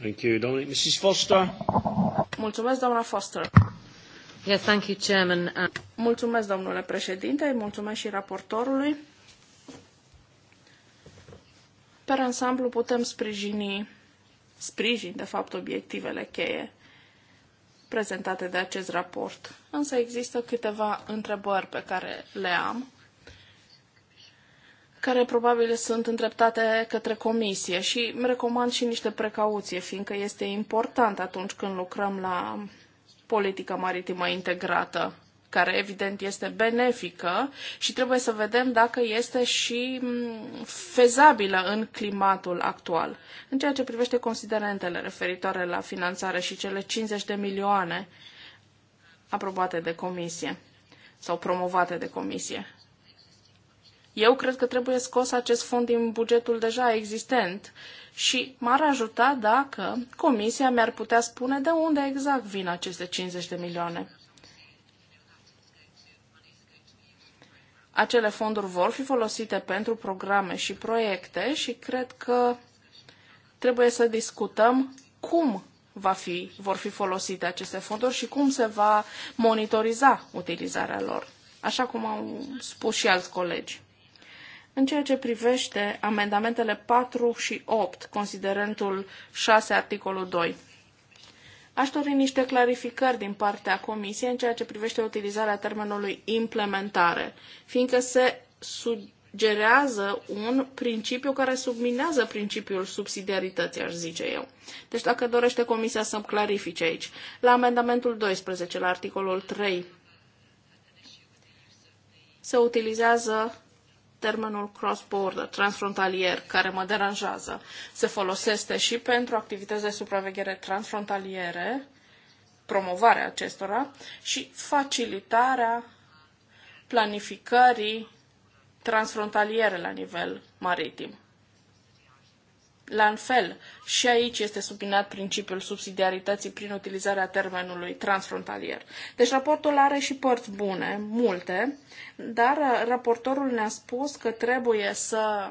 Thank you, Dominic. Mrs. Foster. Mulțumesc, doamna Foster. Yes, thank you, Chairman. Uh, mulțumesc, domnule președinte, mulțumesc și raportorului. Per ansamblu putem sprijini, sprijin de fapt obiectivele cheie prezentate de acest raport, însă există câteva întrebări pe care le am, care probabil sunt îndreptate către comisie și îmi recomand și niște precauție, fiindcă este important atunci când lucrăm la politică maritimă integrată care evident este benefică și trebuie să vedem dacă este și mm, fezabilă în climatul actual. În ceea ce privește considerentele referitoare la finanțare și cele 50 de milioane aprobate de comisie sau promovate de comisie. Eu cred că trebuie scos acest fond din bugetul deja existent și m-ar ajuta dacă comisia mi-ar putea spune de unde exact vin aceste 50 de milioane. Acele fonduri vor fi folosite pentru programe și proiecte și cred că trebuie să discutăm cum va fi, vor fi folosite aceste fonduri și cum se va monitoriza utilizarea lor, așa cum au spus și alți colegi. În ceea ce privește amendamentele 4 și 8, considerentul 6, articolul 2, Aș dori niște clarificări din partea Comisiei în ceea ce privește utilizarea termenului implementare, fiindcă se sugerează un principiu care subminează principiul subsidiarității, aș zice eu. Deci dacă dorește Comisia să-mi clarifice aici, la amendamentul 12, la articolul 3, se utilizează termenul cross-border, transfrontalier, care mă deranjează, se folosește și pentru activități de supraveghere transfrontaliere, promovarea acestora și facilitarea planificării transfrontaliere la nivel maritim. La fel, și aici este subminat principiul subsidiarității prin utilizarea termenului transfrontalier. Deci raportul are și părți bune, multe, dar raportorul ne-a spus că trebuie să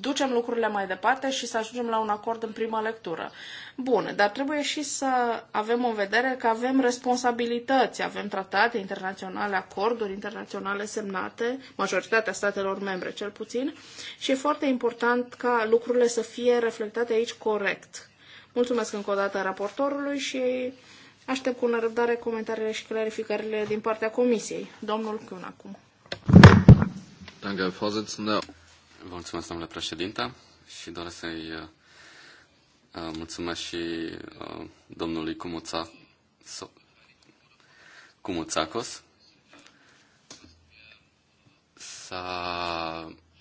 ducem lucrurile mai departe și să ajungem la un acord în prima lectură. Bun, dar trebuie și să avem în vedere că avem responsabilități, avem tratate internaționale, acorduri internaționale semnate, majoritatea statelor membre cel puțin, și e foarte important ca lucrurile ele să fie reflectate aici corect. Mulțumesc încă o dată raportorului și aștept cu nerăbdare comentariile și clarificările din partea comisiei. Domnul Cun acum. Vă mulțumesc, domnule președinte, și doresc să-i uh, uh, mulțumesc și uh, domnului Cumuța, Cumuțacos. S-a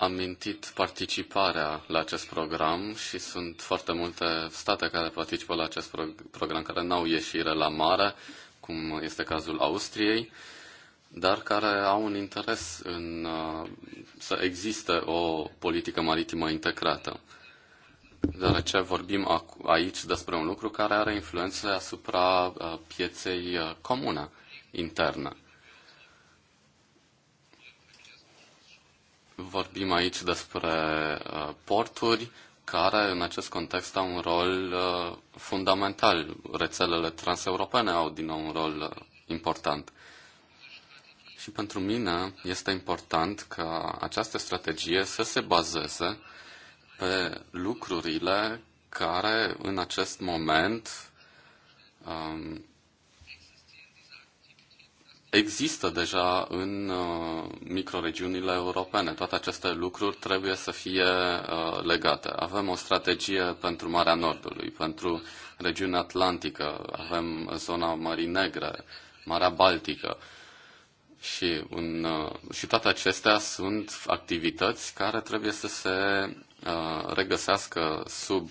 amintit participarea la acest program și sunt foarte multe state care participă la acest program care n-au ieșire la mare, cum este cazul Austriei, dar care au un interes în uh, să existe o politică maritimă integrată. Deoarece vorbim aici despre un lucru care are influențe asupra uh, pieței uh, comune interne. Vorbim aici despre uh, porturi care în acest context au un rol uh, fundamental. Rețelele transeuropene au din nou un rol uh, important. Și pentru mine este important ca această strategie să se bazeze pe lucrurile care în acest moment um, există deja în uh, microregiunile europene. Toate aceste lucruri trebuie să fie uh, legate. Avem o strategie pentru Marea Nordului, pentru regiunea Atlantică, avem zona Mării Negre, Marea Baltică. Și, un, uh, și toate acestea sunt activități care trebuie să se regăsească sub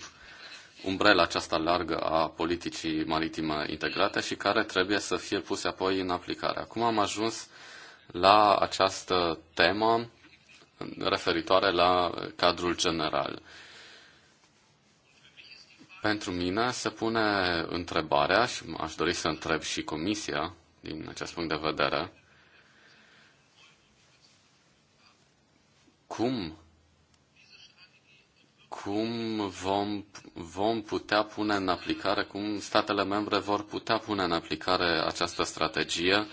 umbrela aceasta largă a politicii maritime integrate și care trebuie să fie puse apoi în aplicare. Acum am ajuns la această temă referitoare la cadrul general. Pentru mine se pune întrebarea și aș dori să întreb și comisia din acest punct de vedere. Cum cum vom, vom putea pune în aplicare, cum statele membre vor putea pune în aplicare această strategie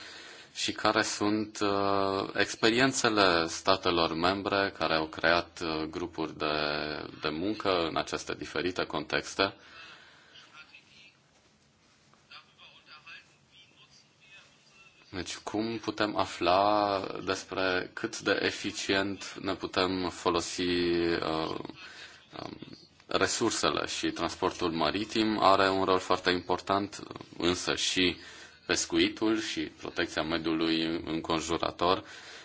și care sunt uh, experiențele statelor membre care au creat uh, grupuri de, de muncă în aceste diferite contexte. Deci cum putem afla despre cât de eficient ne putem folosi uh, Um, resursele și transportul maritim are un rol foarte important, însă și pescuitul și protecția mediului înconjurator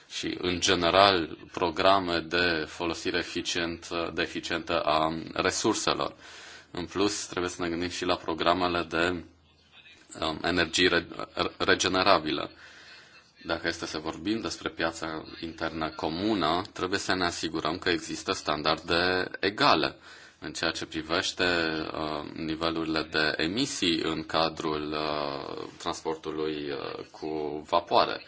și, în general, programe de folosire eficient, de eficientă a resurselor. În plus, trebuie să ne gândim și la programele de um, regenerabilă. Dacă este să vorbim despre piața internă comună, trebuie să ne asigurăm că există standarde egale în ceea ce privește uh, nivelurile de emisii în cadrul uh, transportului uh, cu vapoare.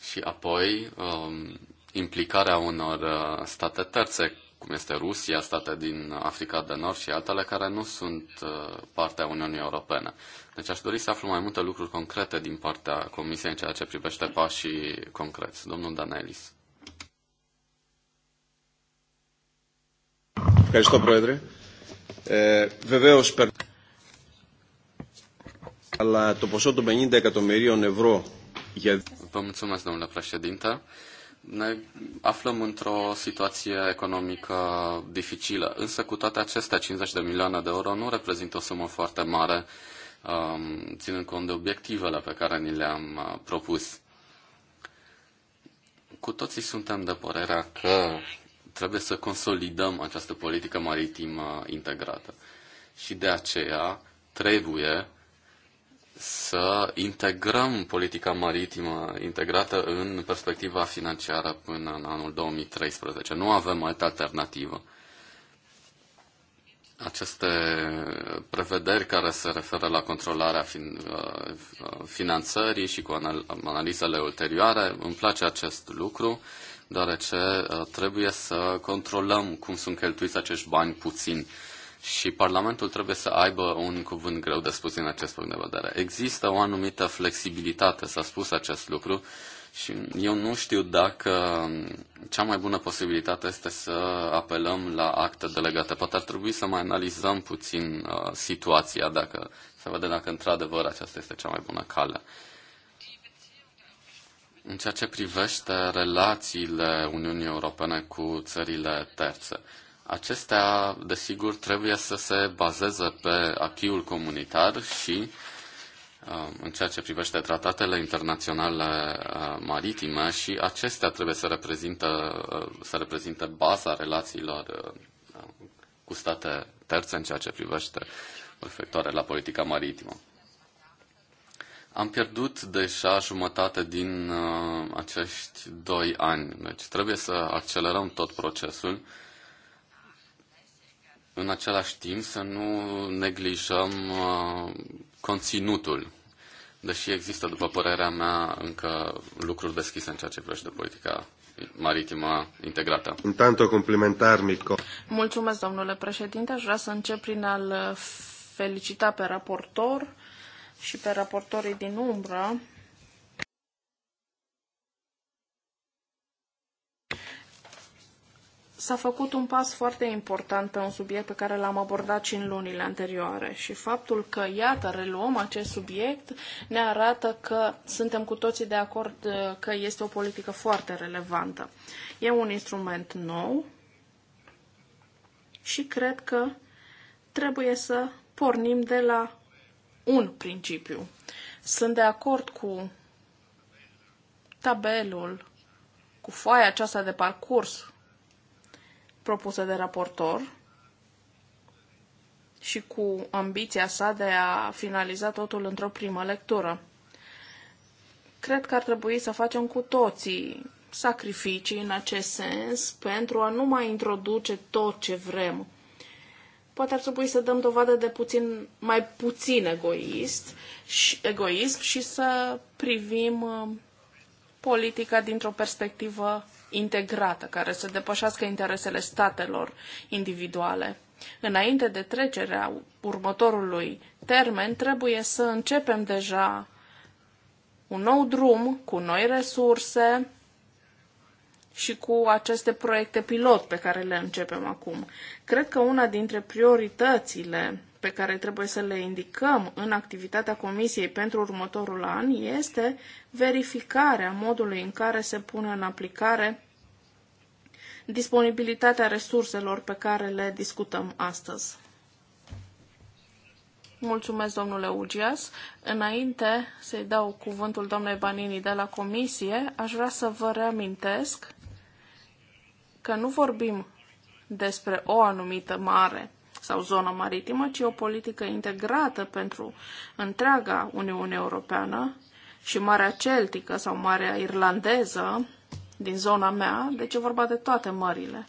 Și apoi uh, implicarea unor uh, state terțe, cum este Rusia, state din Africa de Nord și altele, care nu sunt uh, partea Uniunii Europene. Deci aș dori să aflu mai multe lucruri concrete din partea Comisiei în ceea ce privește pașii concreți. Domnul Danelis. Ευχαριστώ, Πρόεδρε. Ε, βεβαίως, αλλά το ποσό των 50 εκατομμυρίων ευρώ για... Vă mulțumesc, domnule președinte. Ne aflăm într-o situație economică dificilă, însă cu toate acestea 50 de milioane de euro nu reprezintă o sumă foarte mare uh, Um, ținând cont de obiectivele pe care ni le-am uh, propus. Cu toții suntem de părerea că trebuie să consolidăm această politică maritimă integrată și de aceea trebuie să integrăm politica maritimă integrată în perspectiva financiară până în anul 2013. Nu avem altă alternativă aceste prevederi care se referă la controlarea fin, uh, finanțării și cu anal, analizele ulterioare. Îmi place acest lucru, deoarece uh, trebuie să controlăm cum sunt cheltuiți acești bani puțini și Parlamentul trebuie să aibă un cuvânt greu de spus din acest punct de vedere. Există o anumită flexibilitate, s-a spus acest lucru, și eu nu știu dacă cea mai bună posibilitate este să apelăm la acte delegate. Poate ar trebui să mai analizăm puțin uh, situația, dacă, să vedem dacă într-adevăr aceasta este cea mai bună cale. În ceea ce privește relațiile Uniunii Europene cu țările terțe, acestea, desigur, trebuie să se bazeze pe achiul comunitar și uh, Um, în ceea ce privește tratatele internaționale uh, maritime și acestea trebuie să reprezintă, uh, să reprezintă baza relațiilor uh, cu state terțe în ceea ce privește efectoare la politica maritimă. Am pierdut deja jumătate din uh, acești doi ani, deci trebuie să accelerăm tot procesul. În același timp să nu neglijăm uh, conținutul, deși există, după părerea mea, încă lucruri deschise în ceea ce privește politica maritimă integrată. tanto complimentarmi Mico. Mulțumesc, domnule președinte. Aș vrea să încep prin a-l felicita pe raportor și pe raportorii din umbră s-a făcut un pas foarte important pe un subiect pe care l-am abordat și în lunile anterioare și faptul că, iată, reluăm acest subiect ne arată că suntem cu toții de acord uh, că este o politică foarte relevantă. E un instrument nou și cred că trebuie să pornim de la un principiu. Sunt de acord cu tabelul, cu foaia aceasta de parcurs propusă de raportor și cu ambiția sa de a finaliza totul într-o primă lectură. Cred că ar trebui să facem cu toții sacrificii în acest sens pentru a nu mai introduce tot ce vrem. Poate ar trebui să dăm dovadă de puțin, mai puțin egoist și, egoism și să privim uh, politica dintr-o perspectivă integrată, care să depășească interesele statelor individuale. Înainte de trecerea următorului termen, trebuie să începem deja un nou drum cu noi resurse și cu aceste proiecte pilot pe care le începem acum. Cred că una dintre prioritățile pe care trebuie să le indicăm în activitatea Comisiei pentru următorul an este verificarea modului în care se pune în aplicare disponibilitatea resurselor pe care le discutăm astăzi. Mulțumesc, domnule Ugias. Înainte să-i dau cuvântul domnului Banini de la Comisie, aș vrea să vă reamintesc că nu vorbim despre o anumită mare sau zonă maritimă, ci o politică integrată pentru întreaga Uniune Europeană și Marea Celtică sau Marea Irlandeză din zona mea, deci e vorba de toate mările.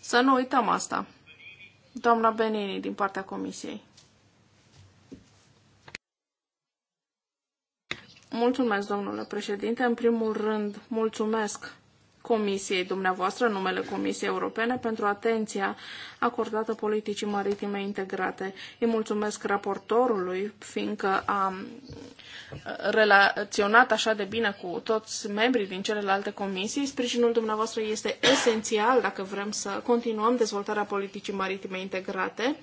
Să nu uităm asta. Doamna Benini, din partea Comisiei. Mulțumesc, domnule președinte. În primul rând, mulțumesc Comisiei dumneavoastră, numele Comisiei Europene, pentru atenția acordată politicii maritime integrate. Îi mulțumesc raportorului, fiindcă a relaționat așa de bine cu toți membrii din celelalte comisii. Sprijinul dumneavoastră este esențial dacă vrem să continuăm dezvoltarea politicii maritime integrate,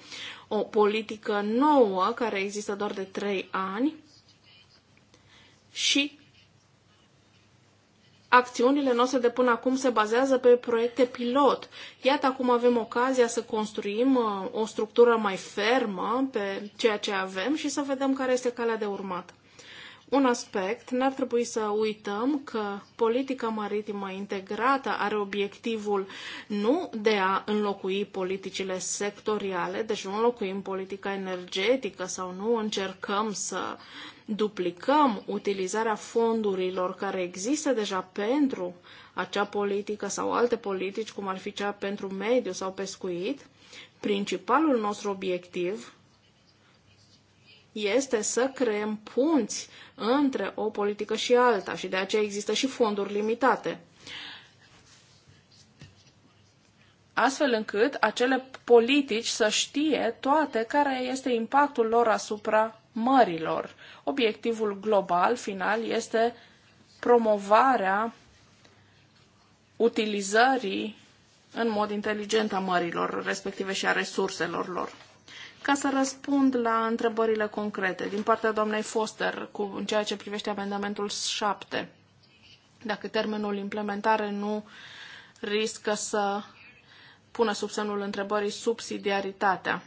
o politică nouă care există doar de trei ani și acțiunile noastre de până acum se bazează pe proiecte pilot. Iată, acum avem ocazia să construim uh, o structură mai fermă pe ceea ce avem și să vedem care este calea de urmat. Un aspect, n-ar trebui să uităm că politica maritimă integrată are obiectivul nu de a înlocui politicile sectoriale, deci nu înlocuim politica energetică sau nu încercăm să duplicăm utilizarea fondurilor care există deja pentru acea politică sau alte politici, cum ar fi cea pentru mediu sau pescuit. Principalul nostru obiectiv este să creăm punți între o politică și alta și de aceea există și fonduri limitate. astfel încât acele politici să știe toate care este impactul lor asupra mărilor. Obiectivul global final este promovarea utilizării în mod inteligent a mărilor respective și a resurselor lor ca să răspund la întrebările concrete din partea doamnei Foster cu, în ceea ce privește amendamentul 7. Dacă termenul implementare nu riscă să pună sub semnul întrebării subsidiaritatea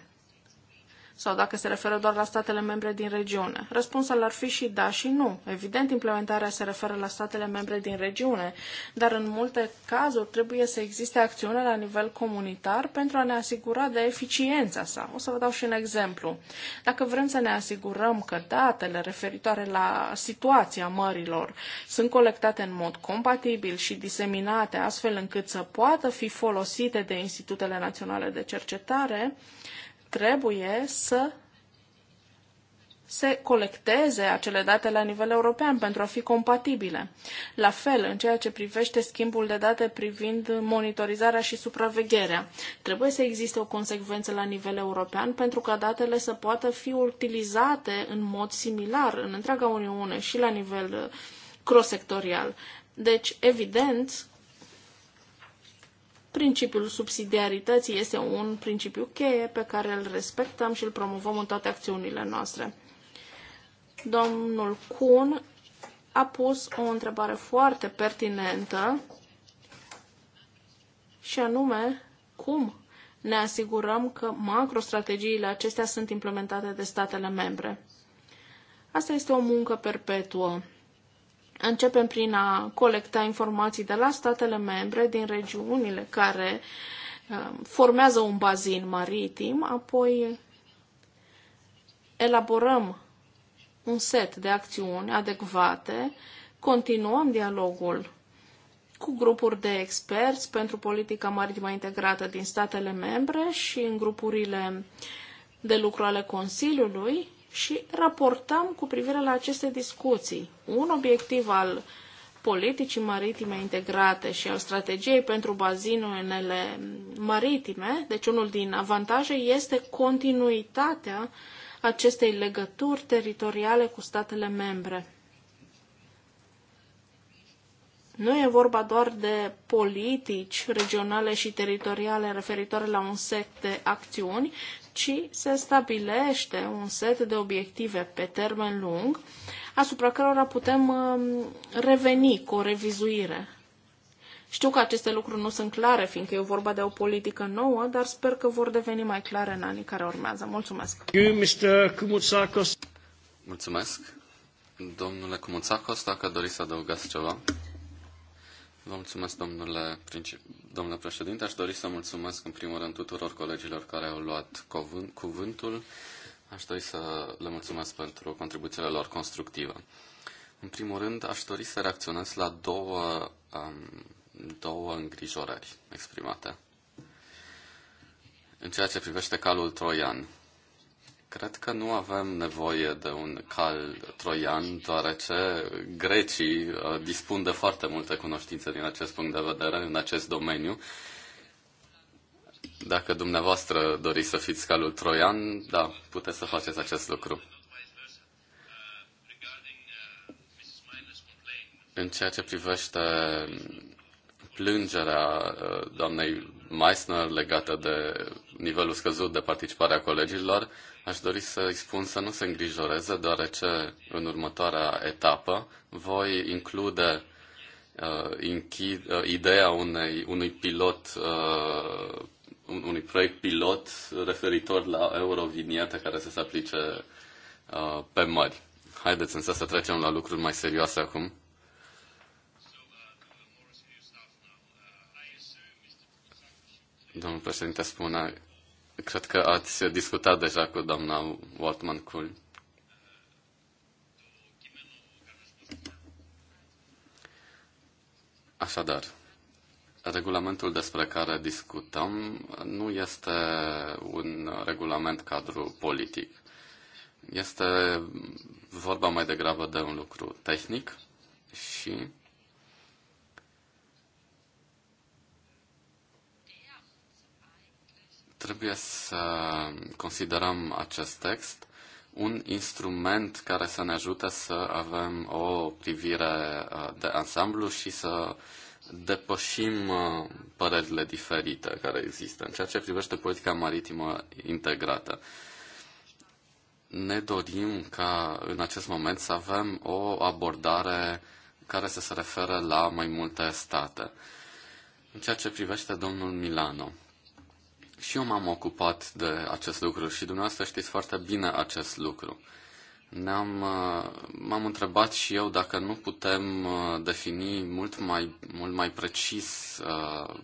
sau dacă se referă doar la statele membre din regiune? Răspunsul ar fi și da și nu. Evident, implementarea se referă la statele membre din regiune, dar în multe cazuri trebuie să existe acțiune la nivel comunitar pentru a ne asigura de eficiența sa. O să vă dau și un exemplu. Dacă vrem să ne asigurăm că datele referitoare la situația mărilor sunt colectate în mod compatibil și diseminate astfel încât să poată fi folosite de institutele naționale de cercetare, trebuie să se colecteze acele date la nivel european pentru a fi compatibile. La fel, în ceea ce privește schimbul de date privind monitorizarea și supravegherea, trebuie să existe o consecvență la nivel european pentru ca datele să poată fi utilizate în mod similar în întreaga Uniune și la nivel uh, cross-sectorial. Deci, evident, Principiul subsidiarității este un principiu cheie pe care îl respectăm și îl promovăm în toate acțiunile noastre. Domnul Kuhn a pus o întrebare foarte pertinentă și anume cum ne asigurăm că macrostrategiile acestea sunt implementate de statele membre. Asta este o muncă perpetuă. Începem prin a colecta informații de la statele membre din regiunile care uh, formează un bazin maritim, apoi elaborăm un set de acțiuni adecvate, continuăm dialogul cu grupuri de experți pentru politica maritimă integrată din statele membre și în grupurile de lucru ale Consiliului și raportăm cu privire la aceste discuții. Un obiectiv al politicii maritime integrate și al strategiei pentru bazinele maritime, deci unul din avantaje este continuitatea acestei legături teritoriale cu statele membre. Nu e vorba doar de politici regionale și teritoriale referitoare la un set de acțiuni, ci se stabilește un set de obiective pe termen lung asupra cărora putem um, reveni cu o revizuire. Știu că aceste lucruri nu sunt clare, fiindcă e vorba de o politică nouă, dar sper că vor deveni mai clare în anii care urmează. Mulțumesc! Mulțumesc! Domnule Cumuțacos, dacă doriți să adăugați ceva. Vă mulțumesc, domnule, domnule președinte. Aș dori să mulțumesc în primul rând tuturor colegilor care au luat cuvântul. Aș dori să le mulțumesc pentru contribuțiile lor constructive. În primul rând, aș dori să reacționez la două, um, două îngrijorări exprimate. În ceea ce privește calul troian, Cred că nu avem nevoie de un cal troian, deoarece grecii uh, dispun de foarte multe cunoștințe din acest punct de vedere, în acest domeniu. Dacă dumneavoastră doriți să fiți calul troian, da, puteți să faceți acest lucru. În ceea ce privește plângerea uh, doamnei Meissner legată de nivelul scăzut de participare a colegilor, Aș dori să-i spun să nu se îngrijoreze, deoarece în următoarea etapă voi include uh, închid, uh, ideea unei, unui pilot, uh, un, unui proiect pilot referitor la euroviniete care să se aplice uh, pe mări. Haideți însă să trecem la lucruri mai serioase acum. Domnul președinte spune Cred că ați discutat deja cu doamna Wortman Kuhl. Așadar, regulamentul despre care discutăm nu este un regulament cadru politic. Este vorba mai degrabă de un lucru tehnic și Trebuie să considerăm acest text un instrument care să ne ajute să avem o privire uh, de ansamblu și să depășim uh, părerile diferite care există în ceea ce privește politica maritimă integrată. Ne dorim ca în acest moment să avem o abordare care să se referă la mai multe state. În ceea ce privește domnul Milano, și eu m-am ocupat de acest lucru și dumneavoastră știți foarte bine acest lucru. Ne-am, uh, m-am întrebat și eu dacă nu putem uh, defini mult mai, mult mai precis uh,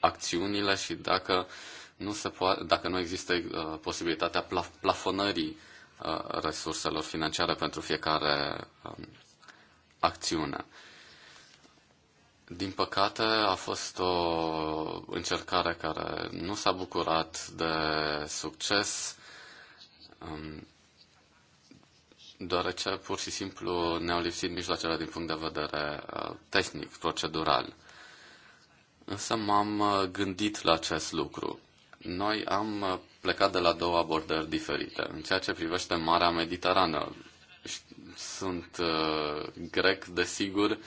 acțiunile și dacă nu, se poate, dacă nu există uh, posibilitatea plaf- plafonării uh, resurselor financiare pentru fiecare uh, acțiune. Uh, din păcate, a fost o încercare care nu s-a bucurat de succes, um, deoarece pur și simplu ne-au lipsit mijloacele din punct de vedere uh, tehnic, procedural. Însă m-am uh, gândit la acest lucru. Noi am uh, plecat de la două abordări diferite. În ceea ce privește Marea Mediterană, sunt grec, desigur, sigur,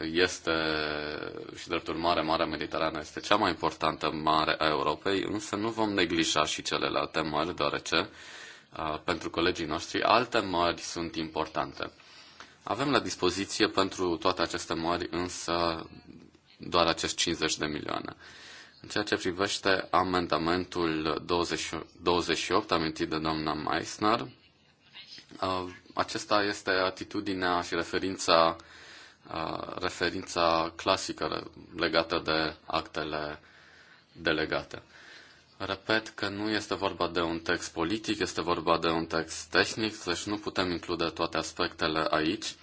este și drept urmare Marea Mediterană este cea mai importantă mare a Europei, însă nu vom neglija și celelalte mări, deoarece pentru colegii noștri alte mări sunt importante. Avem la dispoziție pentru toate aceste mări însă doar acest 50 de milioane. În ceea ce privește amendamentul 20, 28, amintit de doamna Meissner, acesta este atitudinea și referința uh, referința clasică legată de actele delegate. Repet că nu este vorba de un text politic, este vorba de un text tehnic, deci nu putem include toate aspectele aici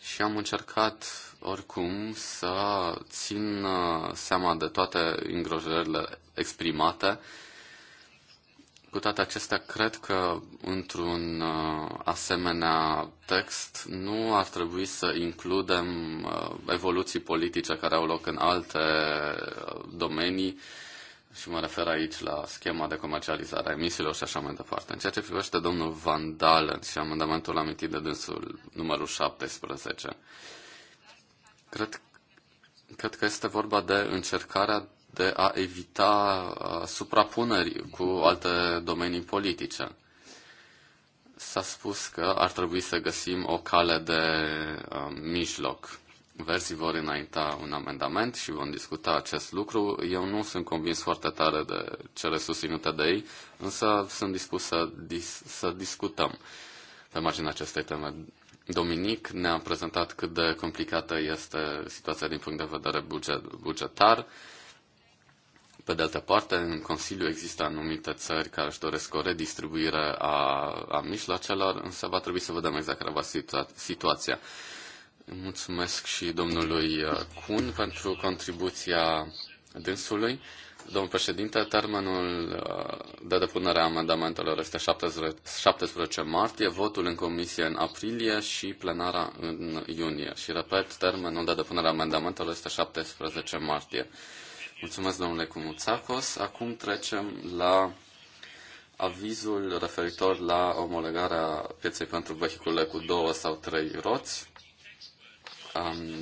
și am încercat oricum să țin uh, seama de toate îngrijorările exprimate cu toate acestea, cred că într-un uh, asemenea text nu ar trebui să includem uh, evoluții politice care au loc în alte uh, domenii și mă refer aici la schema de comercializare a emisiilor și așa mai departe. În ceea ce privește domnul Van Dalen și amendamentul amintit de dânsul numărul 17, cred, cred că este vorba de încercarea de a evita uh, suprapuneri cu alte domenii politice. S-a spus că ar trebui să găsim o cale de uh, mijloc. Versii vor înainta un amendament și vom discuta acest lucru. Eu nu sunt convins foarte tare de cele susținute de ei, însă sunt dispus să, dis- să discutăm pe marginea acestei teme. Dominic ne-a prezentat cât de complicată este situația din punct de vedere buget- bugetar. Pe de altă parte, în Consiliu există anumite țări care își doresc o redistribuire a, a mijloacelor, însă va trebui să vedem exact care va situa- situația. Mulțumesc și domnului uh, Kun pentru contribuția dânsului. Domnul președinte, termenul uh, de depunere a amendamentelor este 17 martie, votul în comisie în aprilie și plenara în iunie. Și repet, termenul de depunere a amendamentelor este 17 martie. Mulțumesc, domnule Cumuțacos. Acum trecem la avizul referitor la omologarea pieței pentru vehicule cu două sau trei roți.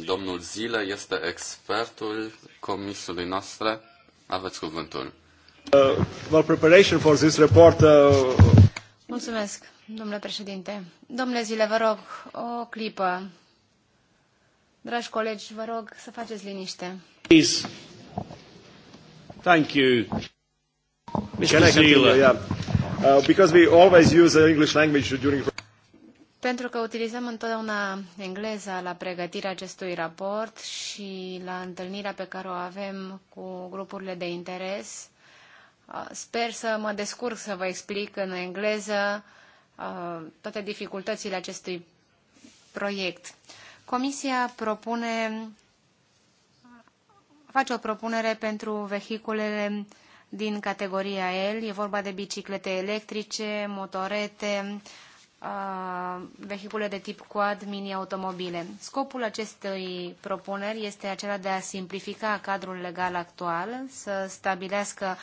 Domnul Zile este expertul comisului noastre. Aveți cuvântul. Uh, well, preparation for this report, uh... Mulțumesc, domnule președinte. Domnule Zile, vă rog, o clipă. Dragi colegi, vă rog să faceți liniște. Please. Thank you. Mr. Zila. Yeah. Uh, because we always use the English language during pentru că utilizăm întotdeauna engleza la pregătirea acestui raport și la întâlnirea pe care o avem cu grupurile de interes. Uh, sper să mă descurc să vă explic în engleză uh, toate dificultățile acestui proiect. Comisia propune face o propunere pentru vehiculele din categoria L. E vorba de biciclete electrice, motorete, vehicule de tip quad, mini-automobile. Scopul acestei propuneri este acela de a simplifica cadrul legal actual, să stabilească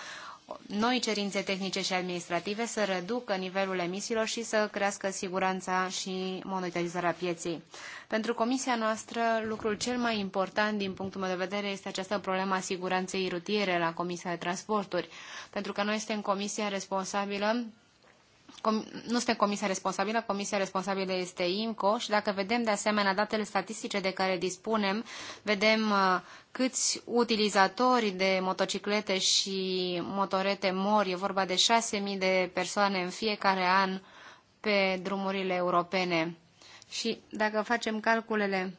noi cerințe tehnice și administrative, să reducă nivelul emisiilor și să crească siguranța și monitorizarea pieței. Pentru comisia noastră, lucrul cel mai important din punctul meu de vedere este această problemă a siguranței rutiere la Comisia de Transporturi, pentru că noi suntem comisia responsabilă nu suntem comisia responsabilă, comisia responsabilă este IMCO și dacă vedem de asemenea datele statistice de care dispunem, vedem uh, câți utilizatori de motociclete și motorete mor, e vorba de 6.000 de persoane în fiecare an pe drumurile europene. Și dacă facem calculele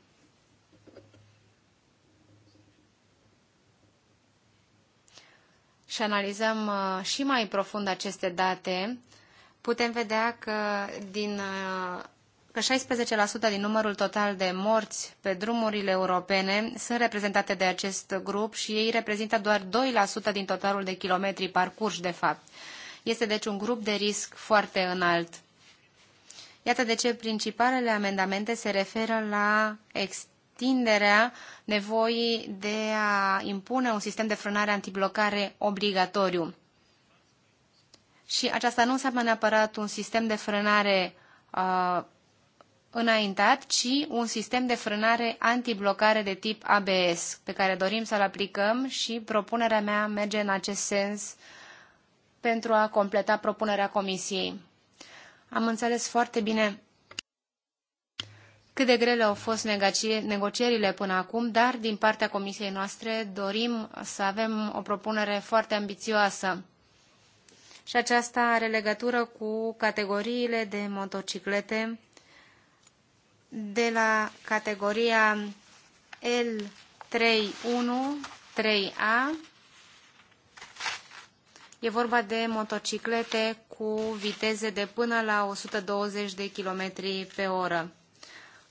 și analizăm uh, și mai profund aceste date, putem vedea că din că 16% din numărul total de morți pe drumurile europene sunt reprezentate de acest grup și ei reprezintă doar 2% din totalul de kilometri parcurși, de fapt. Este deci un grup de risc foarte înalt. Iată de ce principalele amendamente se referă la extinderea nevoii de a impune un sistem de frânare antiblocare obligatoriu. Și aceasta nu înseamnă neapărat un sistem de frânare uh, înaintat, ci un sistem de frânare antiblocare de tip ABS, pe care dorim să-l aplicăm și propunerea mea merge în acest sens pentru a completa propunerea Comisiei. Am înțeles foarte bine cât de grele au fost negocierile până acum, dar din partea Comisiei noastre dorim să avem o propunere foarte ambițioasă și aceasta are legătură cu categoriile de motociclete de la categoria L31-3A. E vorba de motociclete cu viteze de până la 120 de km pe oră.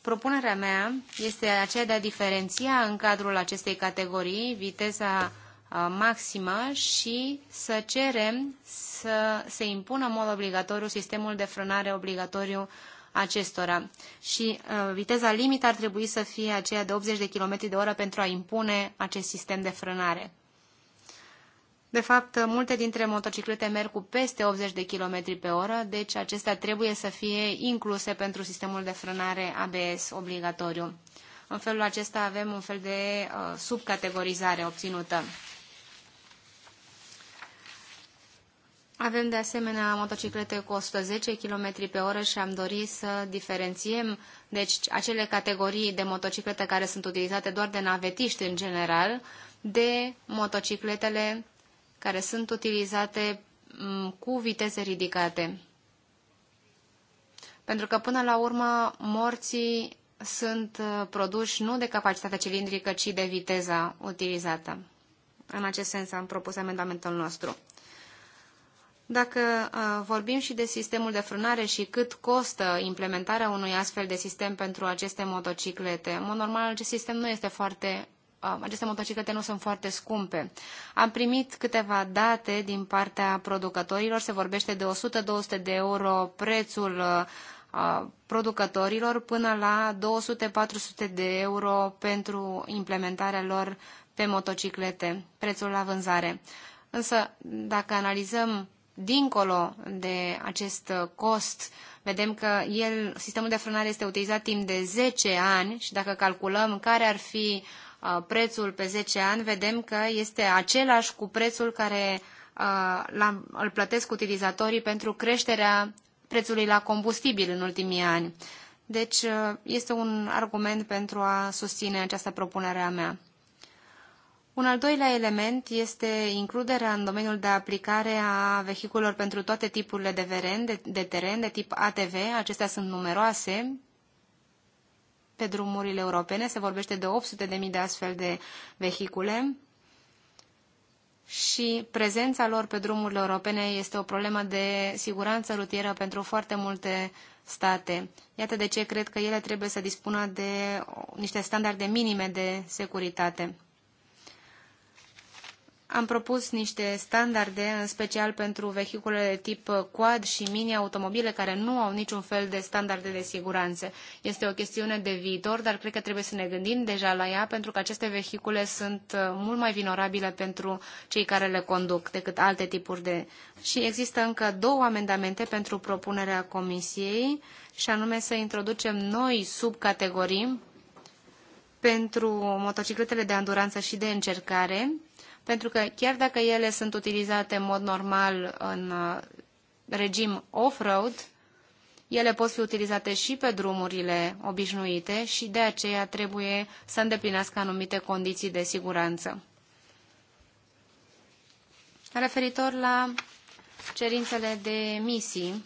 Propunerea mea este aceea de a diferenția în cadrul acestei categorii viteza Uh, maximă și să cerem să se impună în mod obligatoriu sistemul de frânare obligatoriu acestora. Și uh, viteza limită ar trebui să fie aceea de 80 de km de oră pentru a impune acest sistem de frânare. De fapt, uh, multe dintre motociclete merg cu peste 80 de km pe oră, deci acestea trebuie să fie incluse pentru sistemul de frânare ABS obligatoriu. În felul acesta avem un fel de uh, subcategorizare obținută. Avem de asemenea motociclete cu 110 km pe oră și am dorit să diferențiem deci, acele categorii de motociclete care sunt utilizate doar de navetiști în general de motocicletele care sunt utilizate cu viteze ridicate. Pentru că până la urmă morții sunt uh, produși nu de capacitatea cilindrică, ci de viteza utilizată. În acest sens am propus amendamentul nostru. Dacă uh, vorbim și de sistemul de frânare și cât costă implementarea unui astfel de sistem pentru aceste motociclete, în mod normal acest sistem nu este foarte uh, aceste motociclete nu sunt foarte scumpe. Am primit câteva date din partea producătorilor, se vorbește de 100-200 de euro prețul uh, producătorilor până la 200-400 de euro pentru implementarea lor pe motociclete, prețul la vânzare. Însă, dacă analizăm dincolo de acest cost, vedem că el, sistemul de frânare este utilizat timp de 10 ani și dacă calculăm care ar fi uh, prețul pe 10 ani, vedem că este același cu prețul care uh, îl plătesc utilizatorii pentru creșterea prețului la combustibil în ultimii ani. Deci uh, este un argument pentru a susține această propunere a mea. Un al doilea element este includerea în domeniul de aplicare a vehiculelor pentru toate tipurile de, veren, de, de teren, de tip ATV. Acestea sunt numeroase pe drumurile europene. Se vorbește de 800.000 de astfel de vehicule și prezența lor pe drumurile europene este o problemă de siguranță rutieră pentru foarte multe state. Iată de ce cred că ele trebuie să dispună de niște standarde minime de securitate. Am propus niște standarde, în special pentru vehiculele de tip quad și mini-automobile, care nu au niciun fel de standarde de siguranță. Este o chestiune de viitor, dar cred că trebuie să ne gândim deja la ea, pentru că aceste vehicule sunt uh, mult mai vinorabile pentru cei care le conduc decât alte tipuri de... Și există încă două amendamente pentru propunerea Comisiei, și anume să introducem noi subcategorii pentru motocicletele de anduranță și de încercare, pentru că chiar dacă ele sunt utilizate în mod normal în uh, regim off-road, ele pot fi utilizate și pe drumurile obișnuite și de aceea trebuie să îndeplinească anumite condiții de siguranță. Referitor la cerințele de misii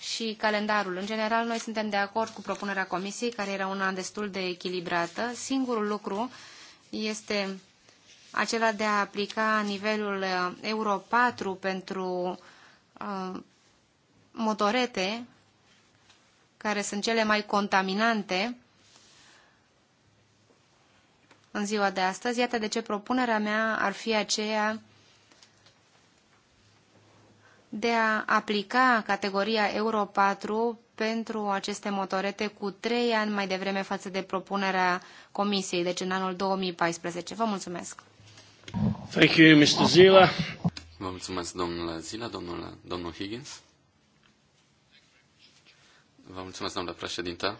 și calendarul, în general noi suntem de acord cu propunerea comisiei, care era una destul de echilibrată. Singurul lucru este acela de a aplica nivelul uh, Euro 4 pentru uh, motorete, care sunt cele mai contaminante în ziua de astăzi. Iată de ce propunerea mea ar fi aceea de a aplica categoria Euro 4 pentru aceste motorete cu trei ani mai devreme față de propunerea Comisiei, deci în anul 2014. Vă mulțumesc! Thank you, Mr. Zila. Vă mulțumesc, domnul Zila, domnul Higgins. Vă mulțumesc, domnule președinte.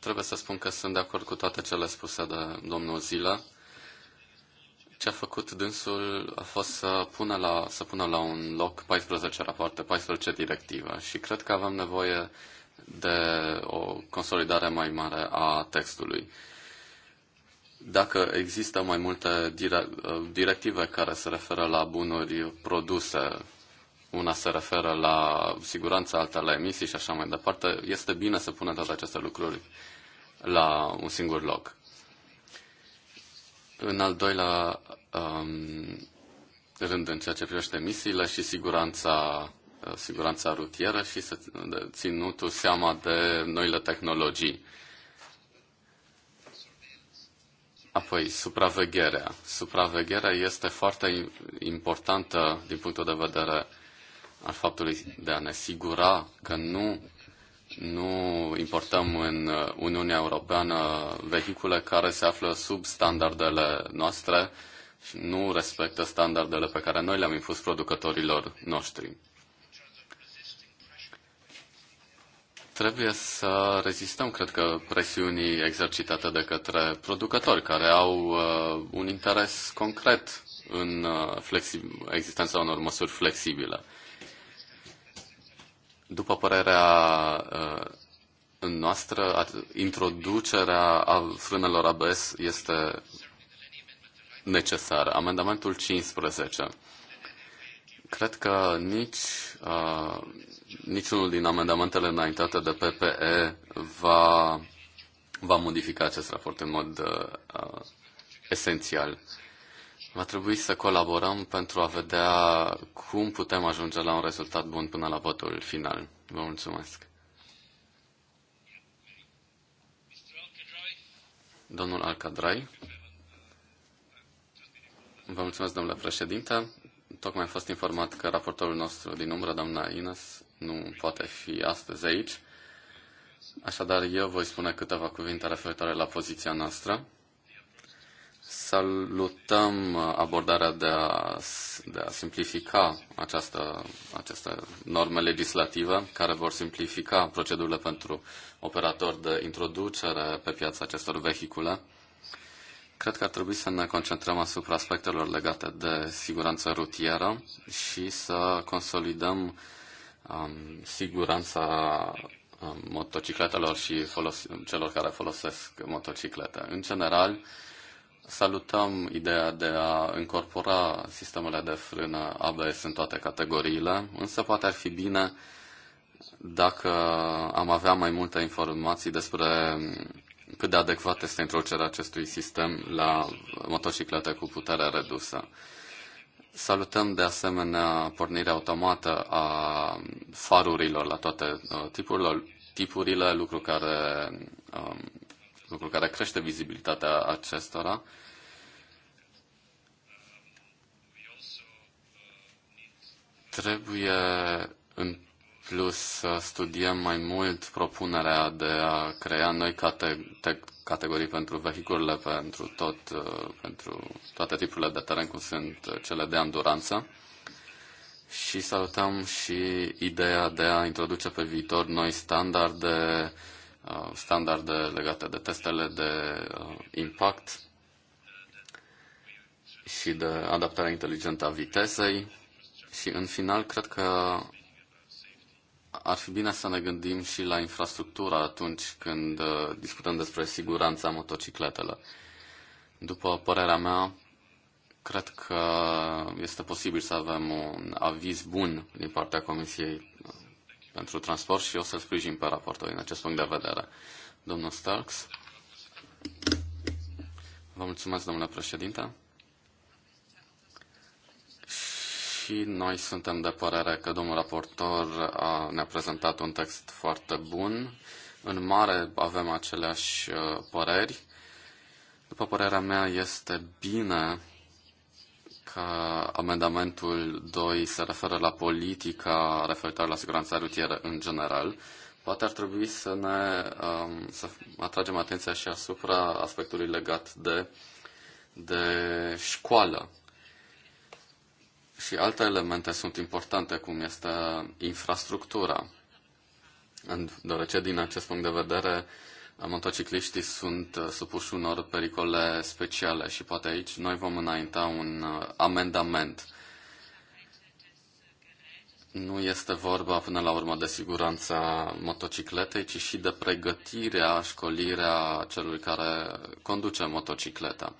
Trebuie să spun că sunt de acord cu toate cele spuse de domnul Zila. Ce a făcut dânsul a fost să pună la, să pună la un loc 14 rapoarte, 14 directive și cred că avem nevoie de o consolidare mai mare a textului dacă există mai multe uh, directive care se referă la bunuri produse, una se referă la siguranță, alta la emisii și așa mai departe, este bine să punem toate aceste lucruri la un singur loc. În al doilea um, rând, în ceea ce privește emisiile și siguranța, uh, siguranța rutieră și să ținutul seama de noile tehnologii. Uh, Apoi, supravegherea. Supravegherea este foarte importantă din punctul de vedere al faptului de a ne asigura că nu, nu importăm în Uniunea Europeană vehicule care se află sub standardele noastre și nu respectă standardele pe care noi le-am impus producătorilor noștri. Trebuie să rezistăm, cred că, presiunii exercitate de către producători care au uh, un interes concret în uh, existența unor măsuri flexibile. După părerea uh, noastră, introducerea a frânelor ABS este necesară. Amendamentul 15. Cred că nici, uh, niciunul din amendamentele înaintate de PPE va, va modifica acest raport în mod uh, uh, esențial. Va trebui să colaborăm pentru a vedea cum putem ajunge la un rezultat bun până la votul final. Vă mulțumesc. Domnul Alcadrai. Vă mulțumesc, domnule președinte. Tocmai am fost informat că raportorul nostru din umbră, doamna Ines, nu poate fi astăzi aici. Așadar, eu voi spune câteva cuvinte referitoare la poziția noastră. Salutăm abordarea de a, de a simplifica această, această normă legislativă care vor simplifica procedurile pentru operatori de introducere pe piața acestor vehicule Cred că ar trebui să ne concentrăm asupra aspectelor legate de siguranță rutieră și să consolidăm um, siguranța um, motocicletelor și folos- celor care folosesc motociclete. În general, salutăm ideea de a incorpora sistemele de frână ABS în toate categoriile, însă poate ar fi bine dacă am avea mai multe informații despre cât de adecvat este introducerea acestui sistem la motociclete cu putere redusă. Salutăm de asemenea pornirea automată a farurilor la toate uh, tipurile, tipurile lucru, care, um, lucru care crește vizibilitatea acestora. Trebuie în plus să studiem mai mult propunerea de a crea noi cate- te- categorii pentru vehiculele pentru, tot, uh, pentru toate tipurile de teren, cum sunt uh, cele de anduranță. Și salutăm și ideea de a introduce pe viitor noi standarde, uh, standarde legate de testele de impact și de adaptarea inteligentă a vitezei. Și în final, cred că ar fi bine să ne gândim și la infrastructura atunci când uh, discutăm despre siguranța motocicletelor. După părerea mea, cred că este posibil să avem un aviz bun din partea Comisiei uh, pentru Transport și o să-l sprijin pe raportul din acest punct de vedere. Domnul Starks. Vă mulțumesc, domnule președinte. și noi suntem de părere că domnul raportor a, ne-a prezentat un text foarte bun. În mare avem aceleași uh, păreri. După părerea mea, este bine că amendamentul 2 se referă la politica referitoare la siguranța rutieră în general. Poate ar trebui să ne um, să atragem atenția și asupra aspectului legat de, de școală și alte elemente sunt importante, cum este infrastructura. Deoarece, din acest punct de vedere, motocicliștii sunt uh, supuși unor pericole speciale și poate aici noi vom înainta un uh, amendament. Nu este vorba până la urmă de siguranța motocicletei, ci și de pregătirea, școlirea celui care conduce motocicleta.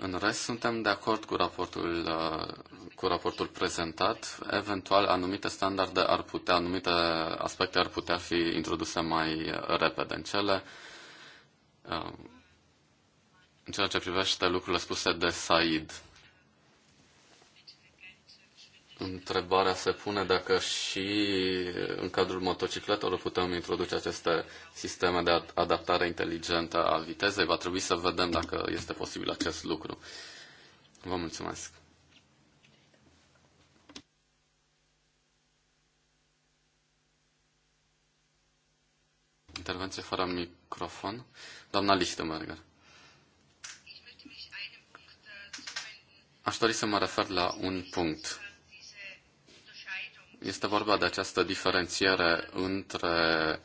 În rest, suntem de acord cu raportul, uh, cu raportul prezentat. Eventual, anumite standarde ar putea, anumite aspecte ar putea fi introduse mai uh, repede în cele. Uh, în ceea ce privește lucrurile spuse de Said, Întrebarea se pune dacă și în cadrul motocicletelor putem introduce aceste sisteme de adaptare inteligentă a vitezei. Va trebui să vedem dacă este posibil acest lucru. Vă mulțumesc. Intervenție fără microfon. Doamna Lichtenberger. Aș dori să mă refer la un punct este vorba de această diferențiere între,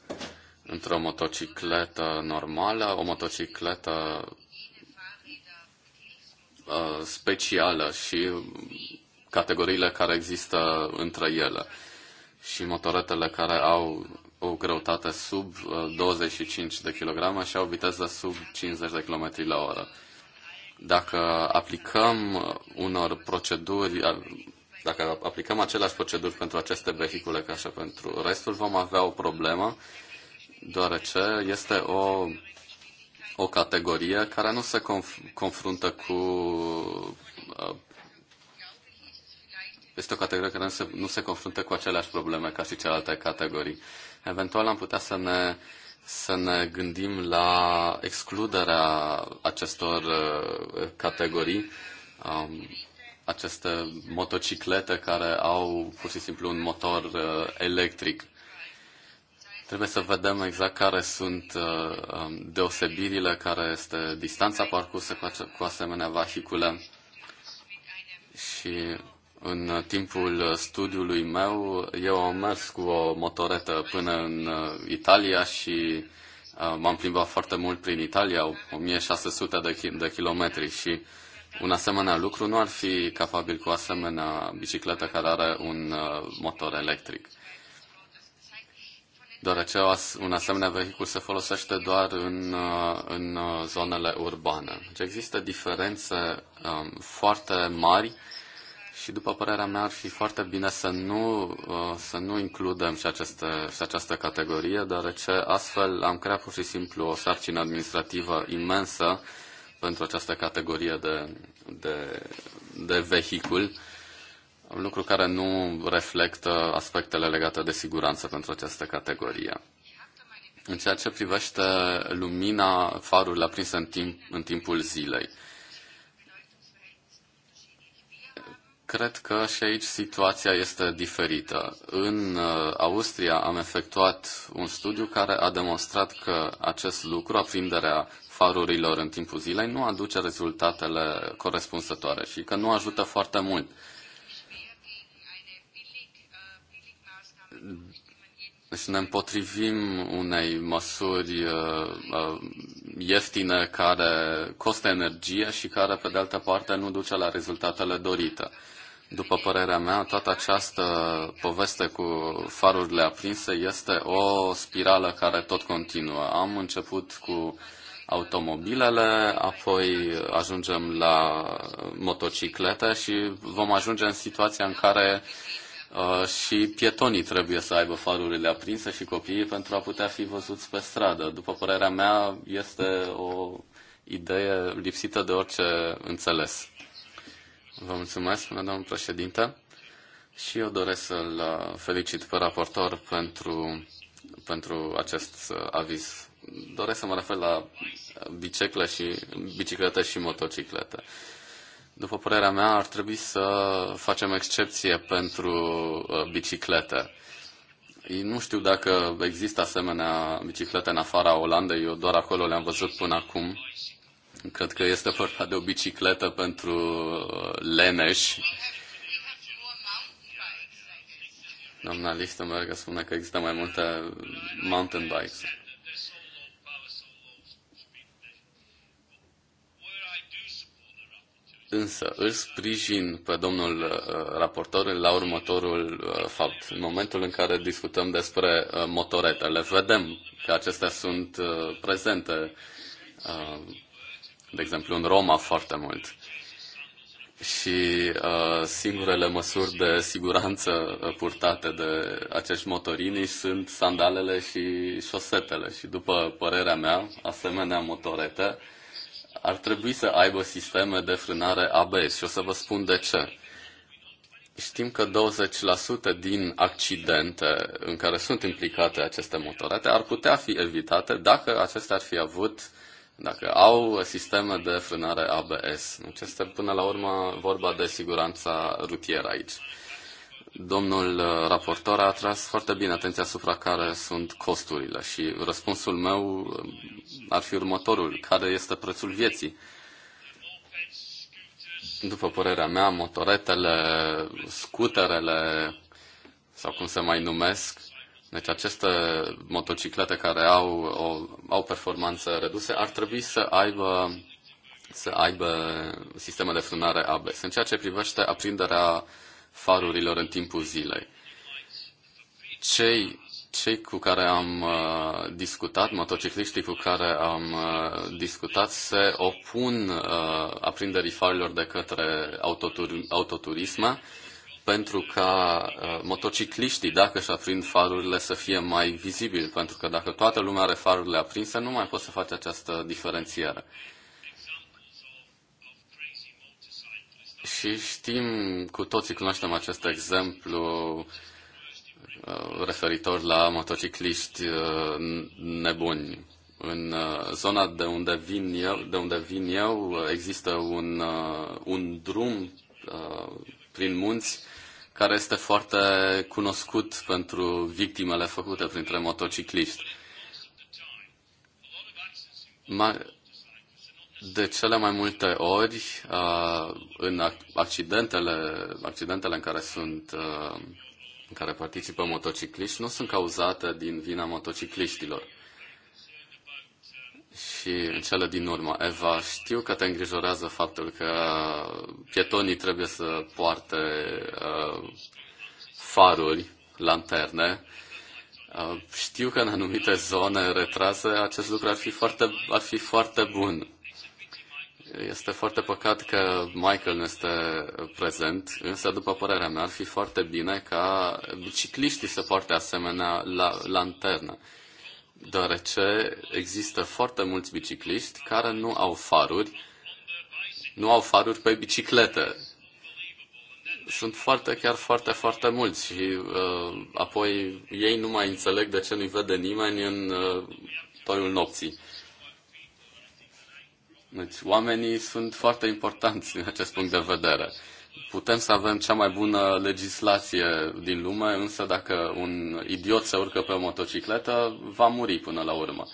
între o motocicletă normală, o motocicletă uh, specială și categoriile care există între ele și motoretele care au o greutate sub 25 uh, de kg și au viteză sub 50 de km la oră. Dacă aplicăm unor proceduri uh, dacă aplicăm aceleași proceduri pentru aceste vehicule ca și pentru restul, vom avea o problemă, deoarece este o, o categorie care nu se conf- confruntă cu. Uh, este o categorie care nu se, nu se confruntă cu aceleași probleme ca și celelalte categorii. Eventual am putea să ne să ne gândim la excluderea acestor uh, categorii um, aceste motociclete care au pur și simplu un motor uh, electric. Trebuie să vedem exact care sunt uh, um, deosebirile, care este distanța parcursă cu asemenea vehicule. Și în timpul studiului meu, eu am mers cu o motoretă până în uh, Italia și m-am plimbat foarte mult prin Italia, 1600 de, de kilometri și un asemenea lucru nu ar fi capabil cu asemenea bicicletă care are un uh, motor electric. Deoarece un asemenea vehicul se folosește doar în, uh, în uh, zonele urbane. Deci există diferențe um, foarte mari și după părerea mea ar fi foarte bine să nu, să nu includem și, aceste, și această categorie, deoarece astfel am creat pur și simplu o sarcină administrativă imensă pentru această categorie de, de, de vehicul, lucru care nu reflectă aspectele legate de siguranță pentru această categorie. În ceea ce privește lumina farurilor aprinse în, timp, în timpul zilei, cred că și aici situația este diferită. În uh, Austria am efectuat un studiu care a demonstrat că acest lucru, aprinderea farurilor în timpul zilei nu aduce rezultatele corespunzătoare și că nu ajută foarte mult. Și deci ne împotrivim unei măsuri uh, uh, ieftine care costă energie și care, pe de altă parte, nu duce la rezultatele dorite. După părerea mea, toată această poveste cu farurile aprinse este o spirală care tot continuă. Am început cu uh, automobilele, apoi ajungem la motociclete și vom ajunge în situația în care uh, și pietonii trebuie să aibă farurile aprinse și copiii pentru a putea fi văzuți pe stradă. După părerea mea, este o idee lipsită de orice înțeles. Vă mulțumesc, până domnul președinte, și eu doresc să-l felicit pe raportor pentru, pentru acest uh, aviz doresc să mă refer la uh, biciclă și, bicicletă și motocicletă. După părerea mea, ar trebui să facem excepție pentru uh, biciclete. Nu știu dacă există asemenea biciclete în afara Olandei, eu doar acolo le-am văzut până acum. Cred că este vorba de o bicicletă pentru uh, leneș. Doamna Lichtenberg spune că există mai multe mountain bikes. Însă îl sprijin pe domnul uh, raportor la următorul uh, fapt. În momentul în care discutăm despre uh, motoretele, vedem că acestea sunt prezente, de exemplu, în Roma foarte mult. Și singurele măsuri de siguranță purtate de acești motorini sunt sandalele și șosetele. Și după părerea mea, asemenea motorete, ar trebui să aibă sisteme de frânare ABS și o să vă spun de ce. Știm că 20% din accidente în care sunt implicate aceste motorete ar putea fi evitate dacă acestea ar fi avut, dacă au sisteme de frânare ABS. Deci este până la urmă vorba de siguranța rutieră aici. Domnul uh, raportor a atras foarte bine atenția asupra care sunt costurile și răspunsul meu uh, ar fi următorul. Care este prețul vieții? După părerea mea, motoretele, scuterele sau cum se mai numesc, deci aceste motociclete care au, o, au performanță reduse ar trebui să aibă să aibă sisteme de frânare ABS. În ceea ce privește aprinderea farurilor în timpul zilei. Cei, cei cu care am uh, discutat, motocicliștii cu care am uh, discutat, se opun uh, aprinderii farurilor de către autotur- autoturisme pentru ca uh, motocicliștii, dacă își aprind farurile, să fie mai vizibili, pentru că dacă toată lumea are farurile aprinse, nu mai poți să faci această diferențiere. Uh, Și știm, cu toții cunoaștem acest exemplu uh, referitor la motocicliști uh, nebuni. În uh, zona de unde vin eu, de unde vin eu există un, un drum prin munți care este foarte cunoscut pentru victimele făcute printre motocicliști. Ma- de cele mai multe ori, uh, în accidentele, accidentele în care sunt uh, în care participă motocicliști nu sunt cauzate din vina motocicliștilor. Și în cele din urmă, Eva, știu că te îngrijorează faptul că pietonii trebuie să poarte uh, faruri, lanterne, știu că în anumite zone retrase acest lucru ar fi foarte, ar fi foarte bun. Este foarte păcat că Michael nu este prezent, însă, după părerea mea, ar fi foarte bine ca bicicliștii să poarte asemenea la lanternă, deoarece există foarte mulți bicicliști care nu au faruri, nu au faruri pe biciclete. Sunt foarte, chiar foarte, foarte mulți și uh, apoi ei nu mai înțeleg de ce nu-i vede nimeni în uh, toiul nopții. Uh, deci oamenii sunt foarte importanți din acest punct de vedere. Putem să avem cea mai bună legislație din lume, însă dacă un idiot se urcă pe o motocicletă, va muri până la urmă.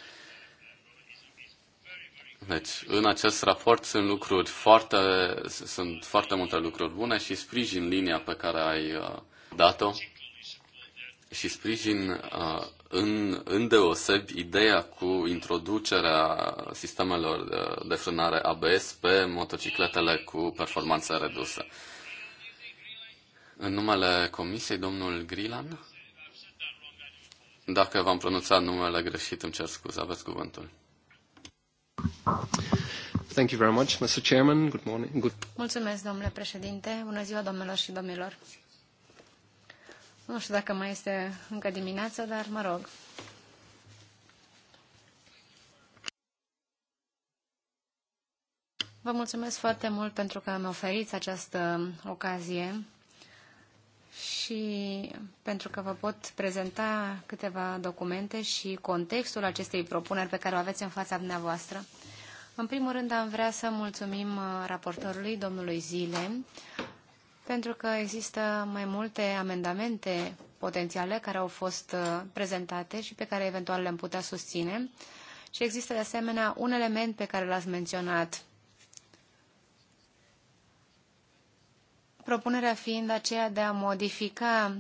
Deci, în acest raport sunt lucruri foarte, sunt foarte multe lucruri bune și sprijin linia pe care ai uh, dat-o și sprijin uh, în, îndeosebi ideea cu introducerea sistemelor de, de frânare ABS pe motocicletele cu performanță redusă. În numele Comisiei, domnul Grilan? Dacă v-am pronunțat numele greșit, îmi cer scuze, aveți cuvântul. Thank you very much, Mr. Chairman. Good morning. Good... Mulțumesc, domnule președinte. Bună ziua, domnilor și domnilor. Nu știu dacă mai este încă dimineața, dar mă rog. Vă mulțumesc foarte mult pentru că mi oferiți această ocazie și pentru că vă pot prezenta câteva documente și contextul acestei propuneri pe care o aveți în fața dumneavoastră. În primul rând am vrea să mulțumim raportorului, domnului Zile, pentru că există mai multe amendamente potențiale care au fost uh, prezentate și pe care eventual le-am putea susține. Și există de asemenea un element pe care l-ați menționat, propunerea fiind aceea de a modifica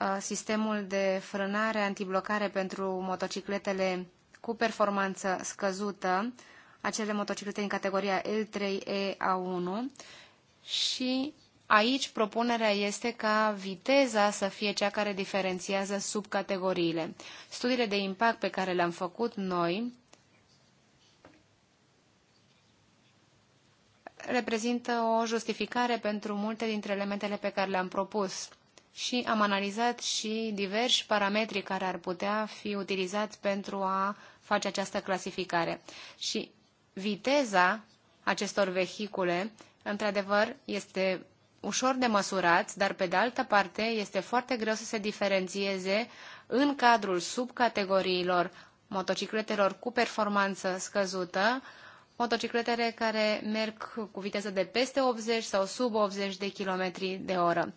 uh, sistemul de frânare antiblocare pentru motocicletele cu performanță scăzută, acele motociclete în categoria L3E A1 și Aici propunerea este ca viteza să fie cea care diferențiază subcategoriile. Studiile de impact pe care le-am făcut noi reprezintă o justificare pentru multe dintre elementele pe care le-am propus și am analizat și diversi parametri care ar putea fi utilizați pentru a face această clasificare. Și viteza acestor vehicule, într-adevăr, este ușor de măsurați, dar pe de altă parte este foarte greu să se diferențieze în cadrul subcategoriilor motocicletelor cu performanță scăzută, motocicletele care merg cu viteză de peste 80 sau sub 80 de km de oră.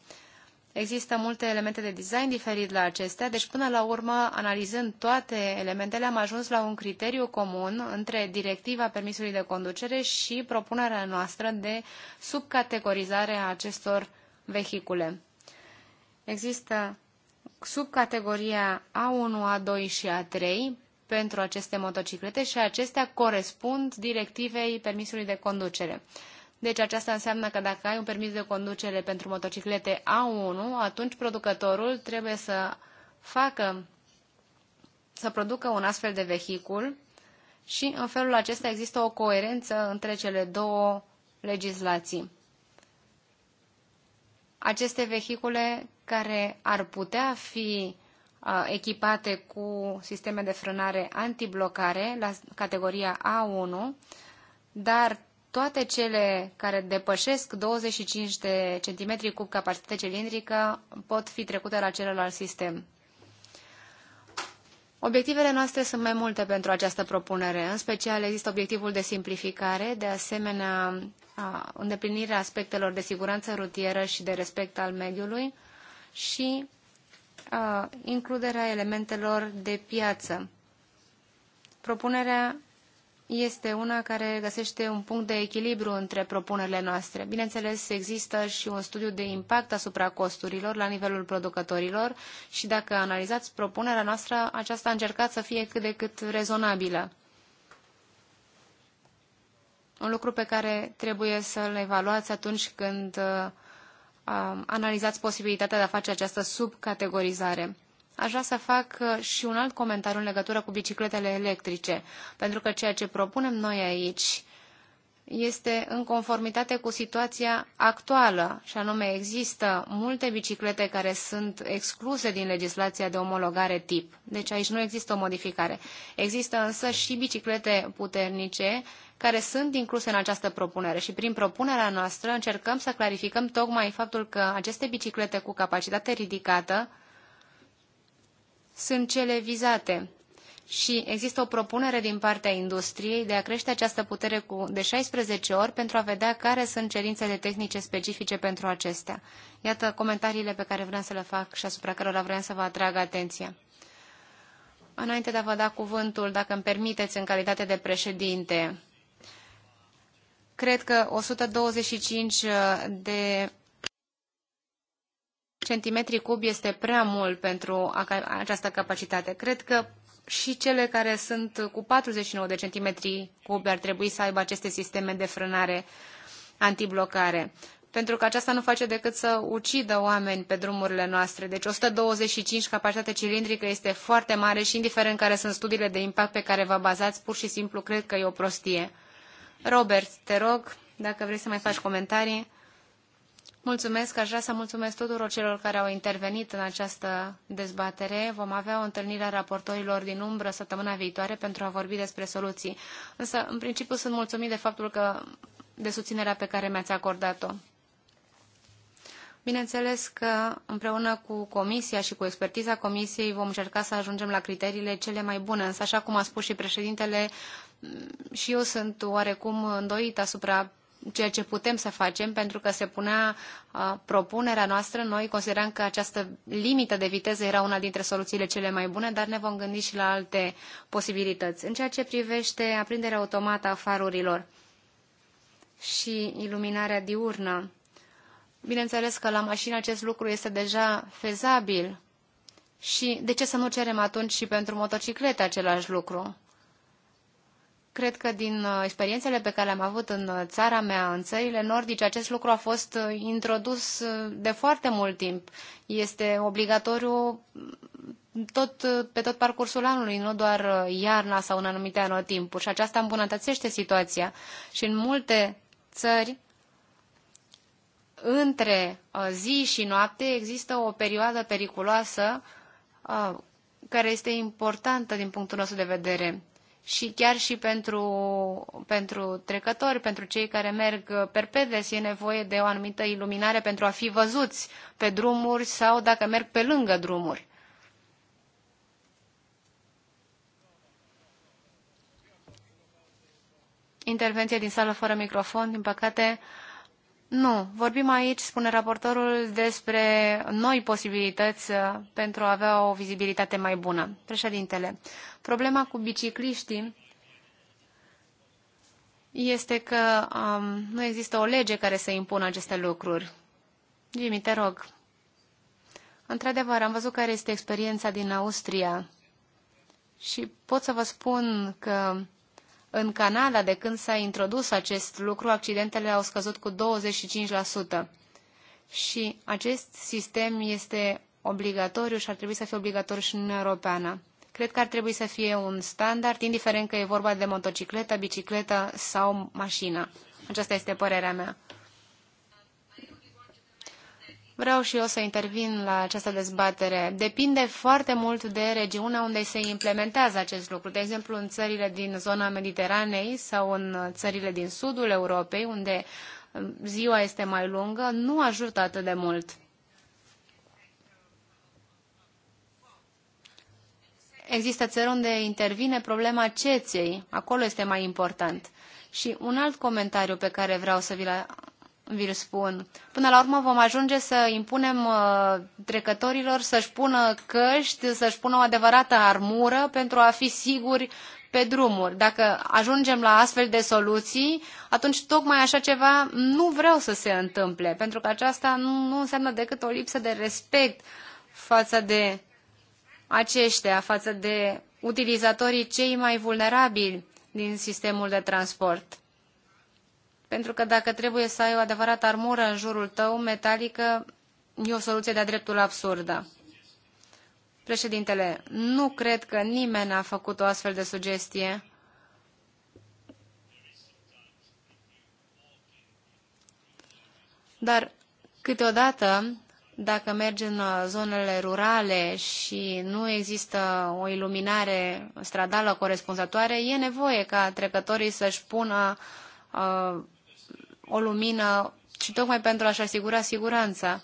Există multe elemente de design diferit la acestea, deci până la urmă, analizând toate elementele, am ajuns la un criteriu comun între directiva permisului de conducere și propunerea noastră de subcategorizare a acestor vehicule. Există subcategoria A1, A2 și A3 pentru aceste motociclete și acestea corespund directivei permisului de conducere. Deci aceasta înseamnă că dacă ai un permis de conducere pentru motociclete A1, atunci producătorul trebuie să facă, să producă un astfel de vehicul și în felul acesta există o coerență între cele două legislații. Aceste vehicule care ar putea fi echipate cu sisteme de frânare antiblocare la categoria A1, dar toate cele care depășesc 25 de centimetri cub capacitate cilindrică pot fi trecute la celălalt sistem. Obiectivele noastre sunt mai multe pentru această propunere. În special există obiectivul de simplificare, de asemenea îndeplinirea aspectelor de siguranță rutieră și de respect al mediului și a, includerea elementelor de piață. Propunerea este una care găsește un punct de echilibru între propunerile noastre. Bineînțeles, există și un studiu de impact asupra costurilor la nivelul producătorilor și dacă analizați propunerea noastră, aceasta a încercat să fie cât de cât rezonabilă. Un lucru pe care trebuie să-l evaluați atunci când uh, analizați posibilitatea de a face această subcategorizare aș vrea să fac uh, și un alt comentariu în legătură cu bicicletele electrice, pentru că ceea ce propunem noi aici este în conformitate cu situația actuală, și anume există multe biciclete care sunt excluse din legislația de omologare tip. Deci aici nu există o modificare. Există însă și biciclete puternice care sunt incluse în această propunere și prin propunerea noastră încercăm să clarificăm tocmai faptul că aceste biciclete cu capacitate ridicată sunt cele vizate și există o propunere din partea industriei de a crește această putere cu de 16 ori pentru a vedea care sunt cerințele tehnice specifice pentru acestea. Iată comentariile pe care vreau să le fac și asupra cărora vreau să vă atrag atenția. Înainte de a vă da cuvântul, dacă îmi permiteți, în calitate de președinte, cred că 125 de centimetri cub este prea mult pentru această capacitate. Cred că și cele care sunt cu 49 de centimetri cub ar trebui să aibă aceste sisteme de frânare antiblocare. Pentru că aceasta nu face decât să ucidă oameni pe drumurile noastre. Deci 125 capacitate cilindrică este foarte mare și indiferent care sunt studiile de impact pe care vă bazați, pur și simplu cred că e o prostie. Robert, te rog, dacă vrei să mai faci comentarii. Mulțumesc, aș vrea să mulțumesc tuturor celor care au intervenit în această dezbatere. Vom avea o întâlnire a raportorilor din umbră săptămâna viitoare pentru a vorbi despre soluții. Însă, în principiu, sunt mulțumit de faptul că de susținerea pe care mi-ați acordat-o. Bineînțeles că împreună cu Comisia și cu expertiza Comisiei vom încerca să ajungem la criteriile cele mai bune, însă așa cum a spus și președintele, și eu sunt oarecum îndoit asupra ceea ce putem să facem, pentru că se punea propunerea noastră. Noi considerăm că această limită de viteză era una dintre soluțiile cele mai bune, dar ne vom gândi și la alte posibilități. În ceea ce privește aprinderea automată a farurilor și iluminarea diurnă, bineînțeles că la mașină acest lucru este deja fezabil. Și de ce să nu cerem atunci și pentru motociclete același lucru? Cred că din uh, experiențele pe care le-am avut în uh, țara mea, în țările nordice, acest lucru a fost uh, introdus de foarte mult timp. Este obligatoriu mm, tot, pe tot parcursul anului, nu doar iarna sau în anumite anotimpuri. Și aceasta îmbunătățește situația. Și în multe țări, între zi și noapte, există o perioadă periculoasă care este importantă din punctul nostru de vedere și chiar și pentru, pentru trecători, pentru cei care merg perpedes, e nevoie de o anumită iluminare pentru a fi văzuți pe drumuri sau dacă merg pe lângă drumuri. Intervenție din sală fără microfon, din păcate. Nu, vorbim aici, spune raportorul, despre noi posibilități uh, pentru a avea o vizibilitate mai bună. Președintele, problema cu bicicliștii este că um, nu există o lege care să impună aceste lucruri. Jimmy, te rog. Într-adevăr, am văzut care este experiența din Austria și pot să vă spun că în Canada, de când s-a introdus acest lucru, accidentele au scăzut cu 25%. Și acest sistem este obligatoriu și ar trebui să fie obligatoriu și în Uniunea Europeană. Cred că ar trebui să fie un standard, indiferent că e vorba de motocicletă, bicicletă sau mașină. Aceasta este părerea mea. Vreau și eu să intervin la această dezbatere. Depinde foarte mult de regiunea unde se implementează acest lucru. De exemplu, în țările din zona Mediteranei sau în țările din sudul Europei, unde um, ziua este mai lungă, nu ajută atât de mult. Există țări unde intervine problema ceței. Acolo este mai important. Și un alt comentariu pe care vreau să vi-l vi-l spun. Până la urmă vom ajunge să impunem uh, trecătorilor să-și pună căști, să-și pună o adevărată armură pentru a fi siguri pe drumuri. Dacă ajungem la astfel de soluții, atunci tocmai așa ceva nu vreau să se întâmple, pentru că aceasta nu, nu înseamnă decât o lipsă de respect față de aceștia, față de utilizatorii cei mai vulnerabili din sistemul de transport. Pentru că dacă trebuie să ai o adevărată armură în jurul tău, metalică, e o soluție de-a dreptul absurdă. Președintele, nu cred că nimeni a făcut o astfel de sugestie. Dar câteodată, dacă mergi în uh, zonele rurale și nu există o iluminare stradală corespunzătoare, e nevoie ca trecătorii să-și pună uh, o lumină și tocmai pentru a-și asigura siguranța.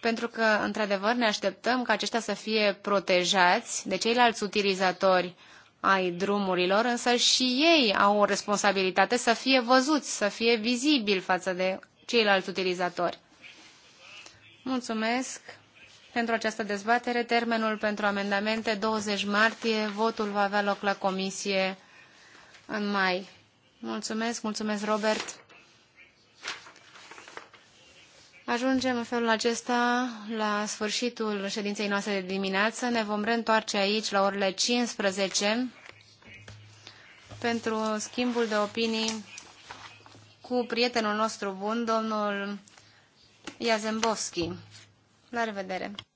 Pentru că, într-adevăr, ne așteptăm ca aceștia să fie protejați de ceilalți utilizatori ai drumurilor, însă și ei au o responsabilitate să fie văzuți, să fie vizibili față de ceilalți utilizatori. Mulțumesc pentru această dezbatere. Termenul pentru amendamente 20 martie. Votul va avea loc la comisie în mai. Mulțumesc, mulțumesc, Robert. Ajungem în felul acesta la sfârșitul ședinței noastre de dimineață. Ne vom reîntoarce aici la orele 15 pentru schimbul de opinii cu prietenul nostru bun, domnul Iazembovski. La revedere!